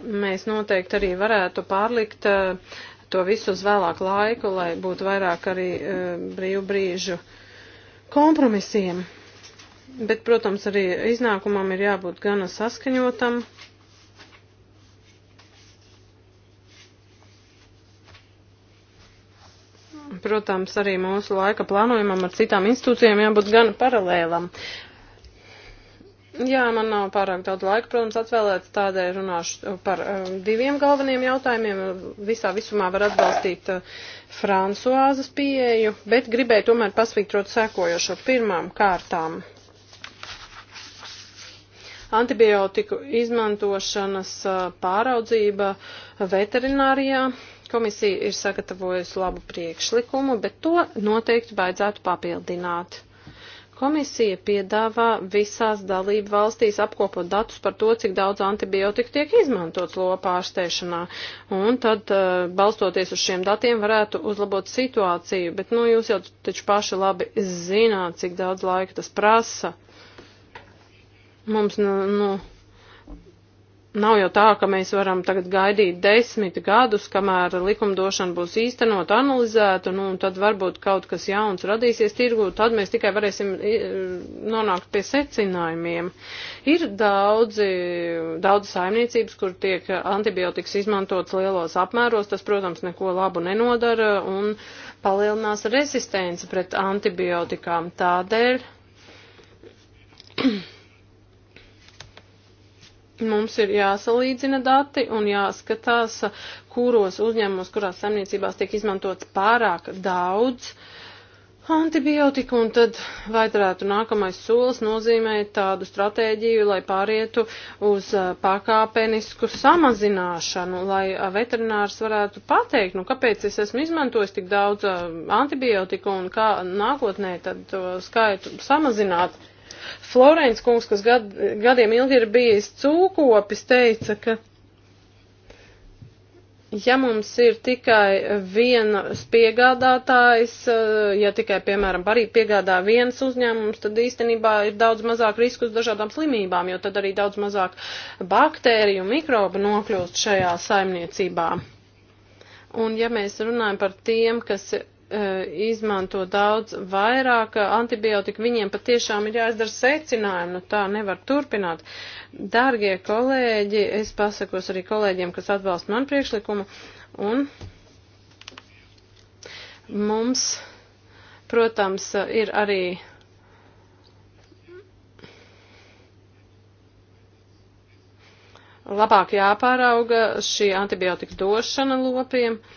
Mēs noteikti arī varētu pārlikt uh, to visu uz vēlāku laiku, lai būtu vairāk arī e, brīvu brīžu kompromisiem. Bet, protams, arī iznākumam ir jābūt gana saskaņotam. Protams, arī mūsu laika plānojumam ar citām institūcijām jābūt gan paralēlam. Jā, man nav pārāk daudz laika, protams, atvēlēts tādēļ runāšu par uh, diviem galveniem jautājumiem. Visā visumā var atbalstīt uh, eh, Fransuāzas pieeju, bet gribēju tomēr pasvītrot sekojošo pirmām kārtām. Antibiotiku izmantošanas uh, pāraudzība veterinārijā. Komisija ir sagatavojusi labu priekšlikumu, bet to noteikti baidzētu papildināt. Komisija piedāvā visās dalību valstīs apkopot datus par to, cik daudz antibiotiku tiek izmantots lopārstēšanā, un tad uh, balstoties uz šiem datiem varētu uzlabot situāciju, bet, nu, jūs jau taču paši labi zināt, cik daudz laika tas prasa. Mums, nu, nu Nav jau tā, ka mēs varam tagad gaidīt desmit gadus, kamēr likumdošana būs īstenot, analizēta, nu, un tad varbūt kaut kas jauns radīsies tirgū, tad mēs tikai varēsim nonākt pie secinājumiem. Ir daudzi, daudz saimniecības, kur tiek antibiotikas izmantots lielos apmēros, tas, protams, neko labu nenodara un palielinās rezistence pret antibiotikām. Tādēļ. Mums ir jāsalīdzina dati un jāskatās, kuros uzņēmumos, kurās saimniecībās tiek izmantots pārāk daudz antibiotiku, un tad vajadzētu nākamais solis nozīmēt tādu stratēģiju, lai pārietu uz pakāpenisku samazināšanu, lai veterinārs varētu pateikt, nu, kāpēc es esmu izmantojis tik daudz antibiotiku un kā nākotnē tad to skaitu samazināt. Florence kungs, kas gad, gadiem ilgi ir bijis cūkopis, teica, ka ja mums ir tikai viens piegādātājs, eh, ja tikai, piemēram, arī piegādā viens uzņēmums, tad īstenībā ir daudz mazāk risku uz dažādām slimībām, jo tad arī daudz mazāk baktēriju un mikrobu nokļūst šajā saimniecībā. Un ja mēs runājam par tiem, kas E, izmanto daudz vairāk e, antibiotika, viņiem patiešām ir jāizdara secinājumi, nu tā nevar turpināt. Dārgie kolēģi, es pasakos arī kolēģiem, kas atbalsta man priekšlikumu, un mums, protams, ir arī labāk jāpārauga šī antibiotika došana lopiem. Uh,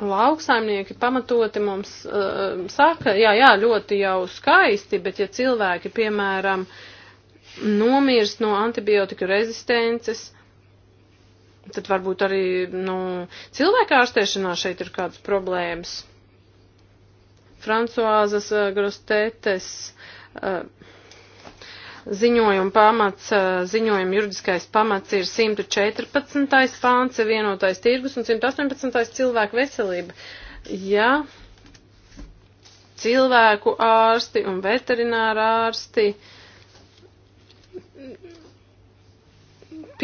lauksaimnieki pamatoti mums uh, saka, jā, jā, ļoti jau skaisti, bet ja cilvēki, piemēram, nomirst no antibiotiku rezistences, tad varbūt arī, nu, cilvēka ārstēšanā šeit ir kādas problēmas. Francoāzas uh, eh, Grostetes uh, ziņojuma pamats, ziņojuma juridiskais pamats ir 114. pāns, vienotais tirgus un 118. cilvēku veselība. Ja cilvēku ārsti un veterināra ārsti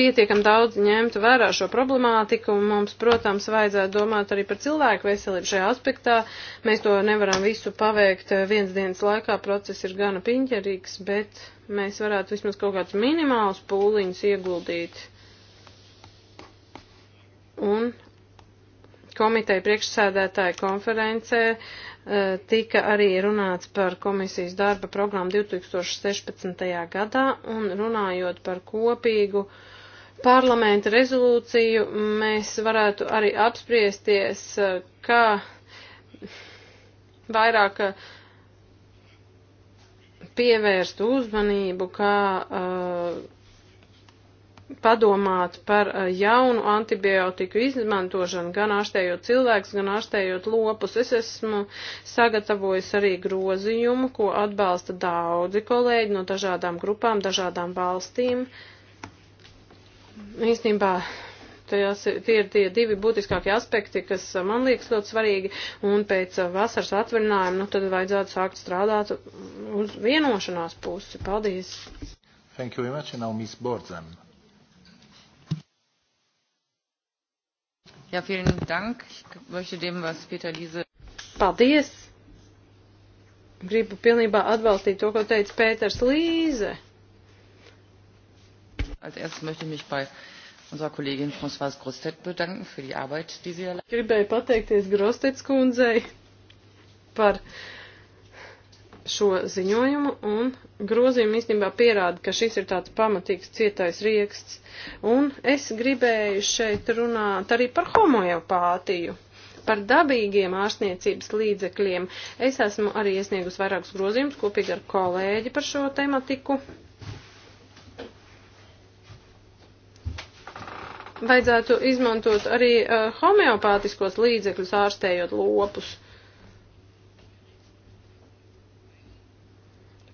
pietiekam daudz ņemtu vērā šo problemātiku, un mums, protams, vajadzētu domāt arī par cilvēku veselību šajā aspektā. Mēs to nevaram visu paveikt viens dienas laikā, process ir gana piņķerīgs, bet mēs varētu vismaz kaut kādus minimālus pūliņus ieguldīt. Un komiteja priekšsēdētāja konferencē eh, tika arī runāts par komisijas darba programmu 2016. gadā un runājot par kopīgu parlamenta rezolūciju, mēs varētu arī apspriesties, eh, kā vairāk uh, pievērst uzmanību, kā uh, padomāt par uh, jaunu antibiotiku izmantošanu, gan ārstējot cilvēks, gan ārstējot lopus. Es esmu sagatavojis arī grozījumu, ko atbalsta daudzi kolēģi no dažādām grupām, dažādām valstīm. Īstenībā Tajās, tie ir tie divi būtiskākie aspekti, kas eh, man liekas ļoti svarīgi, un pēc eh, vasaras atvaļinājuma, nu, tad vajadzētu sākt strādāt uz vienošanās pusi. Paldies! Thank you very much, and now Miss Borzan. Ja, vielen Dank. Ich möchte dem, was Peter Liese. Paldies! Gribu pilnībā atbalstīt to, ko teica Pēters Līze. Als erstes möchte ich mich bei unserer Kollegin Françoise Grostet bedanken für die Arbeit, die sie erleistet. Gribēju pateikties Grostets kundzei par šo ziņojumu un grozījumu īstenībā pierāda, ka šis ir tāds pamatīgs cietais rieksts. Un es gribēju šeit runāt arī par homojopātiju par dabīgiem ārstniecības līdzekļiem. Es esmu arī iesniegus vairākus grozījumus kopīgi ar kolēģi par šo tematiku. vajadzētu izmantot arī uh, homeopātiskos līdzekļus ārstējot lopus.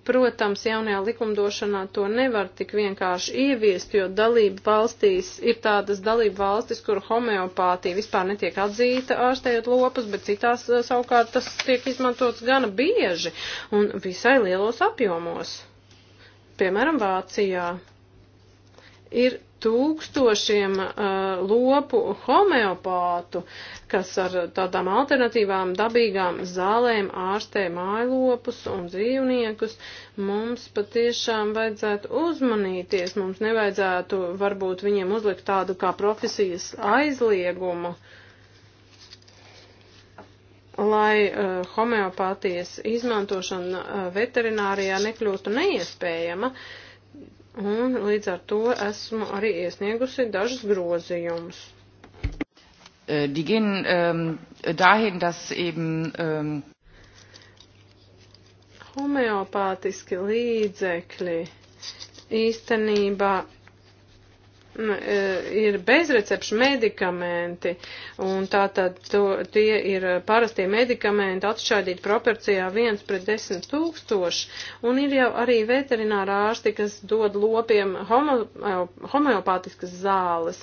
Protams, jaunajā likumdošanā to nevar tik vienkārši ieviest, jo dalību valstīs ir tādas dalību valstis, kur homeopātija vispār netiek atzīta ārstējot lopus, bet citās eh, savukārt tas tiek izmantots gana bieži un visai lielos apjomos. Piemēram, Vācijā ir tūkstošiem uh, lopu homeopātu, kas ar tādām alternatīvām dabīgām zālēm ārstē mājlopus un dzīvniekus, mums patiešām vajadzētu uzmanīties, mums nevajadzētu varbūt viņiem uzlikt tādu kā profesijas aizliegumu, lai uh, homeopātijas izmantošana uh, veterinārijā nekļūtu neiespējama. Uh, Un līdz ar to esmu arī iesniegusi dažus grozījumus. Äh, die gehen ähm, dahin, dass eben ähm homeopātiski līdzekļi īstenībā E, ir bezrecepšu medikamenti, un tātad to, tie ir parastie medikamenti atšķaidīti proporcijā 1 pret 10 tūkstoši, un ir jau arī veterinārā ārsti, kas dod lopiem homo, e, homeopātiskas zāles.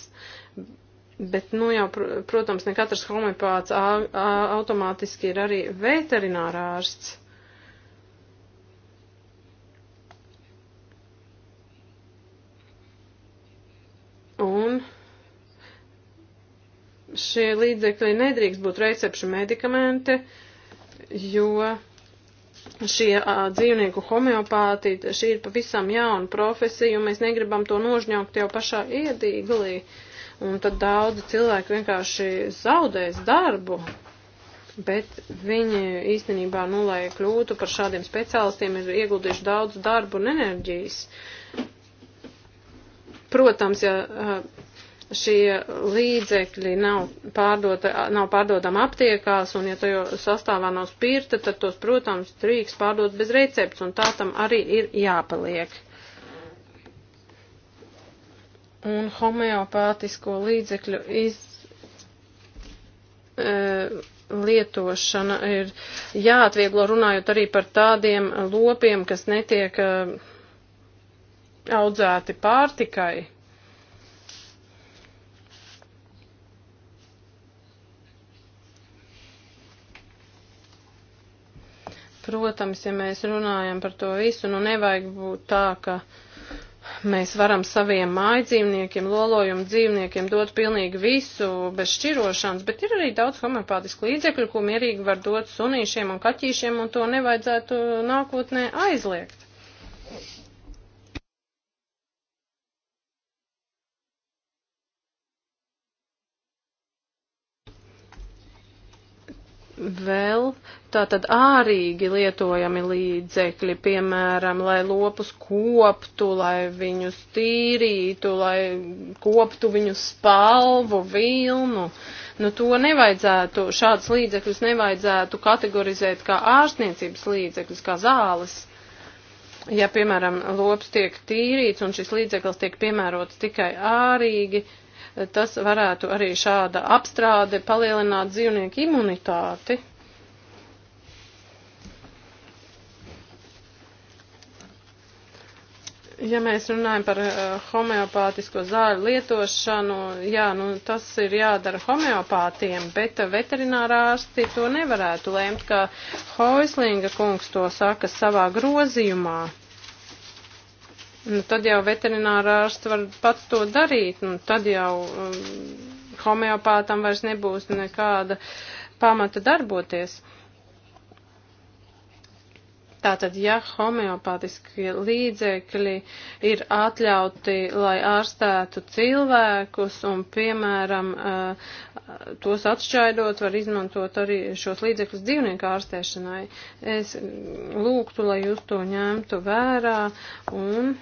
Bet, nu jau, protams, ne katrs homeopāts automātiski ir arī veterinārārsts. Un šie līdzekļi nedrīkst būt recepšu medikamenti, jo šie a, dzīvnieku homeopāti, šī ir pavisam jauna profesija, un mēs negribam to nožņaukt jau pašā iedīglī. Un tad daudzi cilvēki vienkārši zaudēs darbu, bet viņi īstenībā, nu, lai kļūtu par šādiem speciālistiem, ir ieguldījuši daudz darbu un enerģijas. Uh, Protams, ja eh, šie līdzekļi nav, pārdota, nav pārdodami aptiekās, un ja tajā sastāvā nav spirta, tad tos, protams, drīkst pārdot bez recepts, un tā tam arī ir jāpaliek. Un homeopātisko līdzekļu iz, e, lietošana ir jāatvieglo runājot arī par tādiem lopiem, kas netiek. E, audzēti pārtikai. Protams, ja mēs runājam par to visu, nu nevajag būt tā, ka mēs varam saviem mājdzīvniekiem, lolojumu dzīvniekiem dot pilnīgi visu bez šķirošanas, bet ir arī daudz homeopātisku līdzekļu, ko mierīgi var dot sunīšiem un kaķīšiem, un to nevajadzētu nākotnē aizliegt. vēl tātad ārīgi lietojami līdzekļi, piemēram, lai lopus koptu, lai viņus tīrītu, lai koptu viņu spalvu, vilnu. Nu, to nevajadzētu, šādas līdzekļus nevajadzētu kategorizēt kā ārstniecības līdzekļus, kā zāles. Ja, piemēram, lops tiek tīrīts un šis līdzeklis tiek piemērots tikai ārīgi, uh, tas varētu arī šāda apstrāde palielināt dzīvnieku imunitāti. Ja mēs runājam par uh, homeopātisko zāļu lietošanu, jā, nu, tas ir jādara homeopātiem, bet veterinārā ārsti to nevarētu lēmt, kā Hoislinga kungs to saka savā grozījumā nu, tad jau veterinārā ārsts var pats to darīt, un nu, tad jau um, homeopātam vairs nebūs nekāda pamata darboties. Tātad, ja homeopātiskie līdzekļi ir atļauti, lai ārstētu cilvēkus un, piemēram, uh, tos atšķaidot, var izmantot arī šos līdzekļus dzīvnieku ārstēšanai, es lūgtu, lai jūs to ņemtu vērā un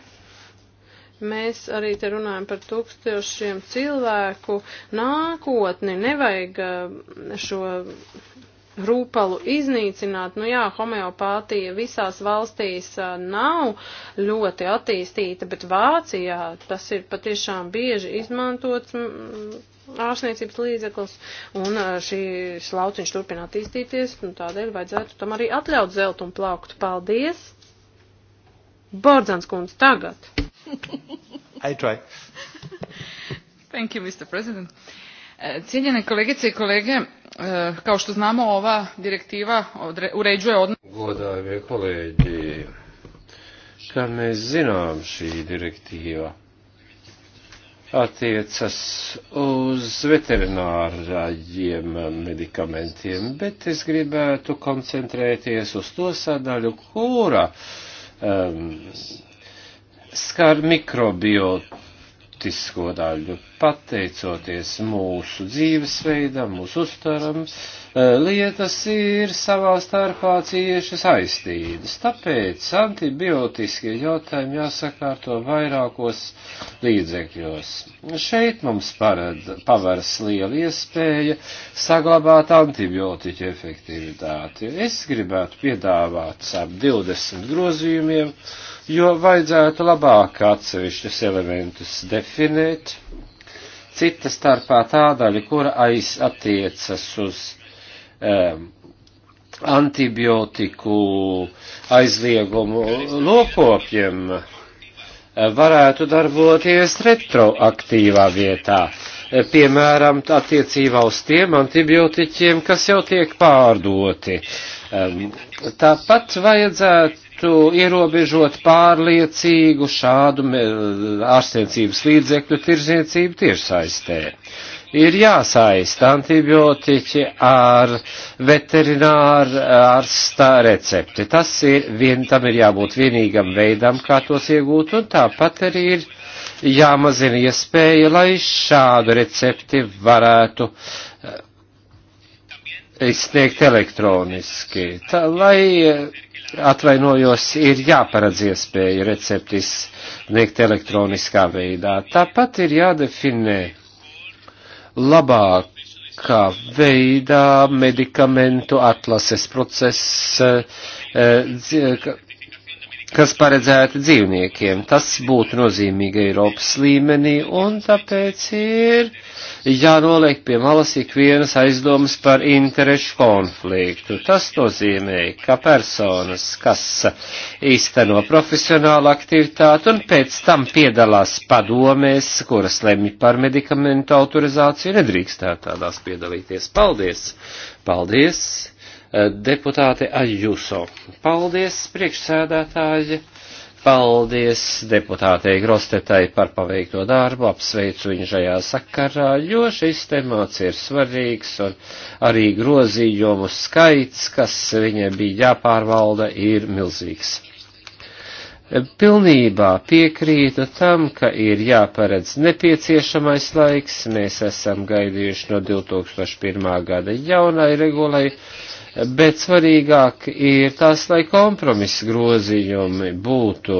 Mēs arī te runājam par tūkstošiem cilvēku nākotni. Nevajag eh, šo rūpalu iznīcināt. Nu jā, homeopātija visās valstīs eh, nav ļoti attīstīta, bet Vācijā tas ir patiešām bieži izmantots ārstniecības līdzeklis, un eh, šīs lauciņš turpina attīstīties, un tādēļ vajadzētu tam arī atļaut zeltu un plauktu. Paldies! Bordzans kundze, tagad. I try. Thank you, Mr. President. E, cijenjene kolegice i kolege, e, kao što znamo ova direktiva uređuje odnos... Godājumie kolēģi, kā mēs zinām šī direktīva attiecas uz veterinārajiem medikamentiem, bet es gribētu koncentrēties uz to sadaļu, kura uh, um, skar mikrobiotu būtisko daļu, pateicoties mūsu dzīvesveidam, mūsu uztaram, eh, lietas ir savā starpā cieši saistītas. Tāpēc antibiotiskie jautājumi jāsakārto vairākos līdzekļos. Šeit mums parad, pavars liela iespēja saglabāt antibiotiķu efektivitāti. Es gribētu piedāvāt ap 20 grozījumiem, jo vajadzētu labāk atsevišķus elementus definēt, cita starpā tā daļa, kura aiz attiecas uz um, antibiotiku aizliegumu lokopiem, varētu darboties retroaktīvā vietā piemēram, attiecībā uz tiem antibiotiķiem, kas jau tiek pārdoti. Tāpat vajadzētu varētu ierobežot pārliecīgu šādu ārstniecības līdzekļu tirzniecību tiešsaistē. Ir jāsaista antibiotiķi ar veterināru ārsta recepti. Tas ir, vien, tam ir jābūt vienīgam veidam, kā tos iegūt, un tāpat arī ir jāmazina iespēja, lai šādu recepti varētu eh, izsniegt elektroniski. Tā, lai eh, atvainojos, ir jāparedz iespēja receptis sniegt elektroniskā veidā. Tāpat ir jādefinē labākā veidā medikamentu atlases process, eh, eh, kas paredzēti dzīvniekiem. Tas būtu nozīmīgi Eiropas līmenī, un tāpēc ir jānoliek pie malas ikvienas aizdomas par interešu konfliktu. Tas nozīmē, ka personas, kas īsteno profesionālu aktivitāti un pēc tam piedalās padomēs, kuras lemj par medikamentu autorizāciju, nedrīkstētu tādās piedalīties. Paldies! Paldies! deputāte Ajuso. Paldies, priekšsēdētāji! Paldies deputātei Grostetai par paveikto darbu, apsveicu viņu šajā sakarā, jo šis temāts ir svarīgs un arī grozījumu skaits, kas viņai bija jāpārvalda, ir milzīgs pilnībā piekrītu tam, ka ir jāparedz nepieciešamais laiks. Mēs esam gaidījuši no 2001. gada jaunai regulai bet svarīgāk ir tas, lai kompromisa grozījumi būtu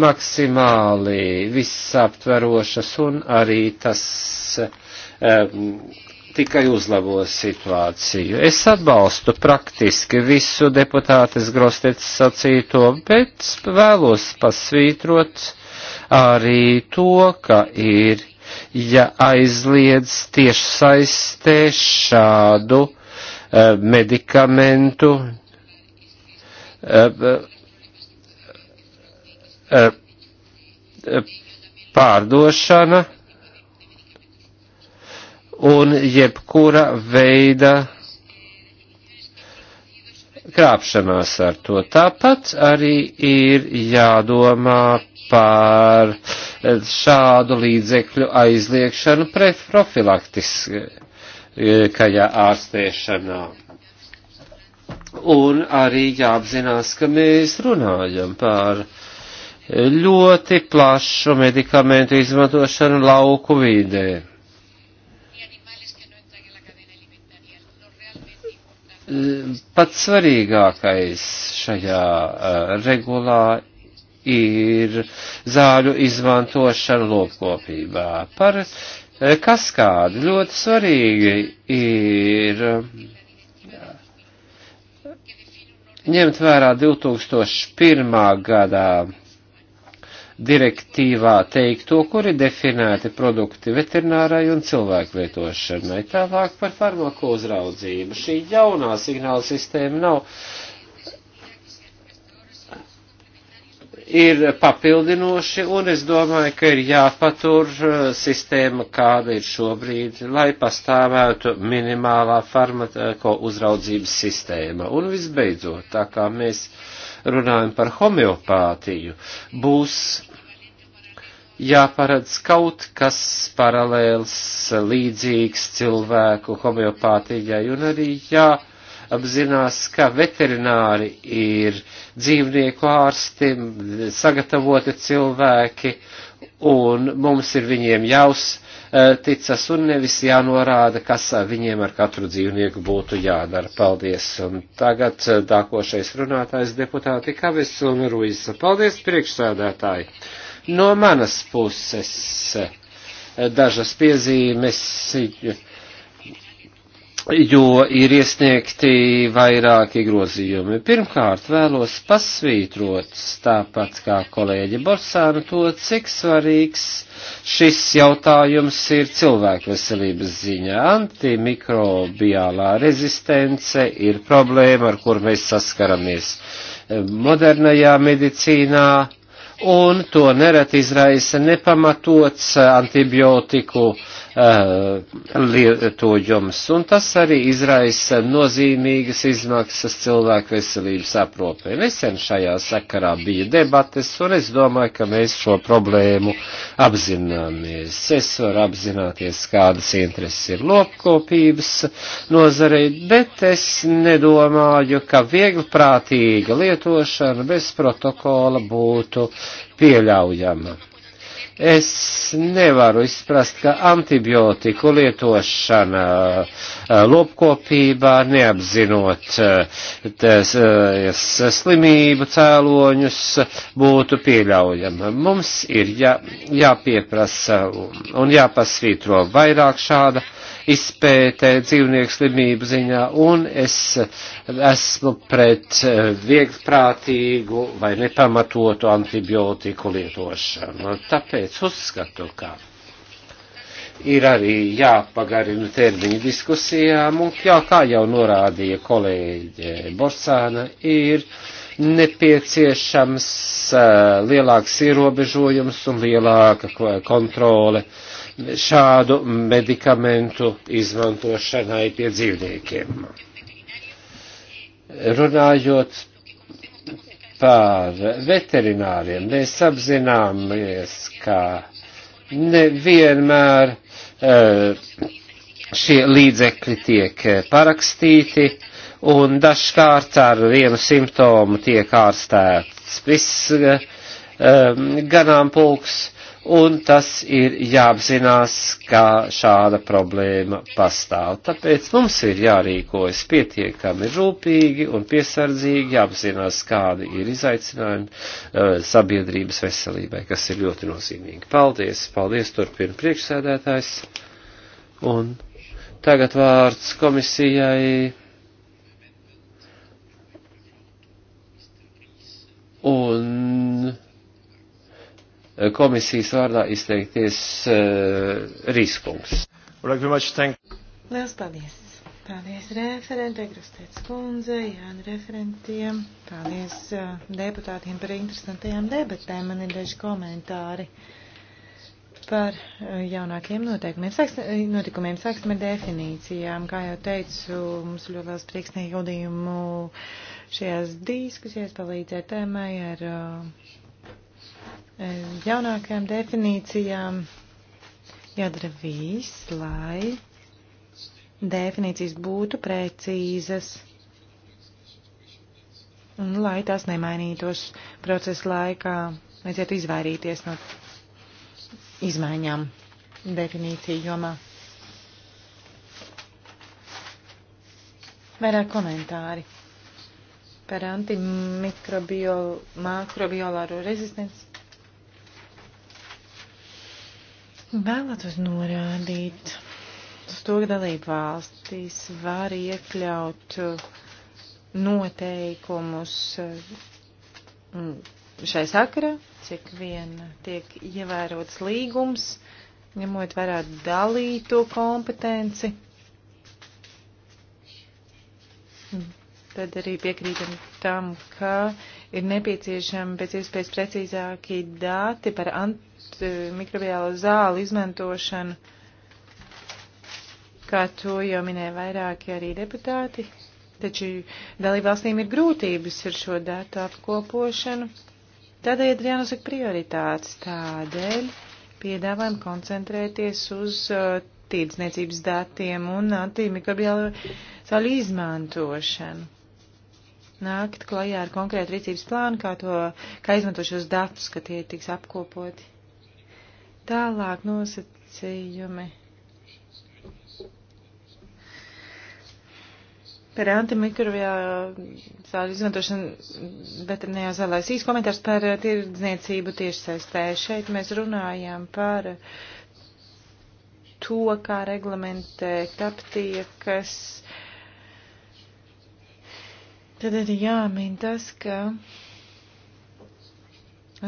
maksimāli visaptverošas un arī tas um, tikai uzlabos situāciju. Es atbalstu praktiski visu deputātes Grostets sacīto, bet vēlos pasvītrot arī to, ka ir ja aizliedz tieši saistē šādu uh, medikamentu uh, uh, pārdošana un jebkura veida krāpšanās ar to. Tāpat arī ir jādomā par šādu līdzekļu aizliekšanu profilaktiskajā ārstēšanā. Un arī jāapzinās, ka mēs runājam par ļoti plašu medikamentu izmantošanu lauku vidē Pats svarīgākais šajā eh, regulā ir zāļu izmantošana lopkopībā. Par eh, kaskādu ļoti svarīgi ir eh, ņemt vērā 2001. gadā direktīvā teikto, kuri definēti produkti veterinārai un cilvēku lietošanai. Tālāk par farmako uzraudzību. Šī jaunā signāla sistēma nav. Ir papildinoši, un es domāju, ka ir jāpatur uh, sistēma, kāda ir šobrīd, lai pastāvētu minimālā farmako uzraudzības sistēma. Un visbeidzot, tā kā mēs runājam par homeopātiju, būs jāparedz kaut kas paralēls, līdzīgs cilvēku homeopātijai, un arī jāapzinās, ka veterināri ir dzīvnieku ārsti, sagatavoti cilvēki, un mums ir viņiem jāuzticas un nevis jānorāda, kas viņiem ar katru dzīvnieku būtu jādara. Paldies! Un tagad dākošais uh, runātājs deputāti Kavis un Ruisa. Paldies, priekšsēdētāji! No manas puses eh, dažas piezīmes, eh, jo ir iesniegti vairāki grozījumi. Pirmkārt, vēlos pasvītrot, tāpat kā kolēģi Borsāna, to, cik svarīgs šis jautājums ir cilvēku veselības ziņā. Antimikrobiālā rezistence ir problēma, ar kur mēs saskaramies eh, modernajā medicīnā un to nereti izraisa nepamatots antibiotiku uh, eh, lietojums, un tas arī izraisa nozīmīgas izmaksas cilvēku veselības aprūpē. Nesen šajā sakarā bija debates, un es domāju, ka mēs šo problēmu apzināmies. Es varu apzināties, kādas intereses ir lopkopības nozarei, bet es nedomāju, ka viegli prātīga lietošana bez protokola būtu uh, pieļaujama. Es nevaru izprast, ka antibiotiku lietošana lopkopībā, neapzinot tās, slimību cēloņus, būtu pieļaujama. Mums ir jā, jāpieprasa un jāpasvītro vairāk šāda izpētē dzīvnieku slimību ziņā, un es esmu pret eh, viegprātīgu vai nepamatotu antibiotiku lietošanu. Un tāpēc uzskatu, ka ir arī jāpagarina termiņu diskusijām, un jā, kā jau norādīja kolēģe Borsāna, ir nepieciešams uh, lielāks ierobežojums un lielāka kontrole uh, šādu medikamentu izmantošanai pie dzīvniekiem. Runājot par veterināriem, mēs apzināmies, ka nevienmēr eh, šie līdzekļi tiek eh, parakstīti, un dažkārt ar vienu simptomu tiek ārstēts viss eh, ganāmpulks, un tas ir jāapzinās, ka šāda problēma pastāv. Tāpēc mums ir jārīkojas pietiekami rūpīgi un piesardzīgi, jāapzinās, kādi ir izaicinājumi uh, sabiedrības veselībai, kas ir ļoti nozīmīgi. Paldies, paldies, turpina priekšsēdētājs. Un tagad vārds komisijai. Un komisijas vārdā izteikties eh, Rīskungs. Lielas paldies! Paldies referentē, Grustēts kundze, Jāna referentiem. Paldies eh, deputātiem par interesantajām debatēm. Man ir daži komentāri par eh, jaunākiem noteikumiem. Sāksim, notikumiem sāksim ar definīcijām. Kā jau teicu, mums ļoti liels prieks negadījumu šajās diskusijās palīdzēt tēmai ar uh, jaunākajām definīcijām jādara viss, lai definīcijas būtu precīzas un lai tās nemainītos procesa laikā. Vajadzētu izvairīties no izmaiņām definīciju jomā. Vairāk komentāri par antimikrobiolu, makrobiolāro rezistenci. Vēlētos norādīt uz to, ka dalību valstīs var iekļaut uh, noteikumus uh, šai sakara, cik vien tiek ievērots līgums, ņemot vērā dalīto kompetenci. Tad arī piekrītam tam, ka ir nepieciešami pēc iespējas precīzāki dati par antikorupciju Eh, mikrobiālo zālu izmantošanu, kā to jau minēja vairāki arī deputāti. Taču dalībvalstīm ir grūtības ar šo datu apkopošanu. Tādēļ ir jānosaka prioritātes. Tādēļ piedāvājam koncentrēties uz eh, tīrdzniecības datiem un antimikrobiālo zāļu izmantošanu. Nākt klajā ar konkrētu rīcības plānu, kā, to, kā izmanto šos datus, ka tie tiks apkopoti. Tālāk nosacījumi par antimikrobiālu izmantošanu veterinājā zālēs. Īs komentārs par tirdzniecību tiešsaistē. Šeit mēs runājam par to, kā reglamentēt aptiekas. Tad arī jāmin tas, ka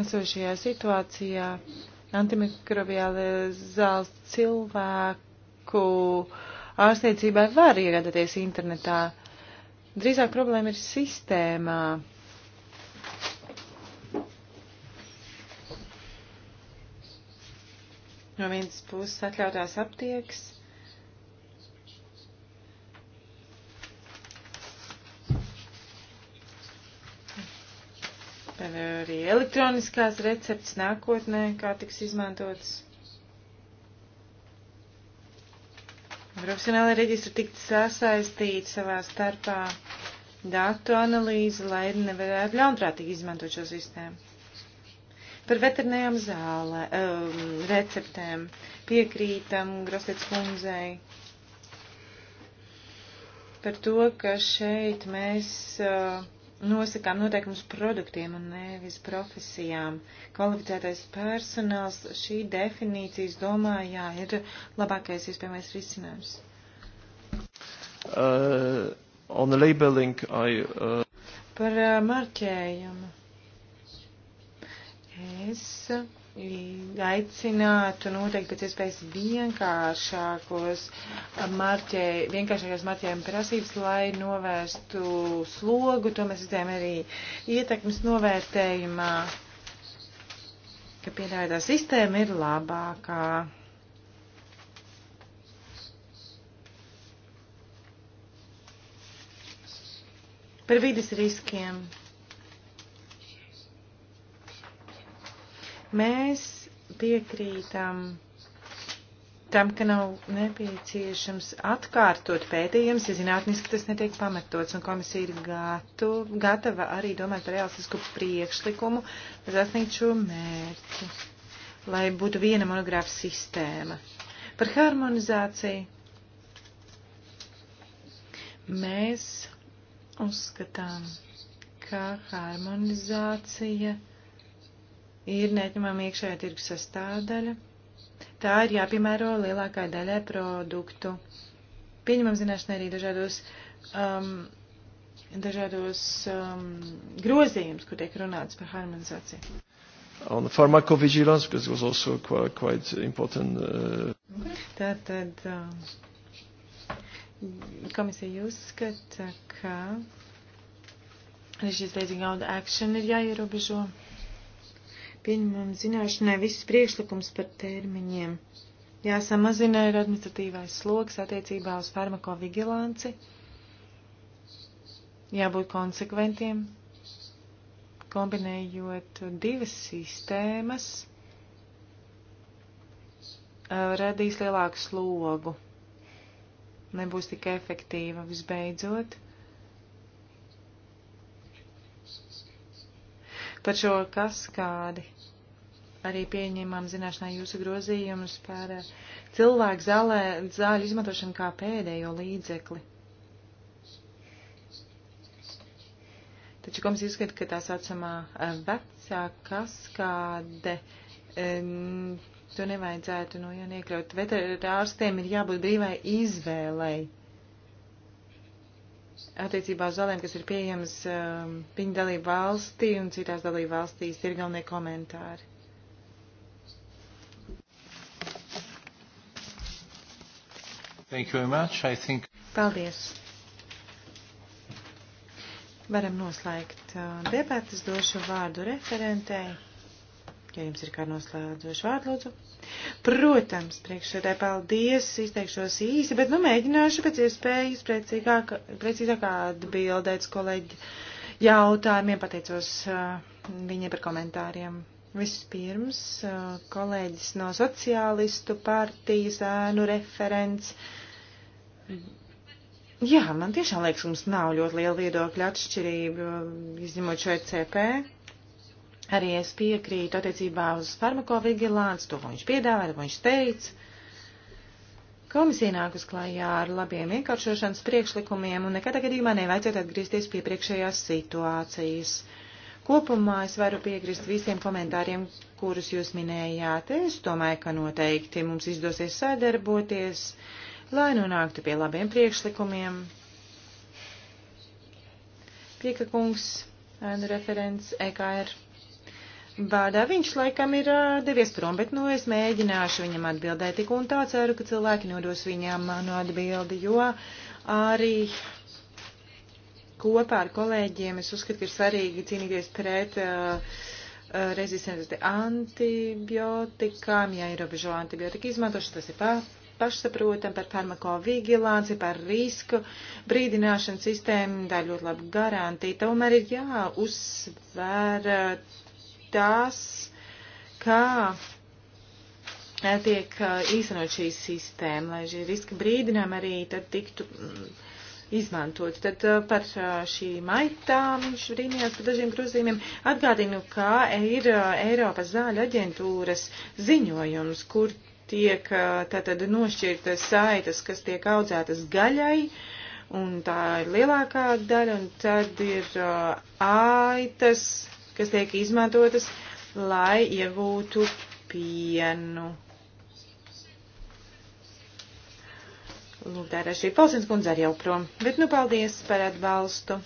esošajā situācijā Antimikrobiālie zāles cilvēku ārstniecībai var iegādāties internetā. Drīzāk problēma ir sistēmā. No vienas puses atļautās aptieks Tad arī elektroniskās receptes nākotnē, kā tiks izmantotas. Profesionālai reģistri tikt sasaistīti savā starpā datu analīzi, lai nevarētu ļaunprātīgi izmantot šo sistēmu. Par veterinējām zālē, um, receptēm piekrītam Grosets kundzei par to, ka šeit mēs uh, nosakām noteikumus produktiem un nevis profesijām. Kvalificētais personāls šī definīcijas domā, jā, ir labākais iespējamais risinājums. Uh, on the labeling, I, uh... Par uh, marķējumu. Es. Uh, aicinātu noteikti pēc iespējas vienkāršākos marķē, vienkāršākās marķējuma prasības, lai novērstu slogu. To mēs redzējām arī ietekmes novērtējumā, ka piedāvātā sistēma ir labākā. Par vidas riskiem Mēs piekrītam tam, ka nav nepieciešams atkārtot pētījums, ja zinātniski tas netiek pamatots, un komisija ir gatu, gatava arī domāt par realistisku priekšlikumu, lai sasniegtu šo mērķi, lai būtu viena monogrāfa sistēma. Par harmonizāciju mēs uzskatām, ka harmonizācija ir neatņemama iekšējā tirgus sastāvdaļa. Tā ir jāpiemēro lielākai daļai produktu. Pieņemam zināšanai arī dažādos, um, dažādos um, grozījumus, kur tiek runāts par harmonizāciju. On pharmacovigilance, because it was also quite, quite important. Uh... Tātad um, komisija uzskata, ka šis beidzīgi nauda action ir jāierobežo. Ja pieņemam zināšanai visus priekšlikums par termiņiem. Jāsamazina ir administratīvais sloks attiecībā uz farmakovigilanci. Jābūt konsekventiem, kombinējot divas sistēmas, radīs lielāku slogu. Nebūs tik efektīva visbeidzot. par šo kaskādi. Arī pieņemam zināšanā jūsu grozījumus par eh, cilvēku zālē, zāļu izmantošanu kā pēdējo līdzekli. Taču komisija uzskata, ka tā saucamā eh, vecā kaskāde um, to nevajadzētu no nu, jauna iekļaut. Veterinārstiem ir jābūt brīvai izvēlei attiecībā uz zālēm, kas ir pieejamas um, viņa dalību valstī un citās dalību valstīs, ir galvenie komentāri. Thank you very much. I think... Paldies. Varam noslēgt uh, debatas, došu vārdu referentei. Ja jums ir kā noslēdzoši vārdu, lūdzu. Protams, priekšsēdē paldies, izteikšos īsi, bet nu mēģināšu pēc iespējas precīgāk, precīzāk atbildēt kolēģi jautājumiem, pateicos uh, viņiem par komentāriem. Vispirms uh, kolēģis no sociālistu partijas ēnu referents. Jā, man tiešām liekas, mums nav ļoti liela viedokļa atšķirība, izņemot šo ECP. Arī es piekrītu attiecībā uz farmakovigilāns, to, ko viņš piedāvāja, ko viņš teica. Komisija nāk uz klājā ar labiem vienkāršošanas priekšlikumiem un nekādā gadījumā nevajadzētu atgriezties pie priekšējās situācijas. Kopumā es varu piekrist visiem komentāriem, kurus jūs minējāt. Es domāju, ka noteikti mums izdosies sadarboties, lai nonāktu pie labiem priekšlikumiem. Pieka kungs, referents EKR vārdā. Viņš laikam ir devies prom, bet nu es mēģināšu viņam atbildēt tik un tā ceru, ka cilvēki nodos viņam manu atbildi, jo arī kopā ar kolēģiem es uzskatu, ir svarīgi cīnīties pret uh, rezistenci antibiotikām, ja ierobežo antibiotika izmantošanu, tas ir pa, pašsaprotam par farmakovigilanci, par risku brīdināšanu sistēmu, tā ir ļoti laba garantija. Tomēr ir jāuzsver uh, tas, kā tiek uh, īstenot šī sistēma, lai šī riska brīdinājuma arī tad tiktu mm, izmantot. Tad uh, par uh, šīm aitām viņš brīnījās par dažiem grozījumiem. Atgādinu, kā ir Eiropas zāļu aģentūras ziņojums, kur tiek tātad nošķirtas saitas, kas tiek audzētas gaļai, un tā ir lielākā daļa, un tad ir aitas kas tiek izmantotas, lai iegūtu pienu. Lūk, tā ir šī Polsins kundze arī jau prom. Bet nu paldies par atbalstu.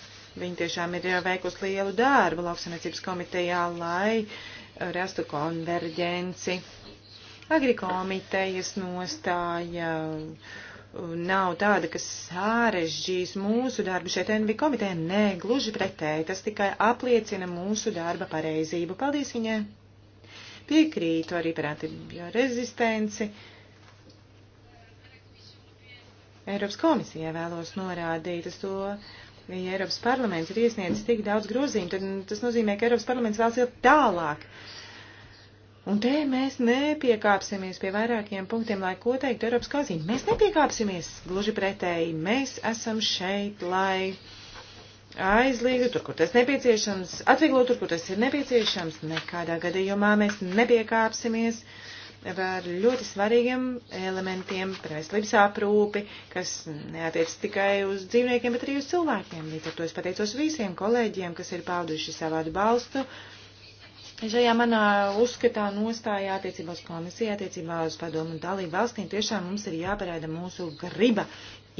Viņa tiešām ir veikusi lielu darbu lauksanacības komitejā, lai rastu konverģenci. Agrikomitejas nostāja. Uh, nav tāda, kas sārežģīs mūsu darbu šeit NV komitē. Nē, gluži pretēji, tas tikai apliecina mūsu darba pareizību. Paldies viņai! Piekrītu arī par antibiorezistenci. Eiropas komisijai vēlos norādīt uz to, ja Eiropas parlaments ir iesniedzis tik daudz grozījumu, tad tas nozīmē, ka Eiropas parlaments vēlas iet tālāk. Uh, Un te mēs nepiekāpsimies pie vairākiem punktiem, lai ko teikt Eiropas kazīm. Mēs nepiekāpsimies, gluži pretēji, mēs esam šeit, lai aizliegtu tur, kur tas nepieciešams, atvieglot tur, kur tas ir nepieciešams. Nekādā gadījumā mēs nepiekāpsimies ar ļoti svarīgiem elementiem, veselības aprūpi, kas neatiec tikai uz dzīvniekiem, bet arī uz cilvēkiem. Līdz ar to es pateicos visiem kolēģiem, kas ir pauduši savu atbalstu. Uh, Šajā manā uzskatā nostājā attiecībā uz komisiju, attiecībā uz padomu un dalību valstīm tiešām mums ir jāparāda mūsu griba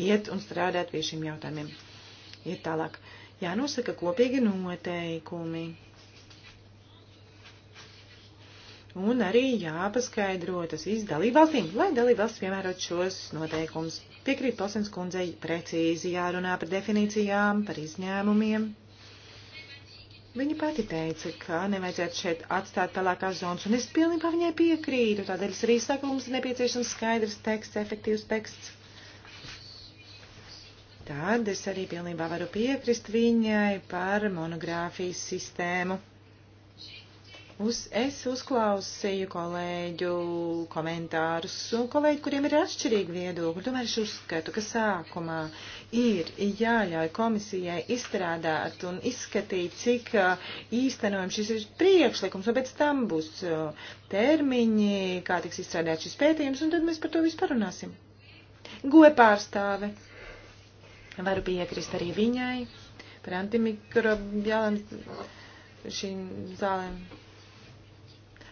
iet un strādāt pie šiem jautājumiem. Ir tālāk. Jānosaka kopīgi noteikumi. Un arī jāpaskaidro tas viss dalībvalstīm, lai dalībvalsts piemērot šos noteikumus. Piekrīt Posens kundzei precīzi jārunā par definīcijām, par izņēmumiem. Viņa pati teica, ka nevajadzētu šeit atstāt pelēkās zonas, un es pilnībā viņai piekrītu. Tādēļ es arī saku, mums ir nepieciešams skaidrs teksts, efektīvs teksts. Tad es arī pilnībā varu piekrist viņai par monogrāfijas sistēmu. Uz, es uzklausīju kolēģu komentārus, kolēģi, kuriem ir atšķirīgi viedokļi. Tomēr es uzskatu, ka sākumā ir jāļauj komisijai izstrādāt un izskatīt, cik uh, īstenojams šis ir priekšlikums, un pēc tam būs uh, termiņi, kā tiks izstrādāt šis pētījums, un tad mēs par to vispār runāsim. Goe pārstāve. Varu piekrist arī viņai par antimikrobiālām šīm zālēm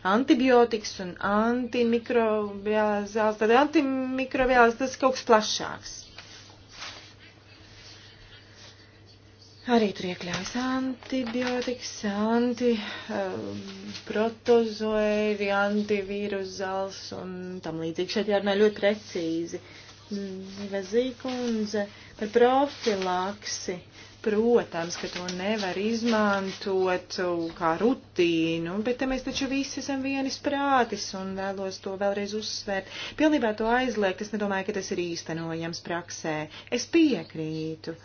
antibiotikas un antimikrobiālās zāles. Tad antimikrobiālās tas kaut kas plašāks. Arī tur iekļaujas antibiotikas, antiprotozoēvi, um, antivīrus zāles un tam līdzīgi. Šeit jārunā ļoti precīzi. Vezīkundze par profilaksi. Protams, ka to nevar izmantot uh, kā rutīnu, bet te mēs taču visi esam vienis prātis un vēlos to vēlreiz uzsvērt. Pilnībā to aizliegt, es nedomāju, ka tas ir īstenojams praksē. Es piekrītu. Uh,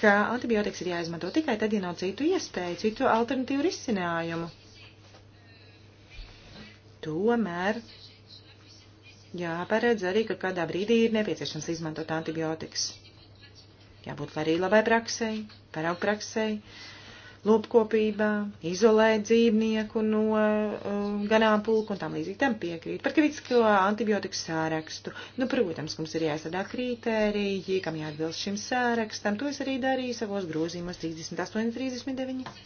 ka antibiotikas ir jāizmanto tikai tad, ja nav citu iespēju, citu alternatīvu risinājumu. Tomēr jāparedz arī, ka kādā brīdī ir nepieciešams izmantot antibiotikas. Jābūt arī labai praksei, paraugpraksei, lopkopībā, izolēt dzīvnieku no um, uh, ganāmpulku un tam līdzīgi tam piekrīt. Par kritisko antibiotiku sārakstu. Nu, protams, mums ir jāsadā kritēriji, kam jāatbilst šim sārakstam. To es arī darīju savos grozījumos 38 un 39.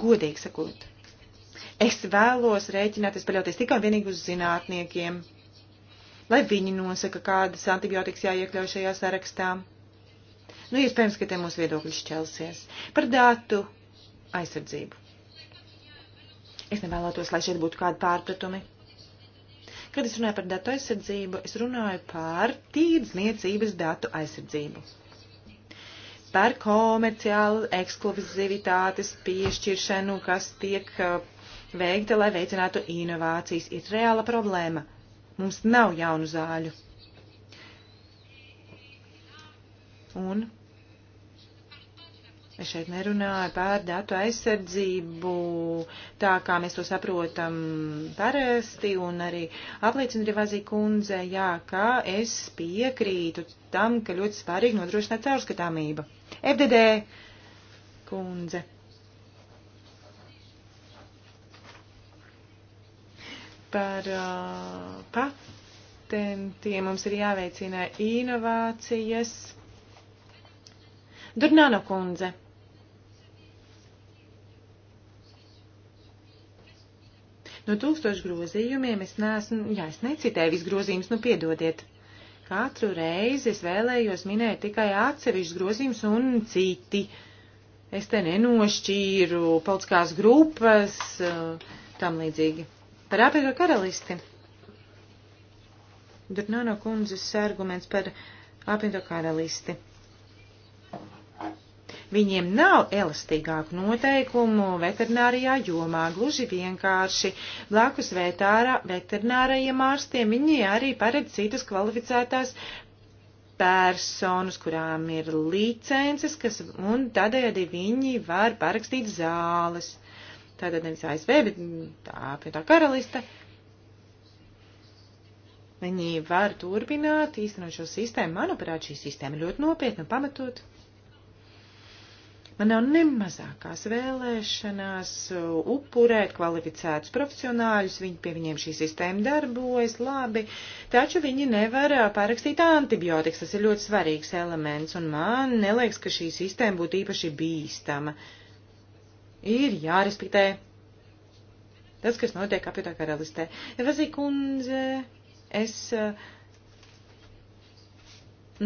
Godīgi sakot, es vēlos rēķināties paļauties tikai un vienīgi uz zinātniekiem, lai viņi nosaka, kādas antibiotikas jāiekļauj šajā sarakstā Nu, iespējams, ka te mūsu viedokļi šķelsies. Par datu aizsardzību. Es nevēlētos, lai šeit būtu kādi pārpratumi. Kad es runāju par datu aizsardzību, es runāju par tīrdzniecības datu aizsardzību. Par komerciālu ekskluzivitātes piešķiršanu, kas tiek uh, veikta, lai veicinātu inovācijas, ir reāla problēma. Mums nav jaunu zāļu. Un Es šeit nerunāju par datu aizsardzību, tā kā mēs to saprotam parasti, un arī apliecinu Rivazī kundze, jā, ka es piekrītu tam, ka ļoti svarīgi nodrošināt caurskatāmību. FDD kundze. Par uh, patentiem mums ir jāveicina inovācijas. Durnāno kundze. No tūkstošu grozījumiem es neesmu, jā, es necitēju visu grozījumus, nu piedodiet. Katru reizi es vēlējos minēt tikai atsevišķus grozījumus un citi. Es te nenošķīru politiskās grupas, eh, tam līdzīgi. Par apēko karalisti. Durnāno kundzes arguments par apēko karalisti. Viņiem nav elastīgāku noteikumu veterinārijā jomā, gluži vienkārši. Blakus vetārā, veterinārajiem ārstiem viņi arī paredz citas kvalificētās personas, kurām ir licences, kas, un tādējādi viņi var parakstīt zāles. Tātad nevis ASV, bet tā pie tā karaliste. Viņi var turpināt īstenot šo sistēmu. Manuprāt, šī sistēma ļoti nopietna pamatot. Man nav ne mazākās vēlēšanās upurēt kvalificētus profesionāļus, viņi pie viņiem šī sistēma darbojas labi, taču viņi nevar pārakstīt antibiotikas, tas ir ļoti svarīgs elements, un man neliekas, ka šī sistēma būtu īpaši bīstama. Ir jārespektē tas, kas notiek apjūtā karalistē. Vazikundze, es. Uh,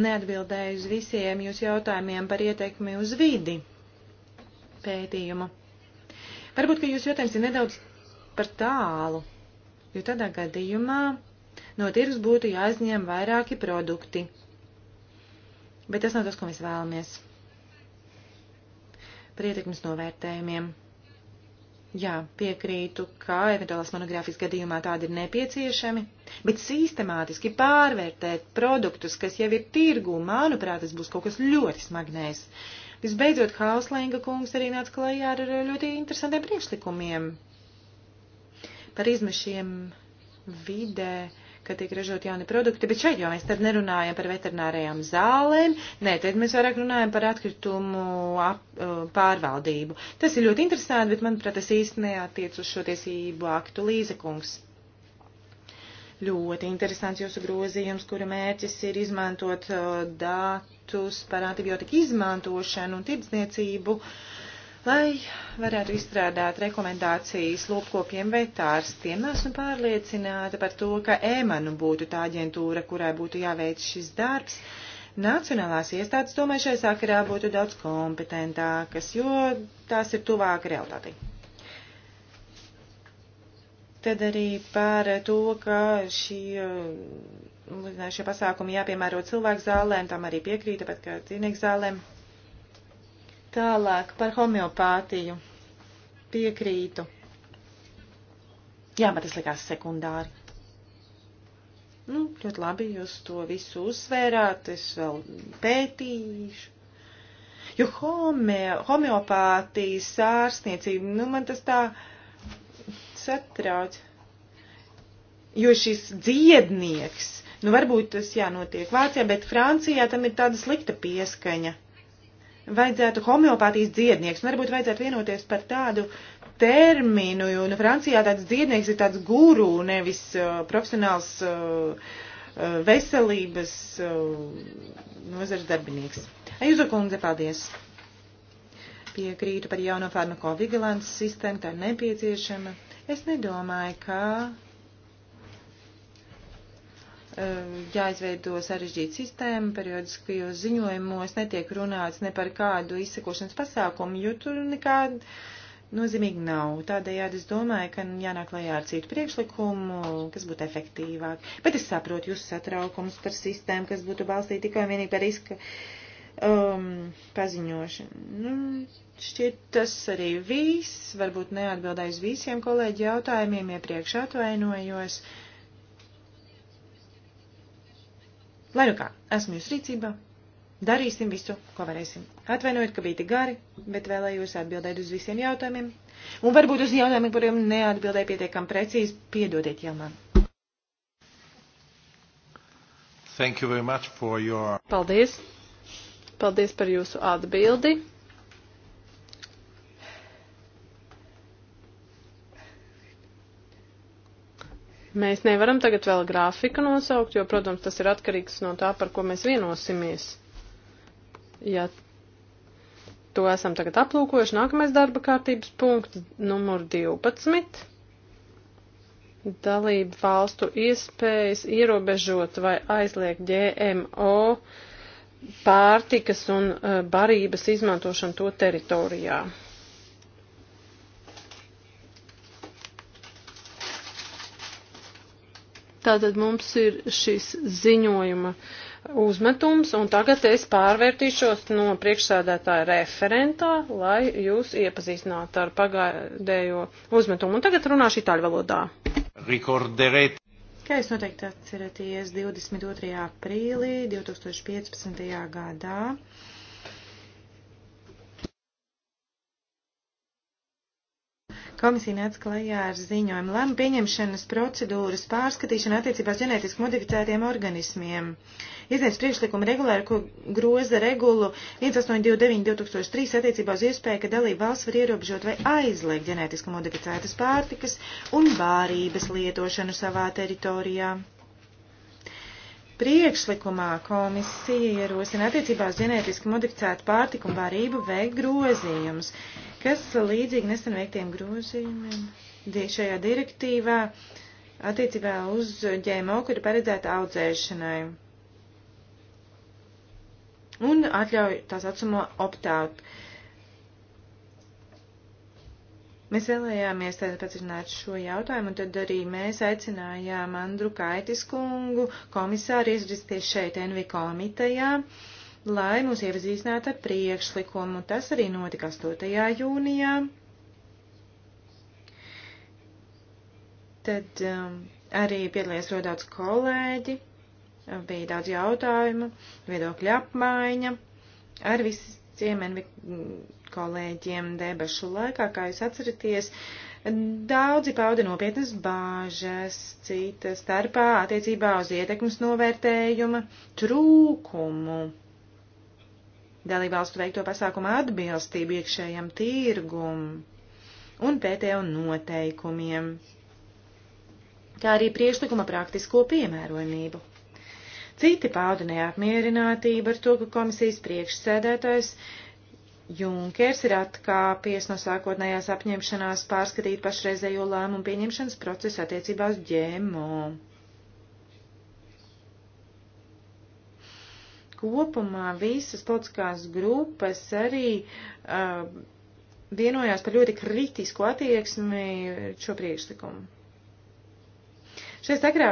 neatbildēju uz visiem jūsu jautājumiem par ietekmi uz vidi pētījumu. Varbūt, ka jūs jautājums ir nedaudz par tālu, jo tādā gadījumā no tirgus būtu jāizņem vairāki produkti. Bet tas nav tas, ko mēs vēlamies. Par ietekmes novērtējumiem. Jā, piekrītu, ka eventuālās monogrāfijas gadījumā tādi ir nepieciešami, bet sistemātiski pārvērtēt produktus, kas jau ir tirgū, manuprāt, tas būs kaut kas ļoti smagnējs. Visbeidzot, Hauslinga kungs arī nāca klajā ar ļoti interesantiem priekšlikumiem par izmešiem vidē ka tiek ražot jauni produkti, bet šeit jau mēs tad nerunājam par veterinārajām zālēm, nē, tad mēs vairāk runājam par atkritumu ap, pārvaldību. Tas ir ļoti interesanti, bet manuprāt, tas īsti neatiec uz šo tiesību aktu līzekungs. Ļoti interesants jūsu grozījums, kura mērķis ir izmantot dātu datus par antibiotika izmantošanu un tirdzniecību, lai varētu izstrādāt rekomendācijas lopkopiem vetārstiem. Esmu pārliecināta par to, ka ēmanu e būtu tā aģentūra, kurai būtu jāveic šis darbs. Nacionālās iestādes, domāju, šai sakarā būtu daudz kompetentākas, jo tās ir tuvāk realitātei. Tad arī par to, ka šī šie pasākumi jāpiemēro cilvēku zālēm, tam arī piekrīta, bet kā dzīvnieku zālēm. Tālāk par homeopātiju piekrītu. Jā, man tas likās sekundāri. Nu, ļoti labi, jūs to visu uzsvērāt, es vēl pētīšu. Jo home, homeopātijas ārstniecība, nu, man tas tā satrauc jo šis dziednieks, Nu, varbūt tas jānotiek Vācijā, bet Francijā tam ir tāda slikta pieskaņa. Vajadzētu homeopātijas dziednieks, un nu, varbūt vajadzētu vienoties par tādu terminu, jo nu, Francijā tāds dziednieks ir tāds guru, nevis uh, profesionāls uh, uh veselības uh, nozars darbinieks. Aizu kundze, paldies! Piekrītu par jauno farmakovigilants sistēmu, tā ir nepieciešama. Es nedomāju, ka Eh, jāizveido sarežģīta sistēma, periodiskajos ziņojumos netiek runāts ne par kādu izsekošanas pasākumu, jo tur nekāda nozīmīga nav. Tādējādi es domāju, ka jānāk lajā ar citu priekšlikumu, kas būtu efektīvāk. Bet es saprotu jūsu satraukums par sistēmu, kas būtu balstīta tikai un vienīgi par riska um, paziņošanu. Nu, šķiet tas arī viss, varbūt neatbildēju uz visiem kolēģi jautājumiem, iepriekš atvainojos. Ja Lai nu kā, esmu jūs rīcībā, darīsim visu, ko varēsim. Atvainojiet, ka bija tik gari, bet vēlējos atbildēt uz visiem jautājumiem. Un varbūt uz jautājumiem, kuriem neatbildēju pietiekam precīzi, piedodiet jau man. Thank you very much for your... Paldies. Paldies par jūsu atbildi. Mēs nevaram tagad vēl grafiku nosaukt, jo, protams, tas ir atkarīgs no tā, par ko mēs vienosimies. Ja to esam tagad aplūkojuši, nākamais darba kārtības punkts, numur 12. Dalību valstu iespējas ierobežot vai aizliegt GMO pārtikas un eh, barības izmantošanu to teritorijā. Tātad mums ir šis ziņojuma uzmetums, un tagad es pārvērtīšos no priekšsēdētāja referentā, lai jūs iepazīstinātu ar pagādējo uzmetumu. Un tagad runāšu itāļu valodā. Recorderete. Kā jūs noteikti atceraties, 22. aprīlī 2015. gadā Komisija nāca klajā ar ziņojumu lēmu pieņemšanas procedūras pārskatīšanu attiecībās ģenētiski modificētiem organismiem. Iesniedz priekšlikumu regulēru, ko groza regulu 1829-2003 attiecībā uz iespēju, ka dalība valsts var ierobežot vai aizliegt ģenētiski modificētas pārtikas un bārības lietošanu savā teritorijā. Priekšlikumā komisija ierosina attiecībā uz ģenētiski modificētu pārtiku un barību veikt grozījumus, kas līdzīgi nesen veiktiem grozījumiem šajā direktīvā attiecībā uz ģēmo, kuri paredzēta audzēšanai un atļauj tās atsumo opt-out. Uh, Mēs vēlējāmies tātad padziļināt šo jautājumu, un tad arī mēs aicinājām Andru Kaitis kungu, komisāru, iesaistīties šeit NV komitejā, lai mūs iepazīstinātu ar priekšlikumu. Tas arī notika 8. jūnijā. Tad um, arī piedalījās rodāts kolēģi, bija daudz jautājumu, viedokļu apmaiņa ar visu ķēmeni mm, kolēģiem debašu laikā, kā jūs atceraties, daudzi pauda nopietnas bāžas, cita starpā attiecībā uz ietekmes novērtējuma trūkumu. Dalībvalstu veikto pasākumu atbilstību iekšējam tirgum un PTO noteikumiem, kā arī priekšlikuma praktisko piemērojamību. Citi pauda neapmierinātību ar to, ka komisijas priekšsēdētājs Junkers ir atkāpies no sākotnējās apņemšanās pārskatīt pašreizējo lēmumu pieņemšanas procesu attiecībā uz ģēmo. Kopumā visas politiskās grupas arī uh, vienojās par ļoti kritisku attieksmi šo priekšlikumu. Šajā sakrā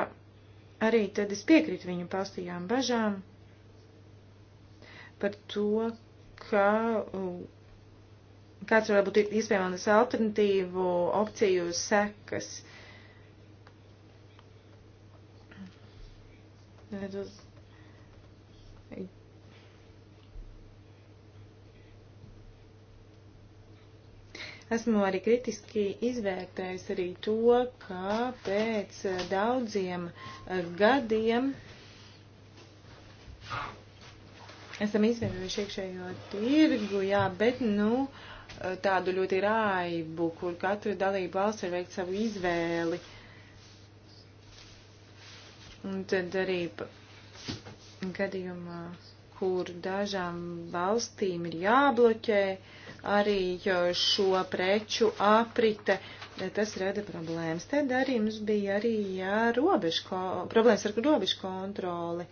Arī tad es piekrītu viņu paustajām bažām par to, ka uh, kāds varētu būt iespējams alternatīvu opciju sekas. Esmu arī kritiski izvērtējis arī to, ka pēc daudziem eh, gadiem esam izveidojuši iekšējo tirgu, jā, bet, nu, eh, tādu ļoti raibu, kur katra dalība valsts var veikt savu izvēli. Un tad arī gadījumā, kur dažām valstīm ir jābloķē, uh, arī šo preču aprite, eh, tas rada problēmas. Tad arī mums bija arī jā, robežko, problēmas ar robežu kontroli.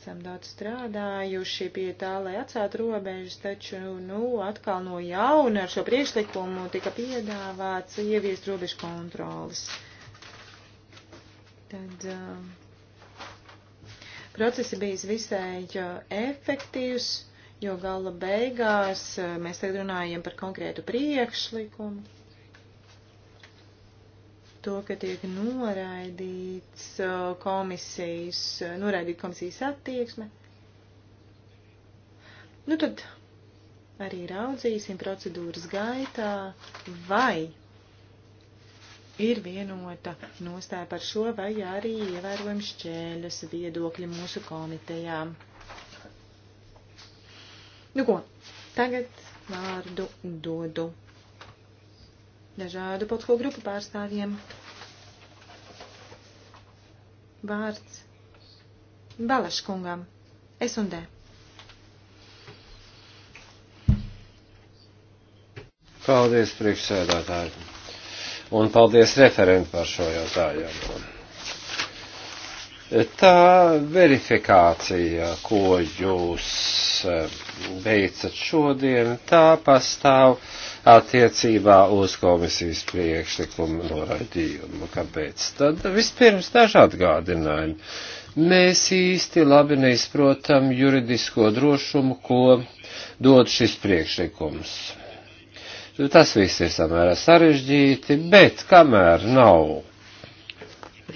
Esam daudz strādājuši pie tā, lai atcētu robežas, taču, nu, atkal no jauna ar šo priekšlikumu tika piedāvāts ieviest robežu kontrolas. Tad, uh, procesi bijis visai eh, efektīvs jo gala beigās eh, mēs tagad runājam par konkrētu priekšlikumu. To, ka tiek noraidīts eh, komisijas, eh, noraidīt komisijas attieksme. Nu tad arī raudzīsim procedūras gaitā, vai ir vienota nostāja par šo, vai arī ievērojams šķēļas viedokļi mūsu komitejām. Nu ko, tagad vārdu dodu dažādu politisko grupu pārstāvjiem. Vārds Balaškungam, S un D. Paldies, priekšsēdētāji, un paldies referentu par šo jautājumu. Tā verifikācija, ko jūs eh, veicat šodien, tā pastāv attiecībā uz komisijas priekšlikumu noraidījumu. Kāpēc? Tad vispirms daži atgādinājumi. Mēs īsti labi neizprotam juridisko drošumu, ko dod šis priekšlikums. Tas viss ir samērā sarežģīti, bet kamēr nav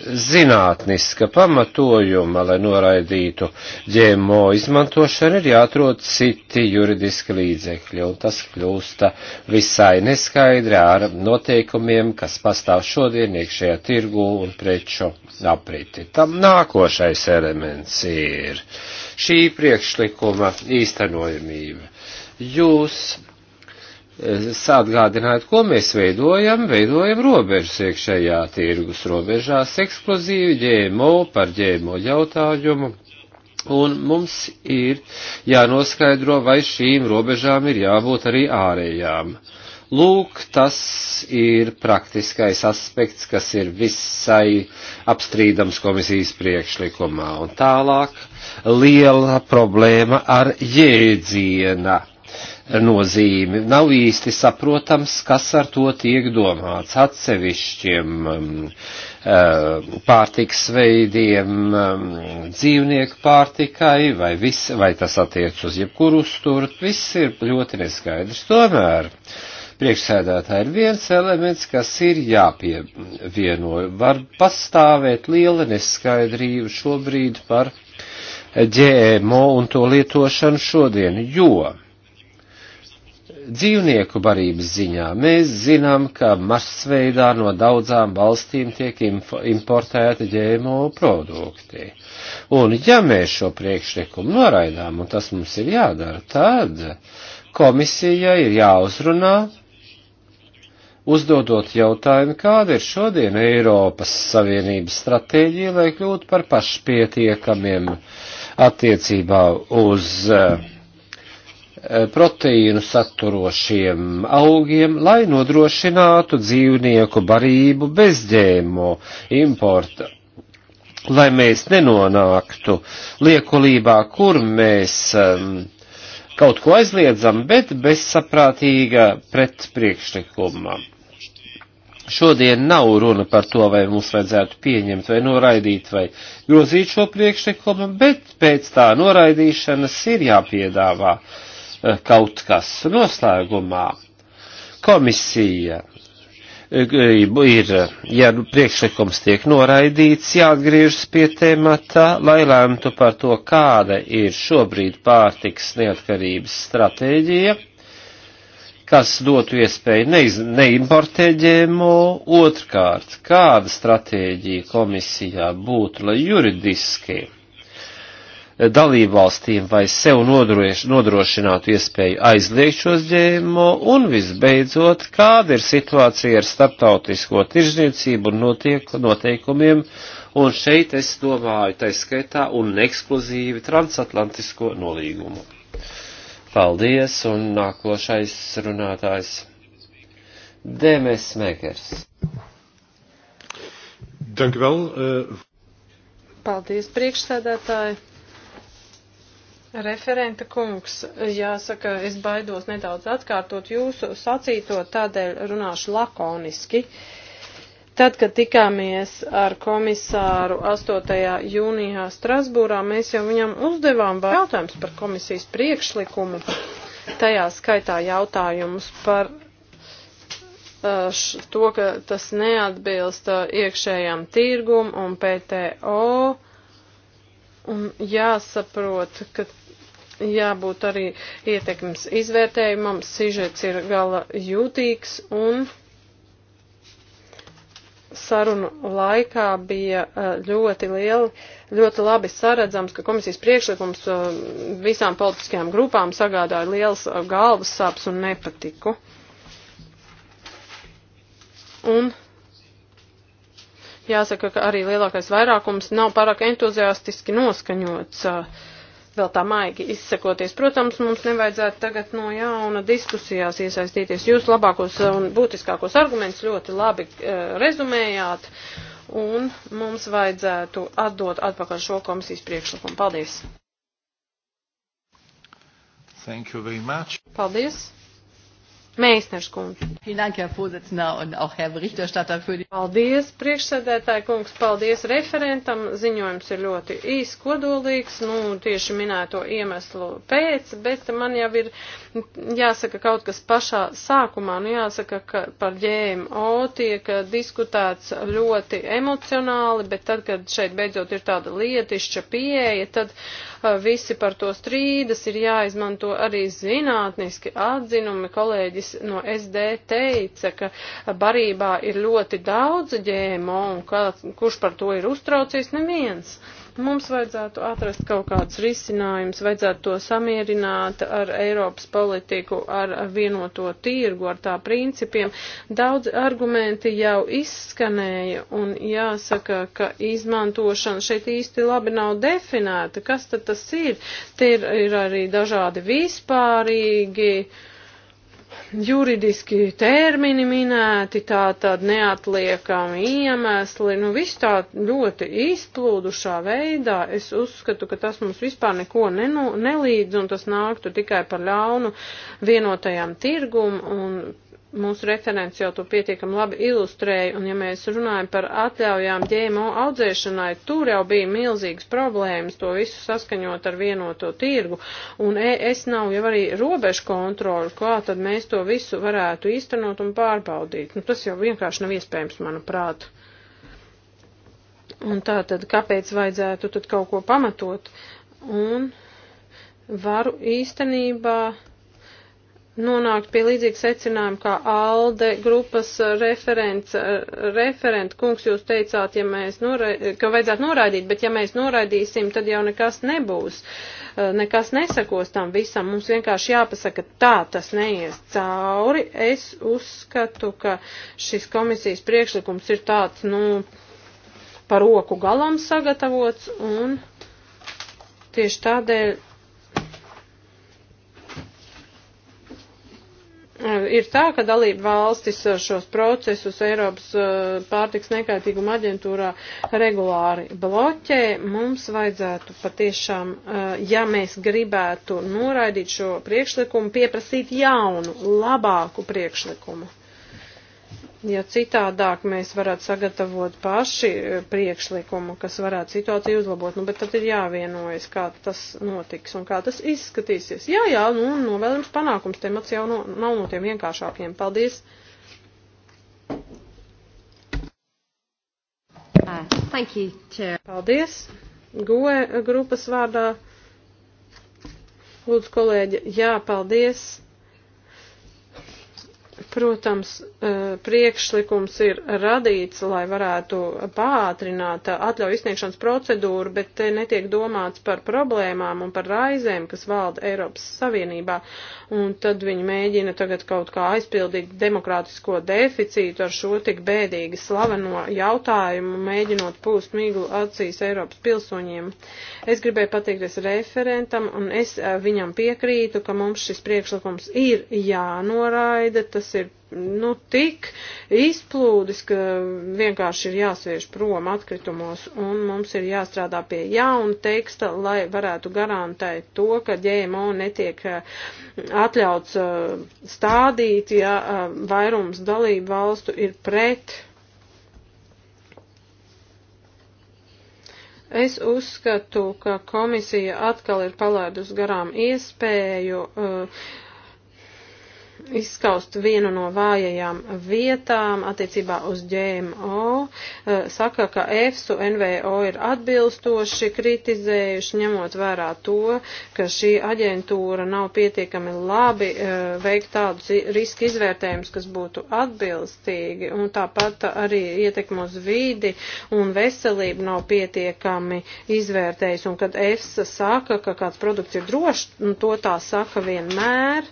zinātniska pamatojuma, lai noraidītu ģēmo izmantošanu, ir jāatrod citi juridiski līdzekļi, un tas kļūsta visai neskaidri ar noteikumiem, kas pastāv šodien iekšējā tirgu un preču apriti. Tam nākošais elements ir šī priekšlikuma īstenojamība. Jūs atgādināt, ko mēs veidojam, veidojam robežas iekšējā tirgus robežās, ekskluzīvi ģēmo par ģēmo jautājumu, un mums ir jānoskaidro, vai šīm robežām ir jābūt arī ārējām. Lūk, tas ir praktiskais aspekts, kas ir visai apstrīdams komisijas priekšlikumā. Un tālāk liela problēma ar jēdziena nozīmi. Nav īsti saprotams, kas ar to tiek domāts atsevišķiem um, uh, pārtiks veidiem, um, dzīvnieku pārtikai, vai, viss, vai tas attiec uz jebkuru uzturu, viss ir ļoti neskaidrs. Tomēr priekšsēdētāji ir viens elements, kas ir jāpievieno. Var pastāvēt liela neskaidrība šobrīd par ģēmo un to lietošanu šodien, jo dzīvnieku barības ziņā. Mēs zinām, ka masveidā no daudzām valstīm tiek importēti ģēmo produkti. Un ja mēs šo priekšlikumu noraidām, un tas mums ir jādara, tad komisija ir jāuzrunā, uzdodot jautājumu, kāda ir šodien Eiropas Savienības stratēģija, lai kļūtu par pašpietiekamiem attiecībā uz uh, Eh, proteīnu saturošiem augiem, lai nodrošinātu dzīvnieku barību bez ģēmo importa, lai mēs nenonāktu liekulībā, kur mēs um, kaut ko aizliedzam, bet bezsaprātīga pret priekšlikumā. Šodien nav runa par to, vai mums vajadzētu pieņemt vai noraidīt vai grozīt šo priekšlikumu, bet pēc tā noraidīšanas ir jāpiedāvā uh, Eh, kaut kas. Noslēgumā komisija eh, ir, eh, ja nu priekšlikums tiek noraidīts, jāatgriežas pie temata, lai lēmtu par to, kāda ir šobrīd pārtiks neatkarības stratēģija, kas dotu iespēju neiz, neimportēt ģēmo, otrkārt, kāda stratēģija komisijā būtu, lai juridiski dalībvalstīm vai sev nodrošinātu iespēju aizliegt šos ģēmo, un visbeidzot, kāda ir situācija ar starptautisko tirzniecību un notiek, noteikumiem, un šeit es domāju taiskaitā un ekskluzīvi transatlantisko nolīgumu. Paldies, un nākošais runātājs Demes Megers. Dank u wel. Uh... Paldies, priekšsēdētāji. Referenta kungs, jāsaka, es baidos nedaudz atkārtot jūsu sacīto, tādēļ runāšu lakoniski. Tad, kad tikāmies ar komisāru 8. jūnijā Strasbūrā, mēs jau viņam uzdevām jautājumus par komisijas priekšlikumu, tajā skaitā jautājumus par uh, š, to, ka tas neatbilst uh, iekšējām tirgum un PTO. Un jāsaprot, ka jābūt arī ietekmes izvērtējumam, sižets ir gala jūtīgs un sarunu laikā bija eh, ļoti liela, ļoti labi saredzams, ka komisijas priekšlikums eh, visām politiskajām grupām sagādāja liels eh, galvas sāps un nepatiku. Un jāsaka, ka arī lielākais vairākums nav pārāk entuziastiski noskaņots. Uh, vēl tā maigi izsakoties. Protams, mums nevajadzētu tagad no jauna diskusijās iesaistīties. Jūs labākos un būtiskākos argumentus ļoti labi e, rezumējāt, un mums vajadzētu atdot atpakaļ šo komisijas priekšlikumu. Paldies! Thank you very much. Paldies! Meisners kungs. Paldies, priekšsēdētāji kungs, paldies referentam. Ziņojums ir ļoti īs kodolīgs, nu, tieši minēto iemeslu pēc, bet man jau ir jāsaka kaut kas pašā sākumā. Nu, jāsaka, ka par GMO tiek diskutēts ļoti emocionāli, bet tad, kad šeit beidzot ir tāda lietišķa pieeja, tad uh, visi par to strīdas, ir jāizmanto arī zinātniski atzinumi, kolēģis kolēģis no SD teica, ka barībā ir ļoti daudz ģēmo un kā, kurš par to ir uztraucies, neviens. Mums vajadzētu atrast kaut kāds risinājums, vajadzētu to samierināt ar Eiropas politiku, ar vienoto tirgu, ar tā principiem. Daudz argumenti jau izskanēja un jāsaka, ka izmantošana šeit īsti labi nav definēta. Kas tad tas ir? Te ir, ir arī dažādi vispārīgi. Uh, juridiski termini minēti, tā tad neatliekami iemesli, nu viss tā ļoti izplūdušā veidā. Es uzskatu, ka tas mums vispār neko nenu, nelīdz un tas nāktu tikai par ļaunu vienotajam tirgum un Mūsu referents jau to pietiekami labi ilustrēja, un ja mēs runājam par atļaujām ģēmo audzēšanai, tur jau bija milzīgas problēmas to visu saskaņot ar vienoto tirgu, un es nav jau arī robežu kontroli, kā tad mēs to visu varētu īstenot un pārbaudīt. Nu, tas jau vienkārši nav iespējams, manuprāt. Un tā tad, kāpēc vajadzētu tad kaut ko pamatot? Un varu īstenībā nonākt pie līdzīga secinājuma kā ALDE grupas referents, referent, kungs jūs teicāt, ja mēs noraid, ka vajadzētu noraidīt, bet ja mēs noraidīsim, tad jau nekas nebūs, nekas nesakos tam visam, mums vienkārši jāpasaka, tā tas neies cauri. Es uzskatu, ka šis komisijas priekšlikums ir tāds, nu, par roku galam sagatavots un tieši tādēļ Eh, ir tā, ka dalība valstis eh, šos procesus Eiropas eh, pārtiks nekaitīguma aģentūrā regulāri bloķē. Mums vajadzētu patiešām, ja mēs gribētu noraidīt šo priekšlikumu, pieprasīt jaunu, labāku priekšlikumu jo citādāk mēs varētu sagatavot paši eh, priekšlikumu, kas varētu situāciju uzlabot, nu, bet tad ir jāvienojas, kā tas notiks un kā tas izskatīsies. Jā, jā, nu, novēlams panākums, temats jau no, nav no tiem vienkāršākiem. Paldies! Uh, thank you, Chair. Paldies. GOE grupas vārdā. Lūdzu, kolēģi, jā, paldies. Protams, e, priekšlikums ir radīts, lai varētu pātrināt atļauju izsniegšanas procedūru, bet te netiek domāts par problēmām un par raizēm, kas valda Eiropas Savienībā. Un tad viņi mēģina tagad kaut kā aizpildīt demokrātisko deficītu ar šo tik bēdīgi slaveno jautājumu, mēģinot pūst mīglu acīs Eiropas pilsoņiem. Es gribēju pateikties referentam, un es e, viņam piekrītu, ka mums šis priekšlikums ir jānoraida. Tas ir ir, nu, tik izplūdes, ka vienkārši ir jāsviež prom atkritumos un mums ir jāstrādā pie jauna teksta, lai varētu garantēt to, ka GMO netiek eh, atļauts eh, stādīt, ja eh, vairums dalību valstu ir pret. Es uzskatu, ka komisija atkal ir palaidusi garām iespēju uh, izskaust vienu no vājajām vietām attiecībā uz GMO. Eh, saka, ka EFSU NVO ir atbilstoši kritizējuši, ņemot vērā to, ka šī aģentūra nav pietiekami labi eh, veikt tādus riska izvērtējumus, kas būtu atbilstīgi, un tāpat arī ietekmu uz vīdi un veselību nav pietiekami izvērtējis. Un kad EFSA saka, ka kāds produkts ir drošs, nu, to tā saka vienmēr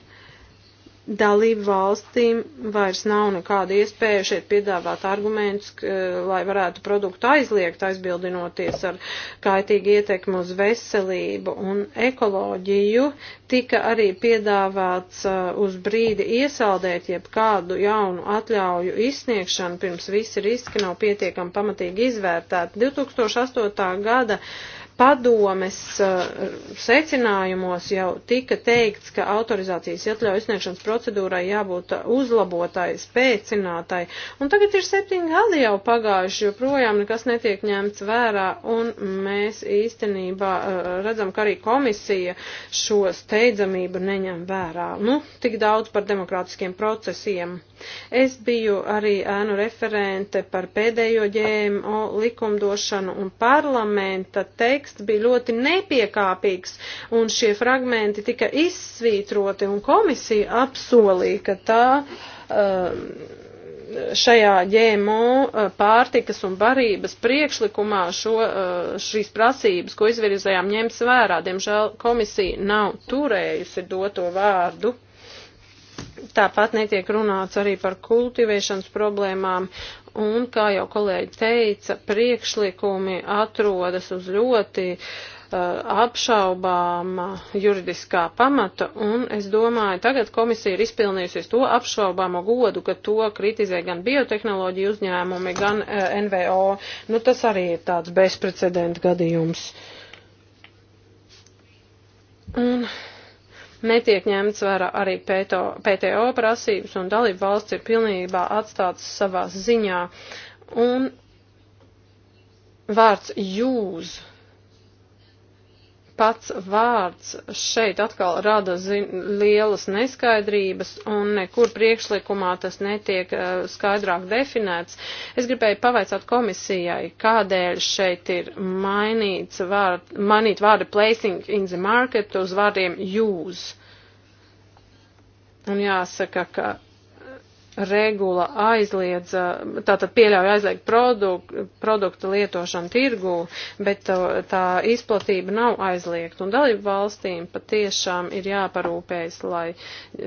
dalību valstīm vairs nav nekāda iespēja šeit piedāvāt argumentus, lai varētu produktu aizliegt, aizbildinoties ar kaitīgu ietekmu uz veselību un ekoloģiju. Tika arī piedāvāts uz brīdi iesaldēt jeb kādu jaunu atļauju izsniegšanu, pirms visi riski nav pietiekami pamatīgi izvērtēti. 2008. gada padomes uh, secinājumos jau tika teikts, ka autorizācijas atļauju izsniegšanas procedūrai jābūt uzlabotai, spēcinātai. Un tagad ir septiņi gadi jau pagājuši, joprojām nekas netiek ņemts vērā, un mēs īstenībā uh, redzam, ka arī komisija šo steidzamību neņem vērā. Nu, tik daudz par demokrātiskiem procesiem. Es biju arī ēnu referente par pēdējo ģēmo likumdošanu un parlamenta teikumu teksts bija ļoti nepiekāpīgs un šie fragmenti tika izsvītroti un komisija apsolīja, ka tā. Uh, šajā ģēmo uh, pārtikas un barības priekšlikumā šo, uh, šīs prasības, ko izvirzējām, ņems vērā. Diemžēl komisija nav turējusi doto vārdu. Tāpat netiek runāts arī par kultivēšanas problēmām Un, kā jau kolēģi teica, priekšlikumi atrodas uz ļoti uh, apšaubāma uh, juridiskā pamata, un es domāju, tagad komisija ir izpilnījusies to apšaubāmo godu, ka to kritizē gan biotehnoloģija uzņēmumi, gan uh, NVO. Nu, tas arī ir tāds bezprecedenta gadījums. Un, uh, netiek ņemts vērā arī PTO, PTO prasības un dalību valsts ir pilnībā atstātas savās ziņā. Un vārds use pats vārds šeit atkal rada zin, lielas neskaidrības un nekur priekšlikumā tas netiek uh, skaidrāk definēts. Es gribēju pavaicāt komisijai, kādēļ šeit ir mainīts vārd, mainīt vārdu placing in the market uz vārdiem use. Un jāsaka, ka regula aizliedz, tātad pieļauj aizliegt produk, produktu lietošanu tirgū, bet tā izplatība nav aizliegta. Un dalību valstīm patiešām ir jāparūpējas, lai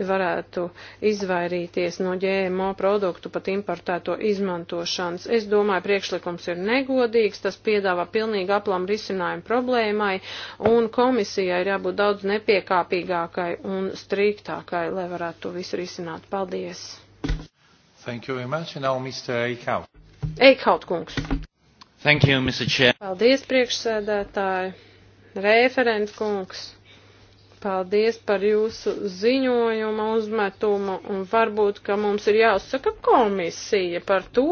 varētu izvairīties no ģēmo produktu pat importēto izmantošanas. Es domāju, priekšlikums ir negodīgs, tas piedāvā pilnīgi aplam risinājumu problēmai, un komisijai ir jābūt daudz nepiekāpīgākai un striktākai, lai varētu to visu risināt. Paldies! Thank you very much. And now Mr. Eichhout. Eichhout kungs. Thank you, Mr. Chair. Paldies, priekšsēdētāji. Referent kungs paldies par jūsu ziņojumu, uzmetumu, un varbūt, ka mums ir jāsaka komisija par to,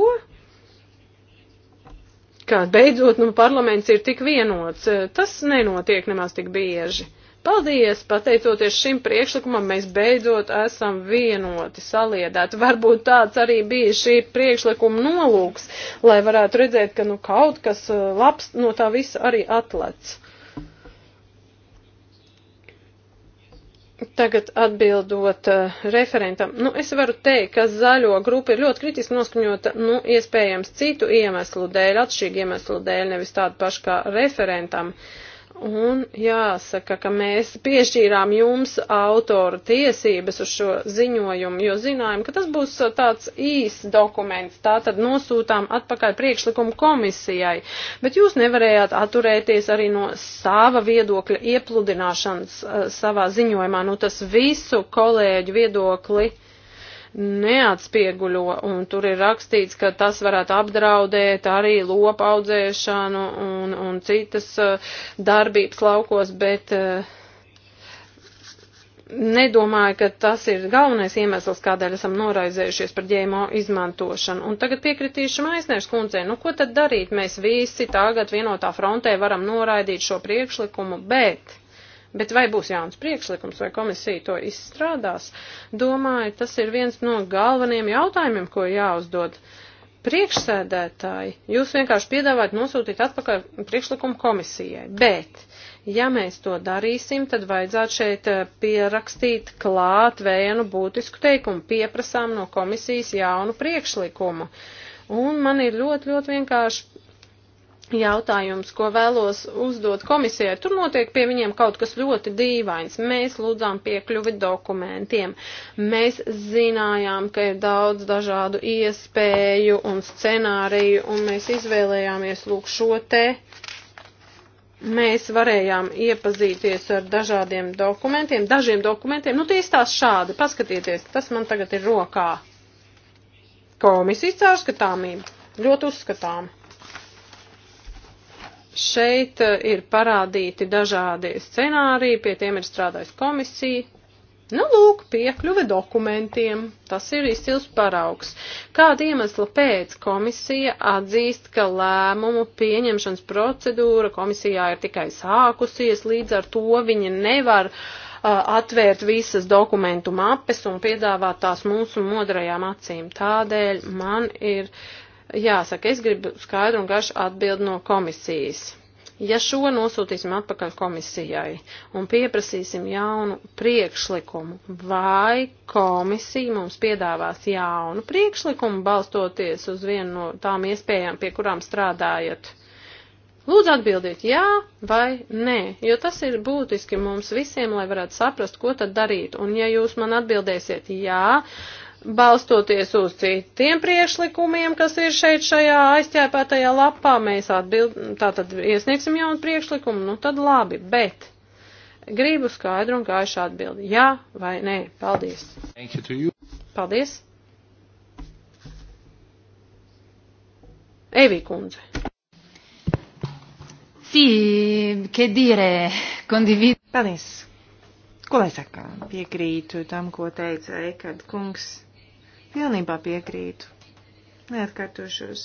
ka beidzot nu, parlaments ir tik vienots. Tas nenotiek nemaz tik bieži. Paldies! Pateicoties šim priekšlikumam, mēs beidzot esam vienoti, saliedēti. Varbūt tāds arī bija šī priekšlikuma nolūks, lai varētu redzēt, ka nu kaut kas uh, labs no tā visa arī atlec. Tagad atbildot uh, referentam, nu es varu teikt, ka zaļo grupa ir ļoti kritiski noskaņota, nu iespējams citu iemeslu dēļ, atšķirīgu iemeslu dēļ, nevis tādu pašu kā referentam. Uh, Un jāsaka, ka mēs piešķīrām jums autoru tiesības uz šo ziņojumu, jo zinājām, ka tas būs tāds īs dokuments, tā tad nosūtām atpakaļ priekšlikumu komisijai, bet jūs nevarējāt atturēties arī no sava viedokļa iepludināšanas eh, savā ziņojumā, nu tas visu kolēģu viedokli neatspieguļo, un tur ir rakstīts, ka tas varētu apdraudēt arī lopaudzēšanu un, un citas uh, darbības laukos, bet uh, nedomāju, ka tas ir galvenais iemesls, kādēļ esam noraizējušies par ģēmo izmantošanu. Un tagad piekritīšu Maisnēšu kundzei, nu ko tad darīt? Mēs visi tagad vienotā frontē varam noraidīt šo priekšlikumu, bet Bet vai būs jauns priekšlikums, vai komisija to izstrādās, domāju, tas ir viens no galvenajiem jautājumiem, ko jāuzdod. Priekšsēdētāji, jūs vienkārši piedāvājat nosūtīt atpakaļ priekšlikumu komisijai, bet ja mēs to darīsim, tad vajadzētu šeit eh, pierakstīt klāt vienu būtisku teikumu, pieprasām no komisijas jaunu priekšlikumu. Un man ir ļoti, ļoti vienkārši jautājums, ko vēlos uzdot komisijai. Tur notiek pie viņiem kaut kas ļoti dīvains. Mēs lūdzām piekļuvi dokumentiem. Mēs zinājām, ka ir daudz dažādu iespēju un scenāriju, un mēs izvēlējāmies lūk šo te. Mēs varējām iepazīties ar dažādiem dokumentiem, dažiem dokumentiem. Nu, tie izstās šādi. Paskatieties, tas man tagad ir rokā. Komisijas caurskatāmība. Ļoti uzskatāma. Šeit eh, ir parādīti dažādi scenāriji, pie tiem ir strādājis komisija. Nu, lūk, piekļuve dokumentiem. Tas ir izcils paraugs. Kāda iemesla pēc komisija atzīst, ka lēmumu pieņemšanas procedūra komisijā ir tikai sākusies, līdz ar to viņa nevar uh, atvērt visas dokumentu mapes un piedāvāt tās mūsu modrajām acīm. Tādēļ man ir jāsaka, es gribu skaidru un garšu atbildi no komisijas. Ja šo nosūtīsim atpakaļ komisijai un pieprasīsim jaunu priekšlikumu, vai komisija mums piedāvās jaunu priekšlikumu balstoties uz vienu no tām iespējām, pie kurām strādājat? Lūdzu atbildiet jā vai nē, jo tas ir būtiski mums visiem, lai varētu saprast, ko tad darīt. Un ja jūs man atbildēsiet jā, uh, Balstoties uz citiem priekšlikumiem, kas ir šeit šajā aizķēpētajā lapā, mēs atbild, tātad iesniegsim jaunu priekšlikumu, nu tad labi, bet gribu skaidru un gaišu atbildi. Jā vai nē? Paldies. Paldies. Evi kundze. Sì, che dire, condivido. Paldies. Ko lai saka? Piekrītu tam, ko teica Ekard kungs. Pilnībā piekrītu. Neatkārtošos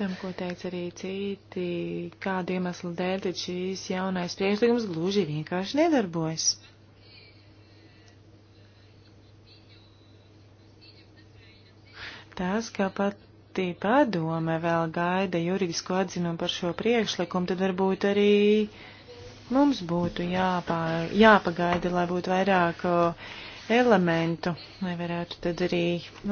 tam, ko teica arī citi, kādu iemeslu dēļ tad šīs jaunais priekšlikums gluži vienkārši nedarbojas. Tas, ka pati padome vēl gaida juridisko atzinumu par šo priekšlikumu, tad varbūt arī mums būtu jāpā, jāpagaida, lai būtu vairāk uh, elementu, lai varētu tad arī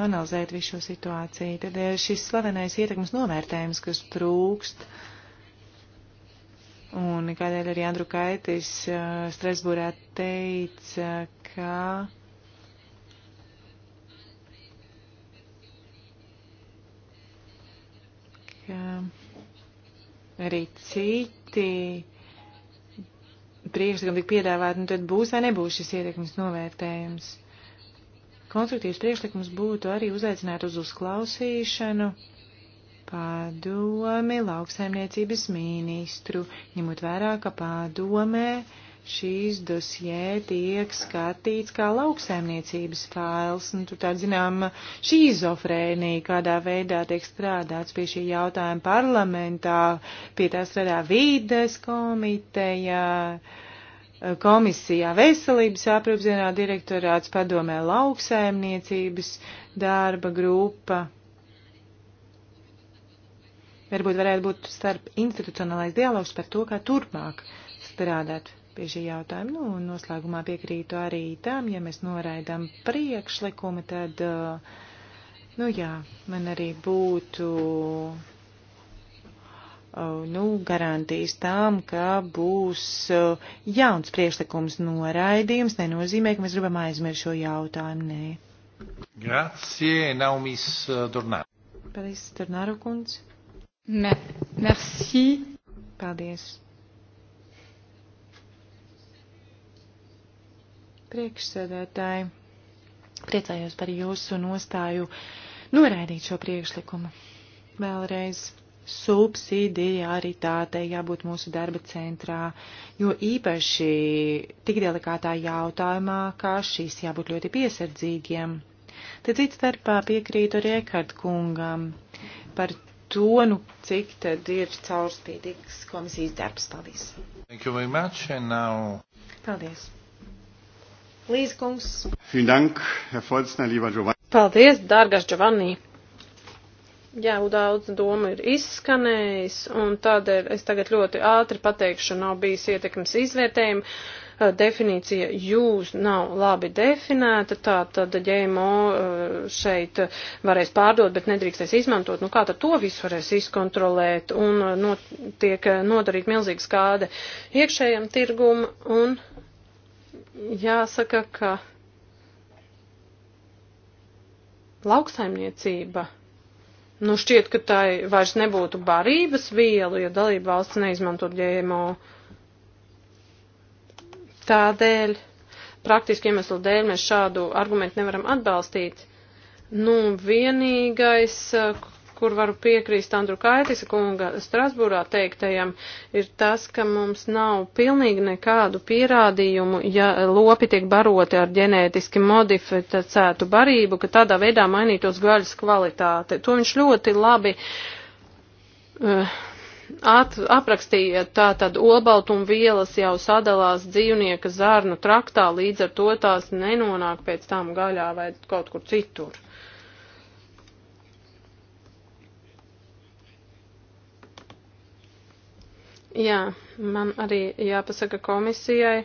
analizēt visu šo situāciju. Tad ir eh, šis slavenais ietekmes novērtējums, kas trūkst. Un kādēļ arī Andru Kaitis eh, Strasbūrā teica, ka. ka arī citi priekšlikumi tik piedāvāti, nu tad būs vai nebūs šis ietekmes novērtējums. Konstruktīvs priekšlikums būtu arī uzaicināt uz uzklausīšanu padomi lauksaimniecības ministru, ņemot vērā, ka padomē šīs dosjē tiek skatīts kā lauksaimniecības fails, un nu, tur tā zinām šīzofrēnija, kādā veidā tiek strādāts pie šī jautājuma parlamentā, pie tā strādā vīdes komiteja. Uh, komisijā veselības aprūpzienā direktorāts padomē lauksaimniecības darba grupa. Varbūt varētu būt starp institucionālais dialogs par to, kā turpmāk strādāt pie šī jautājuma. Nu, un noslēgumā piekrītu arī tam, ja mēs noraidām priekšlikumi, tad, uh, nu jā, man arī būtu Uh, nu, garantijas tām, ka būs uh, jauns priekšlikums noraidījums, nenozīmē, ka mēs gribam aizmirst šo jautājumu. Nē. Grazie, Naumis Dornāru. Paldies, Dornāru kundz. Me, merci. Paldies. Priekšsēdētāji, priecājos par jūsu nostāju noraidīt šo priekšlikumu. Vēlreiz subsidiaritāte jābūt mūsu darba centrā, jo īpaši tik delikātā jautājumā, kā šis jābūt ļoti piesardzīgiem. Tad cits starpā piekrītu arī Ekard kungam par to, nu, cik tad ir caurspīdīgs komisijas darbs. Paldies. Thank you very much and now. Paldies. Līdz kungs. Dank, Herr Folzner, lieber Giovanni. Paldies, dārgais Giovanni jau daudz domu ir izskanējis, un tādēļ es tagad ļoti ātri pateikšu, nav bijis ietekmes izvērtējumi. Definīcija jūs nav labi definēta, tā tad ģēmo šeit varēs pārdot, bet nedrīkstēs izmantot. Nu kā tad to visu varēs izkontrolēt un not, tiek nodarīt milzīga skāde iekšējam tirgum un jāsaka, ka lauksaimniecība Nu, šķiet, ka tai vairs nebūtu barības vielu, ja dalība valsts neizmantot GMO. Tādēļ, praktiski iemeslu dēļ, mēs šādu argumentu nevaram atbalstīt. Nu, vienīgais, kur varu piekrīst Andru Kaitisa kunga Strasbūrā teiktajam, ir tas, ka mums nav pilnīgi nekādu pierādījumu, ja lopi tiek baroti ar ģenētiski modificētu barību, ka tādā veidā mainītos gaļas kvalitāte. To viņš ļoti labi. Uh, at, aprakstīja tā tad olbaltumvielas jau sadalās dzīvnieka zārnu traktā, līdz ar to tās nenonāk pēc tam gaļā vai kaut kur citur. Jā, man arī jāpasaka komisijai,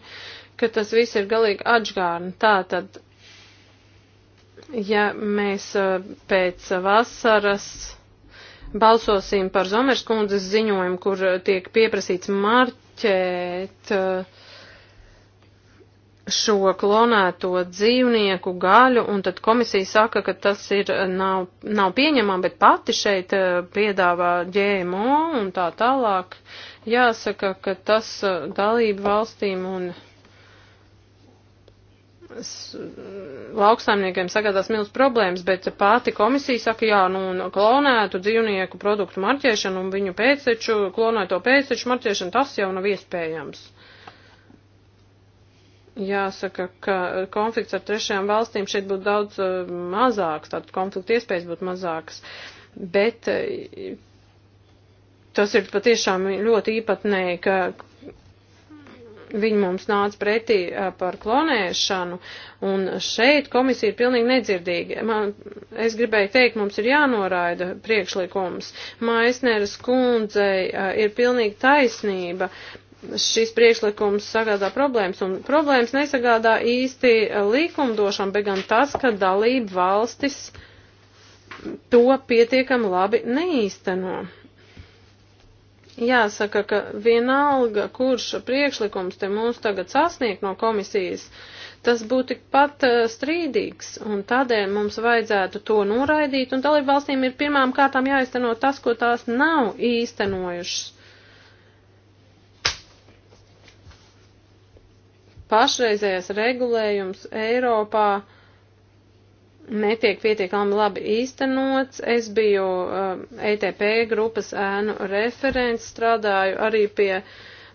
ka tas viss ir galīgi atžgārni. Tā tad, ja mēs pēc vasaras balsosim par Zomers kundzes ziņojumu, kur tiek pieprasīts marķēt šo klonēto dzīvnieku gaļu, un tad komisija saka, ka tas ir nav, nav pieņemama, bet pati šeit piedāvā ģēmo un tā tālāk. Uh, Jāsaka, ka tas uh, dalību valstīm un lauksaimniekiem sagādās milz problēmas, bet pati komisija saka, jā, nu, klonētu dzīvnieku produktu marķēšanu un viņu pēcteču, klonēto pēcteču marķēšanu, tas jau nav iespējams. Jāsaka, ka konflikts ar trešajām valstīm šeit būtu daudz uh, mazāks, tātad konflikta iespējas būtu mazākas, bet uh, Tas ir patiešām ļoti īpatnēji, ka viņi mums nāca pretī par klonēšanu, un šeit komisija ir pilnīgi nedzirdīga. Man, es gribēju teikt, mums ir jānoraida priekšlikums. Maisneres kundzei ir pilnīgi taisnība. Šis priekšlikums sagādā problēmas, un problēmas nesagādā īsti likumdošana, bet gan tas, ka dalība valstis to pietiekam labi neīsteno. Jāsaka, ka vienalga, kurš priekšlikums te mūs tagad sasniegt no komisijas, tas būtu tikpat eh, strīdīgs, un tādēļ mums vajadzētu to noraidīt, un dalību valstīm ir pirmām kārtām jāizteno tas, ko tās nav īstenojušas. Pašreizējais regulējums Eiropā netiek pietiekami labi īstenots. Es biju uh, um, ETP grupas ēnu referents, strādāju arī pie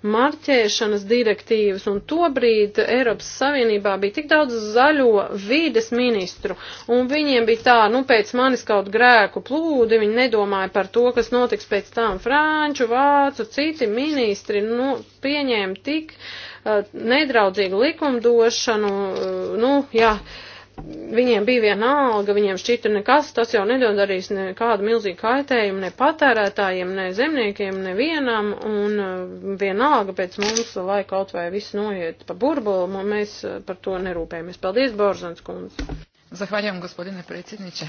marķēšanas direktīvas, un tobrīd Eiropas Savienībā bija tik daudz zaļo vīdes ministru, un viņiem bija tā, nu, pēc manis kaut grēku plūdi, viņi nedomāja par to, kas notiks pēc tam franču, vācu, citi ministri, nu, pieņēma tik uh, nedraudzīgu likumdošanu, uh, nu, jā. Ja, viņiem bija viena alga, viņiem šķita nekas, tas jau nedarīs nekādu milzīgu kaitējumu ne patērētājiem, ne zemniekiem, nevienam, un uh, vienalga pēc mums, lai kaut vai viss noiet pa burbulu, un mēs uh, par to nerūpējamies. Paldies, Borzans kundze! Zahvaļam, gospodine predsjedniče!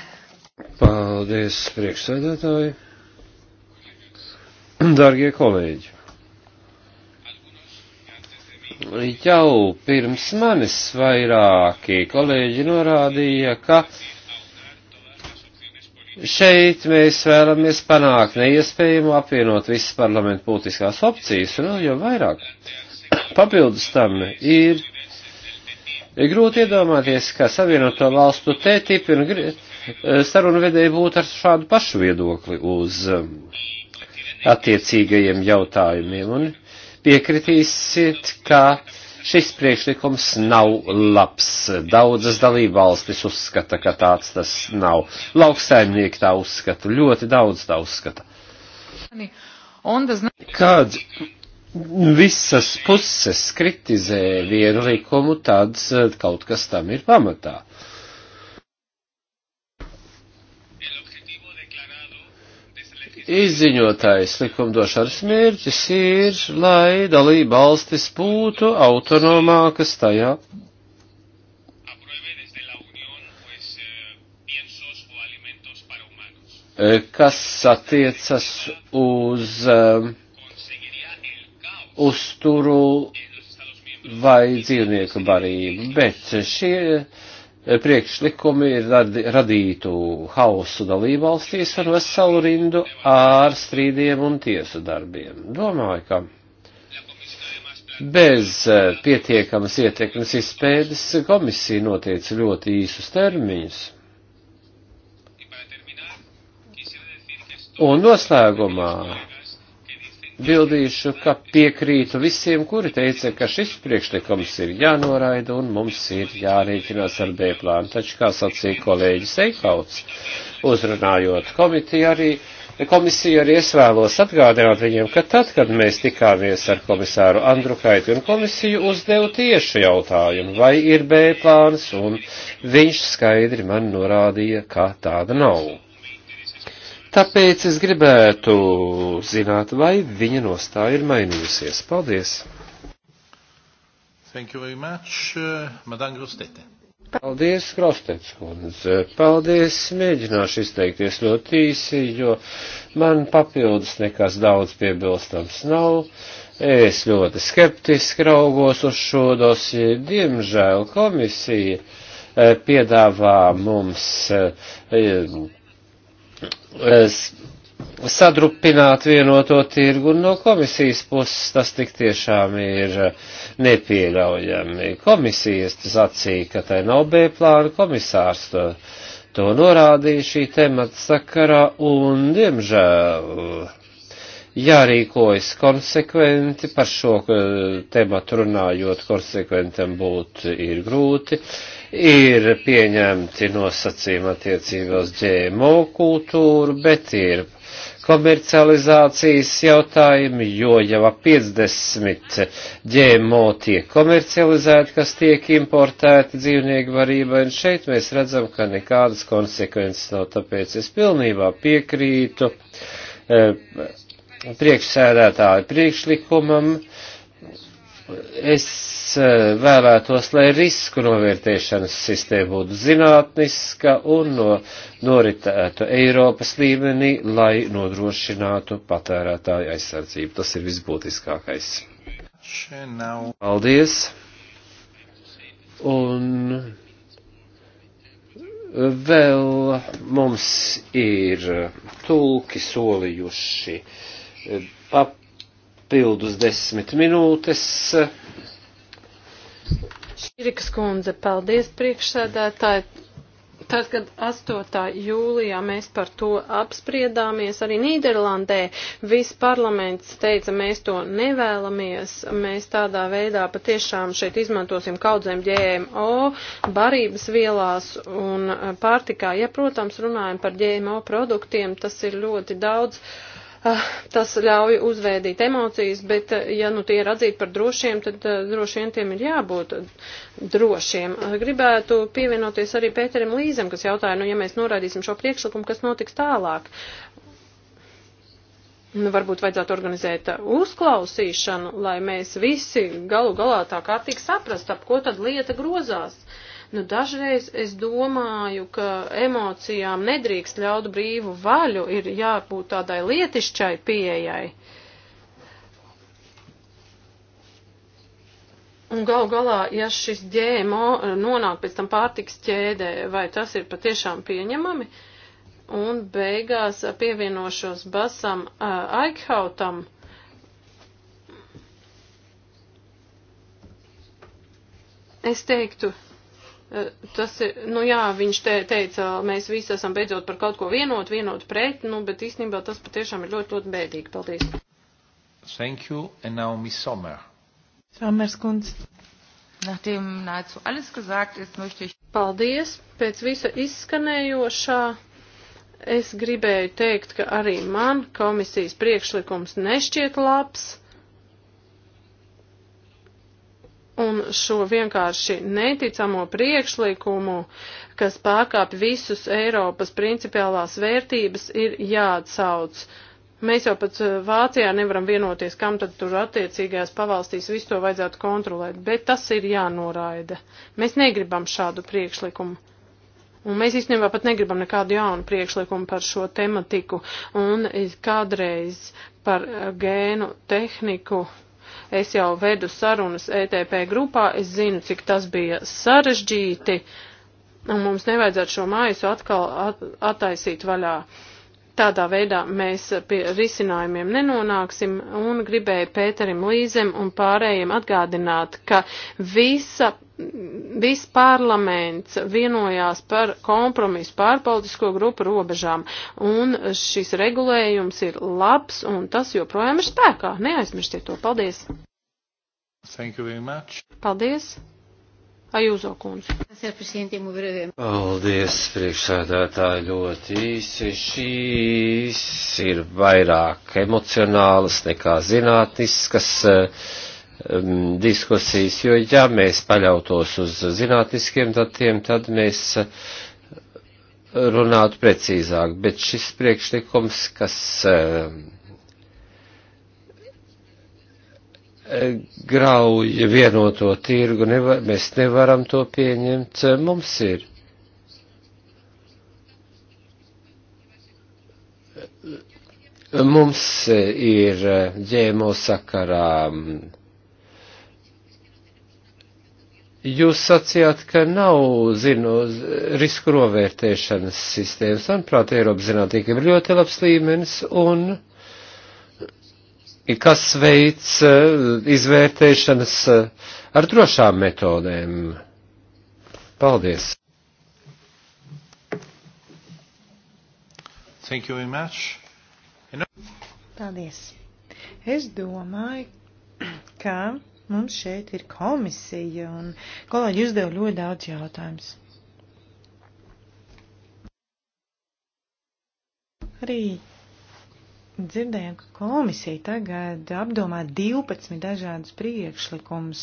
Paldies, priekšsēdētāji! Dargie kolēģi! Jau pirms manis vairāki kolēģi norādīja, ka šeit mēs vēlamies panākt neiespējamo apvienot visas parlamentu politiskās opcijas, un vēl jau vairāk. Papildus tam ir grūti iedomāties, ka savienoto valstu tētipi un sarunu vedēji būtu ar šādu pašu viedokli uz attiecīgajiem jautājumiem. Un piekritīsiet, ka šis priekšlikums nav labs. Daudzas dalībvalstis uzskata, ka tāds tas nav. Lauksaimnieki tā uzskata, ļoti daudz tā uzskata. Kad visas puses kritizē vienu likumu, tad eh, kaut kas tam ir pamatā. Uh, izziņotājs likumdošanas mērķis ir, lai dalība valstis būtu autonomākas tajā. Eh, kas attiecas uz um, uzturu vai dzīvnieku barību, bet šie uh, priekšlikumi radītu hausu dalībvalstīs ar veselu rindu ar strīdiem un tiesu darbiem. Domāju, ka bez eh, pietiekamas ietekmes izpēdes komisija noteica ļoti īsus termiņus. Un noslēgumā bildīšu, ka piekrītu visiem, kuri teica, ka šis priekšlikums ir jānoraida un mums ir jārēķinās ar B plānu. Taču, kā sacīja kolēģis Eikauts, uzrunājot komitiju arī, komisiju arī es vēlos atgādināt viņiem, ka tad, kad mēs tikāmies ar komisāru Andru Kaitu un komisiju, uzdevu tieši jautājumu, vai ir B plāns, un viņš skaidri man norādīja, ka tāda nav. Tāpēc es gribētu zināt, vai viņa nostāja ir mainījusies. Paldies! Thank you very much, uh, Madame Grostete. Paldies, Krostets kundze. Paldies, mēģināšu izteikties ļoti īsi, jo man papildus nekas daudz piebilstams nav. Es ļoti skeptiski raugos uz šo dosie. Diemžēl komisija eh, piedāvā mums eh, sadrupināt vienoto tirgu, un no komisijas puses tas tik tiešām ir nepieļaujami. Komisijas sacīja, ka tai nav B plāna, komisārs to, to norādīja šī temata sakarā, un, diemžēl, jārīkojas konsekventi, par šo eh, tematu runājot konsekventam būt ir grūti. Uh, ir pieņemti nosacījumi attiecībā uz ģēmo kultūru, bet ir komercializācijas jautājumi, jo jau ap 50 ģēmo tiek komercializēti, kas tiek importēti dzīvnieku varībai, un šeit mēs redzam, ka nekādas konsekvences nav, tāpēc es pilnībā piekrītu eh, priekšsēdētāju priekšlikumam. Es Eh, vēlētos, lai risku novērtēšanas sistēma būtu zinātniska un no, noritētu Eiropas līmenī, lai nodrošinātu patērētāju aizsardzību. Tas ir visbūtiskākais. Paldies! Un vēl mums ir tulki solījuši papildus desmit minūtes. Širikas kundze, paldies priekšsēdētāji. Tad, kad 8. jūlijā mēs par to apspriedāmies, arī Nīderlandē viss parlaments teica, mēs to nevēlamies, mēs tādā veidā patiešām šeit izmantosim kaudzēm GMO, barības vielās un pārtikā. Ja, protams, runājam par GMO produktiem, tas ir ļoti daudz. Uh, Ah, tas ļauj uzveidīt emocijas, bet eh, ja nu tie ir atzīti par drošiem, tad eh, droši vien tiem ir jābūt drošiem. Ah, gribētu pievienoties arī Pēterim Līzem, kas jautāja, nu ja mēs noraidīsim šo priekšlikumu, kas notiks tālāk. Nu, varbūt vajadzētu organizēt eh, uzklausīšanu, lai mēs visi galu galā tā kārtīgi saprastu, ap ko tad lieta grozās. Nu, dažreiz es domāju, ka emocijām nedrīkst ļaut brīvu vaļu, ir jābūt tādai lietišķai pieejai. Un gal galā, ja šis ģēmo nonāk pēc tam pārtiks ķēdē, vai tas ir patiešām pieņemami? Un beigās pievienošos basam uh, Aikhautam. Es teiktu, Eh, tas ir, nu jā, viņš te, teica, mēs visi esam beidzot par kaut ko vienot, vienot pret, nu, bet īstenībā tas patiešām ir ļoti, ļoti bēdīgi. Paldies. Thank you, and now Miss Sommer. Sommers kundze. Nachdem nahezu alles gesagt ist, möchte ich. Paldies. Pēc visa izskanējošā es gribēju teikt, ka arī man komisijas priekšlikums nešķiet labs un šo vienkārši neticamo priekšlikumu, kas pārkāpj visus Eiropas principiālās vērtības, ir jāatsauc. Mēs jau pat eh, Vācijā nevaram vienoties, kam tad tur attiecīgajās pavalstīs visu to vajadzētu kontrolēt, bet tas ir jānoraida. Mēs negribam šādu priekšlikumu. Un mēs īstenībā pat negribam nekādu jaunu priekšlikumu par šo tematiku. Un eh, kādreiz par eh, gēnu tehniku Es jau vedu sarunas ETP grupā, es zinu, cik tas bija sarežģīti, un mums nevajadzētu šo mājas atkal at, attaisīt vaļā. Uh, Tādā veidā mēs pie risinājumiem nenonāksim un gribēju Pēterim Līzem un pārējiem atgādināt, ka visa, viss parlaments vienojās par kompromisu pārpolitisko grupu robežām un šis regulējums ir labs un tas joprojām ir spēkā. Neaizmirstiet to. Paldies! Thank you very much. Paldies! Ajūzo kundze. Paldies, priekšsēdētāji, ļoti īsi. Šīs ir vairāk emocionālas nekā zinātniskas um, diskusijas, jo ja mēs paļautos uz zinātniskiem datiem, tad mēs runātu precīzāk, bet šis priekšlikums, kas um, grauj vienoto tirgu, nevar, mēs nevaram to pieņemt, mums ir. Mums ir ģēmo sakarā. Jūs sacījāt, ka nav zinu, risku novērtēšanas sistēmas. Manuprāt, Eiropas zinātniekiem ir ļoti labs līmenis un. Uh, kas veids eh, izvērtēšanas eh, ar drošām metodēm. Paldies! Thank you very much. And... Paldies! Es domāju, ka mums šeit ir komisija un kolēģi uzdeva ļoti daudz jautājumus. Arī dzirdējām, ka komisija tagad apdomā 12 dažādus priekšlikumus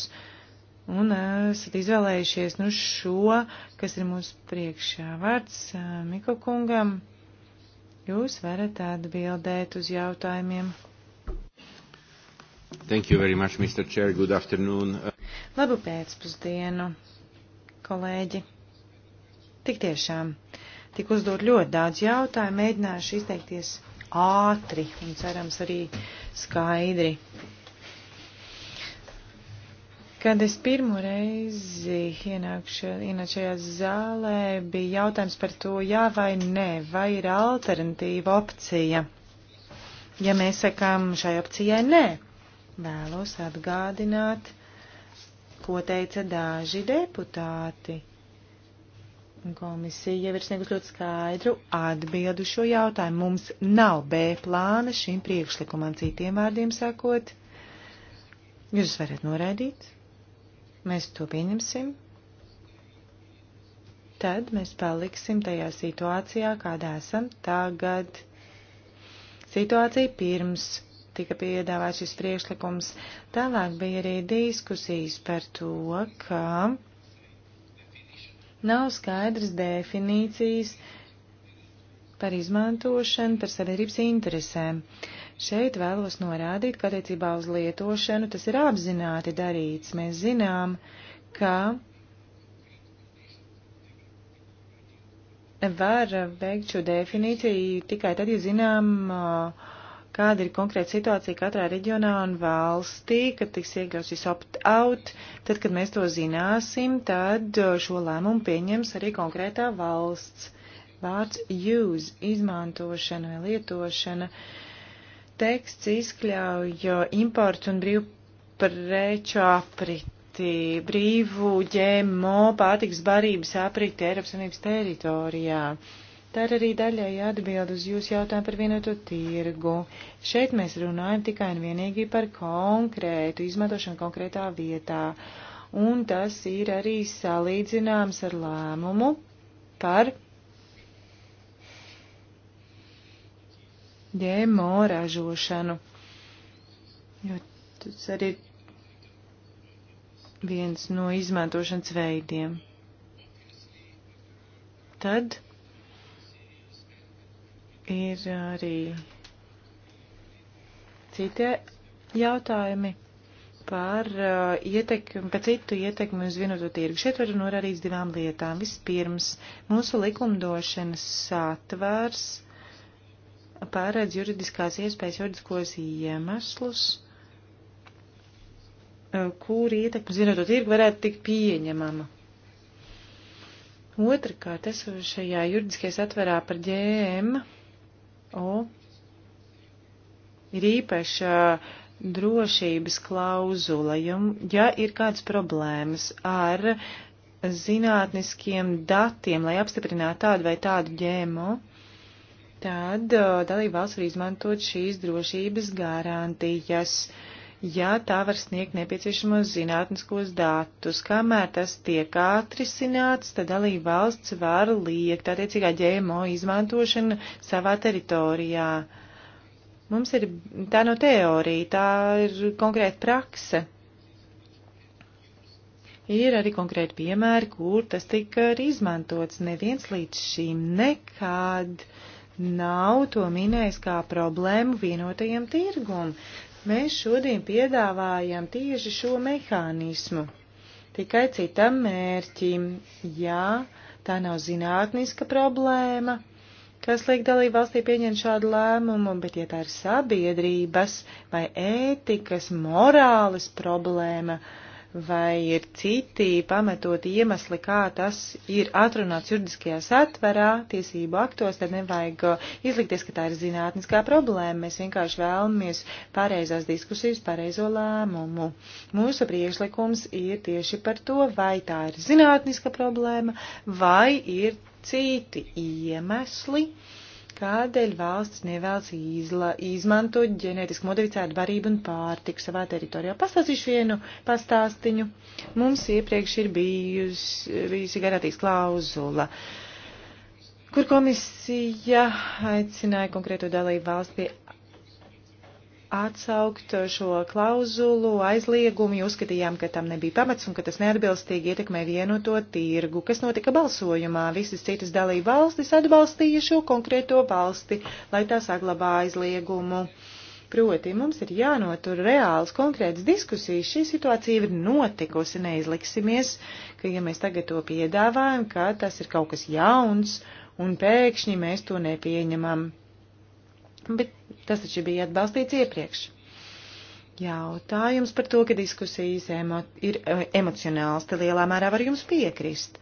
un esat izvēlējušies nu šo, kas ir mūsu priekšā. Vārds Miko kungam, jūs varat atbildēt uz jautājumiem. Thank you very much, Mr. Chair. Good afternoon. Labu pēcpusdienu, kolēģi. Tik tiešām, tik uzdot ļoti daudz jautājumu, mēģināšu izteikties ātri un cerams arī skaidri. Kad es pirmo reizi ienāku šajā zālē, bija jautājums par to, jā vai nē, vai ir alternatīva opcija. Ja mēs sakām šai opcijai nē, vēlos atgādināt, ko teica daži deputāti Komisija jau ir sniegus ļoti skaidru atbildu šo jautājumu. Mums nav B plāna šim priekšlikumam, citiem vārdiem sakot. Jūs varat noraidīt, mēs to pieņemsim. Tad mēs paliksim tajā situācijā, kādā esam tagad. Situācija pirms tika piedāvāts šis priekšlikums. Tālāk bija arī diskusijas par to, ka Nav skaidras definīcijas par izmantošanu, par sabiedrības interesēm. Šeit vēlos norādīt, ka attiecībā uz lietošanu tas ir apzināti darīts. Mēs zinām, ka var veikt šo definīciju tikai tad, ja zinām uh, kāda ir konkrēta situācija katrā reģionā un valstī, kad tiks iekļauts šis opt-out. Tad, kad mēs to zināsim, tad šo lēmumu pieņems arī konkrētā valsts. Vārds use, izmantošana vai lietošana. Teksts izkļauj importu un brīvu preču apriti, brīvu ģēmo pārtiks barības apriti Eiropas Savienības teritorijā. Uh, Tā ir arī daļai atbild uz jūsu jautājumu par vienoto tirgu. Šeit mēs runājam tikai un vienīgi par konkrētu izmantošanu konkrētā vietā. Un tas ir arī salīdzināms ar lēmumu par ģēmo ražošanu. Jo tas arī ir viens no izmantošanas veidiem. Tad Ir arī citi jautājumi par uh, ietekmi, par citu ietekmi uz vienoto tirgu. Šeit var norādīt divām lietām. Vispirms, mūsu likumdošanas satvars pārēdz juridiskās iespējas, juridiskos iemeslus, uh, kur ietekmi uz vienoto tirgu varētu tikt pieņemama. Otrakārt, es šajā juridiskajā satverā par ģēmu Un ir īpaša drošības klauzula, ja ir kādas problēmas ar zinātniskiem datiem, lai apstiprinātu tādu vai tādu ģēmo, tad dalībvalsts var izmantot šīs drošības garantijas. Uh, ja tā var sniegt nepieciešamos zinātniskos datus. Kamēr tas tiek atrisināts, tad dalība valsts var liekt attiecīgā ģēmo izmantošanu savā teritorijā. Mums ir tā no teorija, tā ir konkrēta prakse. Ir arī konkrēti piemēri, kur tas tika arī izmantots. Neviens līdz šim nekad nav to minējis kā problēmu vienotajam tirgum. Mēs šodien piedāvājam tieši šo mehānismu, tikai citam mērķim. Jā, tā nav zinātniska problēma, kas liek dalību valstī pieņemt šādu lēmumu, bet ja tā ir sabiedrības vai ētikas, morāles problēma, uh, vai ir citi pamatoti iemesli, kā tas ir atrunāts juridiskajā satverā, tiesību aktos, tad nevajag uh, izlikties, ka tā ir zinātniskā problēma. Mēs vienkārši vēlamies pareizās diskusijas, pareizo lēmumu. Mūsu priekšlikums ir tieši par to, vai tā ir zinātniska problēma, vai ir citi iemesli Kādēļ valsts nevēlas izla, izmantot ģenētiski modificētu barību un pārtiku savā teritorijā? Pastāstīšu vienu pastāstiņu. Mums iepriekš ir bijusi, bijusi garantīs klauzula, kur komisija aicināja konkrēto dalību valsts pie atsaukt šo klauzulu aizliegumu, jo uzskatījām, ka tam nebija pamats un ka tas neatbilstīgi ietekmē vienoto tirgu, kas notika balsojumā. Visas citas dalība valstis atbalstīja šo konkrēto valsti, lai tā saglabā aizliegumu. Proti, mums ir jānotur reāls, konkrēts diskusijas. Šī situācija ir notikusi, neizliksimies, ka ja mēs tagad to piedāvājam, ka tas ir kaut kas jauns un pēkšņi mēs to nepieņemam bet tas taču bija atbalstīts iepriekš. Jautājums par to, ka diskusijas emo ir e, emocionāls, te lielā mērā var jums piekrist.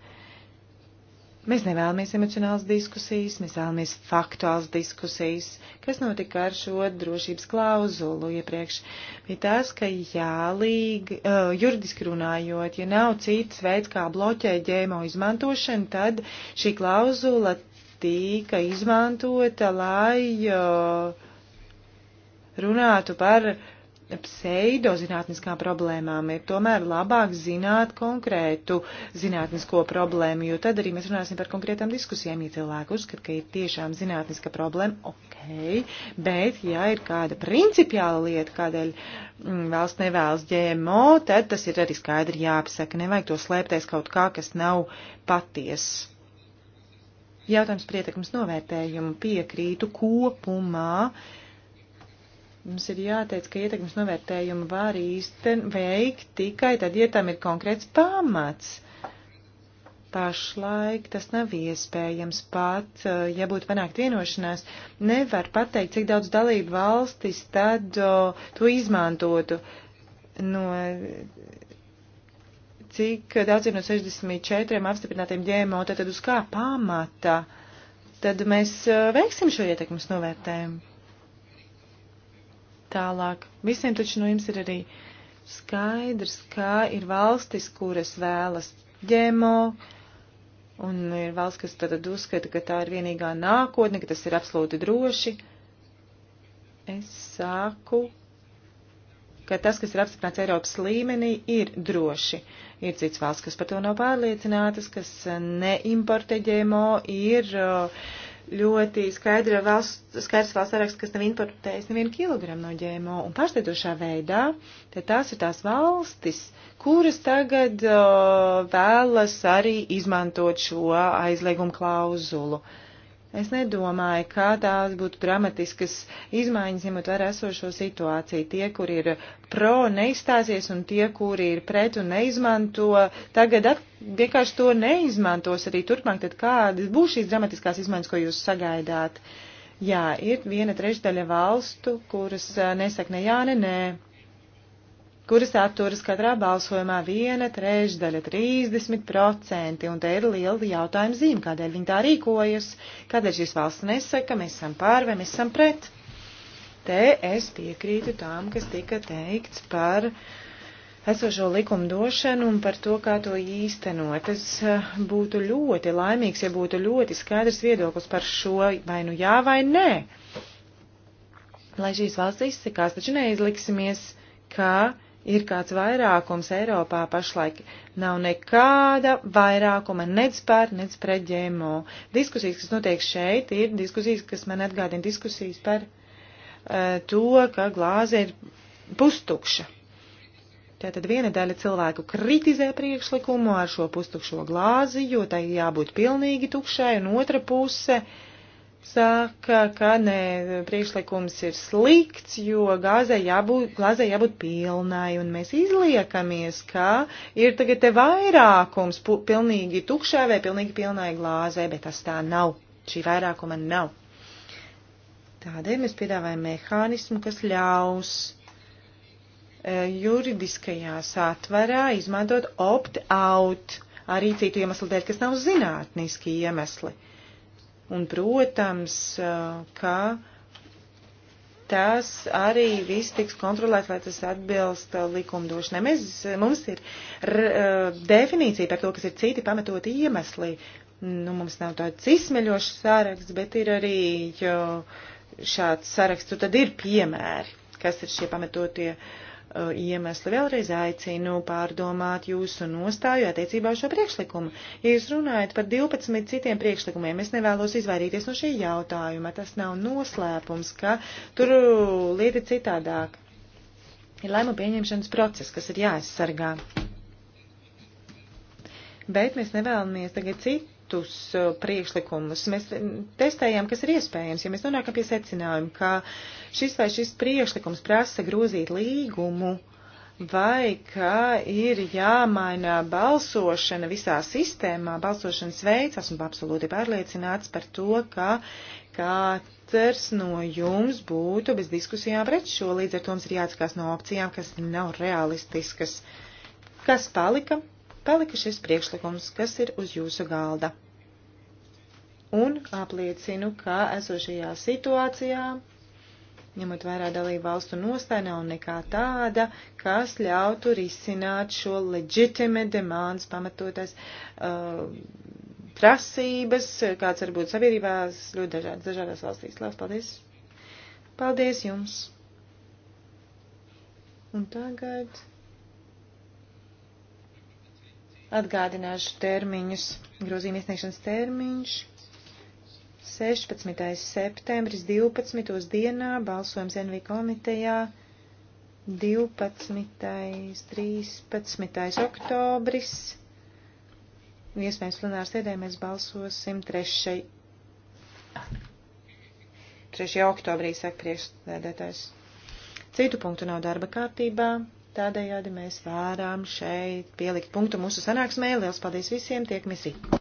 Mēs nevēlamies emocionāls diskusijas, mēs vēlamies faktuāls diskusijas. Kas notika ar šo drošības klauzulu iepriekš? Bija tas, ka jālīgi, uh, e, juridiski runājot, ja nav cits veids, kā bloķēt ģēmo izmantošanu, tad šī klauzula tika izmantota, lai runātu par pseidozinātniskām problēmām. Ir tomēr labāk zināt konkrētu zinātnisko problēmu, jo tad arī mēs runāsim par konkrētām diskusijām. Ja cilvēki uzskata, ka ir tiešām zinātniska problēma, ok, bet ja ir kāda principiāla lieta, kādēļ mm, valsts nevēlas ģēmo, tad tas ir arī skaidri jāapsaka. Nevajag to slēpties kaut kā, kas nav patiesa. Jautājums par ietekmes novērtējumu piekrītu kopumā. Mums ir jāteic, ka ietekmes novērtējumu var īsten veikt tikai tad, ja tam ir konkrēts pamats. Pašlaik tas nav iespējams pat, eh, ja būtu panākt vienošanās, nevar pateikt, cik daudz dalību valstis tad o, eh, to izmantotu. No cik daudziem no 64 apstiprinātiem ģēmo, tad, tad uz kā pamata, tad mēs eh, veiksim šo ietekmes novērtējumu. Tālāk. Visiem taču no nu jums ir arī skaidrs, kā ir valstis, kuras vēlas ģēmo, un ir valsts, kas tad uzskata, ka tā ir vienīgā nākotne, ka tas ir absolūti droši. Es sāku ka tas, kas ir apstiprināts Eiropas līmenī, ir droši. Ir cits valsts, kas par to nav pārliecinātas, kas neimportē ģēmo, ir uh, ļoti skaidra valsts, skaidrs valsts saraksts, kas nav importējis nevienu kilogramu no ģēmo. Un pārsteidzošā veidā, te tās ir tās valstis, kuras tagad o, uh, vēlas arī izmantot šo aizliegumu klauzulu. Uh, Es nedomāju, kā tās būtu dramatiskas izmaiņas, ņemot vērā esošo situāciju. Tie, kur ir pro, neizstāsies, un tie, kuri ir pret un neizmanto, tagad vienkārši to neizmantos arī turpmāk. Tad kādas būs šīs dramatiskās izmaiņas, ko jūs sagaidāt? Jā, ir viena trešdaļa valstu, kuras eh, nesaka ne jā, ne nē. Ne kuras atturas katrā balsojumā viena trešdaļa, 30%, un te ir liela jautājuma zīme, kādēļ viņi tā rīkojas, kādēļ šīs valsts nesaka, mēs esam pār vai mēs esam pret. Te es piekrītu tām, kas tika teikts par esošo likumdošanu un par to, kā to īstenot. Es eh, būtu ļoti laimīgs, ja būtu ļoti skaidrs viedoklis par šo vai nu jā vai nē. Lai šīs valsts izsakās, taču neizliksimies, ka ir kāds vairākums Eiropā pašlaik. Nav nekāda vairākuma nec par, nec pret ģēmo. Diskusijas, kas notiek šeit, ir diskusijas, kas man atgādina diskusijas par uh, to, ka glāze ir pustukša. Tātad viena daļa cilvēku kritizē priekšlikumu ar šo pustukšo glāzi, jo tai jābūt pilnīgi tukšai, un otra puse uh, saka, ka nē, priekšlikums ir slikts, jo gāzē jābūt, glāzē jābūt pilnai, un mēs izliekamies, ka ir tagad te vairākums pu, pilnīgi tukšā vai pilnīgi pilnai glāzē, bet tas tā nav. Šī vairākuma nav. Tādēļ mēs piedāvājam mehānismu, kas ļaus e, juridiskajā satverā izmantot opt-out arī citu iemeslu dēļ, kas nav zinātniski iemesli. Uh, Un, protams, ka tas arī viss tiks kontrolēts, lai tas atbilst likumdošanai. Mēs, mums ir r, definīcija par to, kas ir citi pamatoti iemesli. Nu, mums nav tāds izsmeļošs saraksts, bet ir arī jo, šāds saraksts, tad ir piemēri, kas ir šie pamatotie uh, iemeslu vēlreiz aicinu pārdomāt jūsu nostāju attiecībā uz šo priekšlikumu. Ja jūs runājat par 12 citiem priekšlikumiem, es nevēlos izvairīties no šī jautājuma. Tas nav noslēpums, ka tur lieta ir citādāk. Ir lēmu pieņemšanas process, kas ir jāaizsargā. Bet mēs nevēlamies tagad citu citus eh, priekšlikumus. Mēs testējām, kas ir iespējams. Ja mēs nonākam pie secinājuma, ka šis vai šis priekšlikums prasa grozīt līgumu, vai ka ir jāmaina balsošana visā sistēmā, balsošanas veids, esmu absolūti pārliecināts par to, ka katrs no jums būtu bez diskusijām pret šo, līdz ar to mums ir jāatskās no opcijām, kas nav realistiskas. Kas palika? palika šis priekšlikums, kas ir uz jūsu galda. Un apliecinu, ka esošajā situācijā, ņemot vērā dalību valstu nostāja, nav nekā tāda, kas ļautu risināt šo legitimate demands pamatotais uh, prasības, kāds var būt sabiedrībās ļoti dažādas, dažādās valstīs. Labs, paldies! Paldies jums! Un tagad. Atgādināšu termiņus. Grozījuma iesniegšanas termiņš 16. septembris 12. dienā balsojums NV komitejā 12. 13. oktobris. Iespējams, plenārs sēdē mēs balsosim 3. 3. oktobrī, saka priekšsēdētājs. Citu punktu nav darba kārtībā. Tādējādi mēs varam šeit pielikt punktu mūsu sanāksmē. Liels paldies visiem, tiekamies rīt!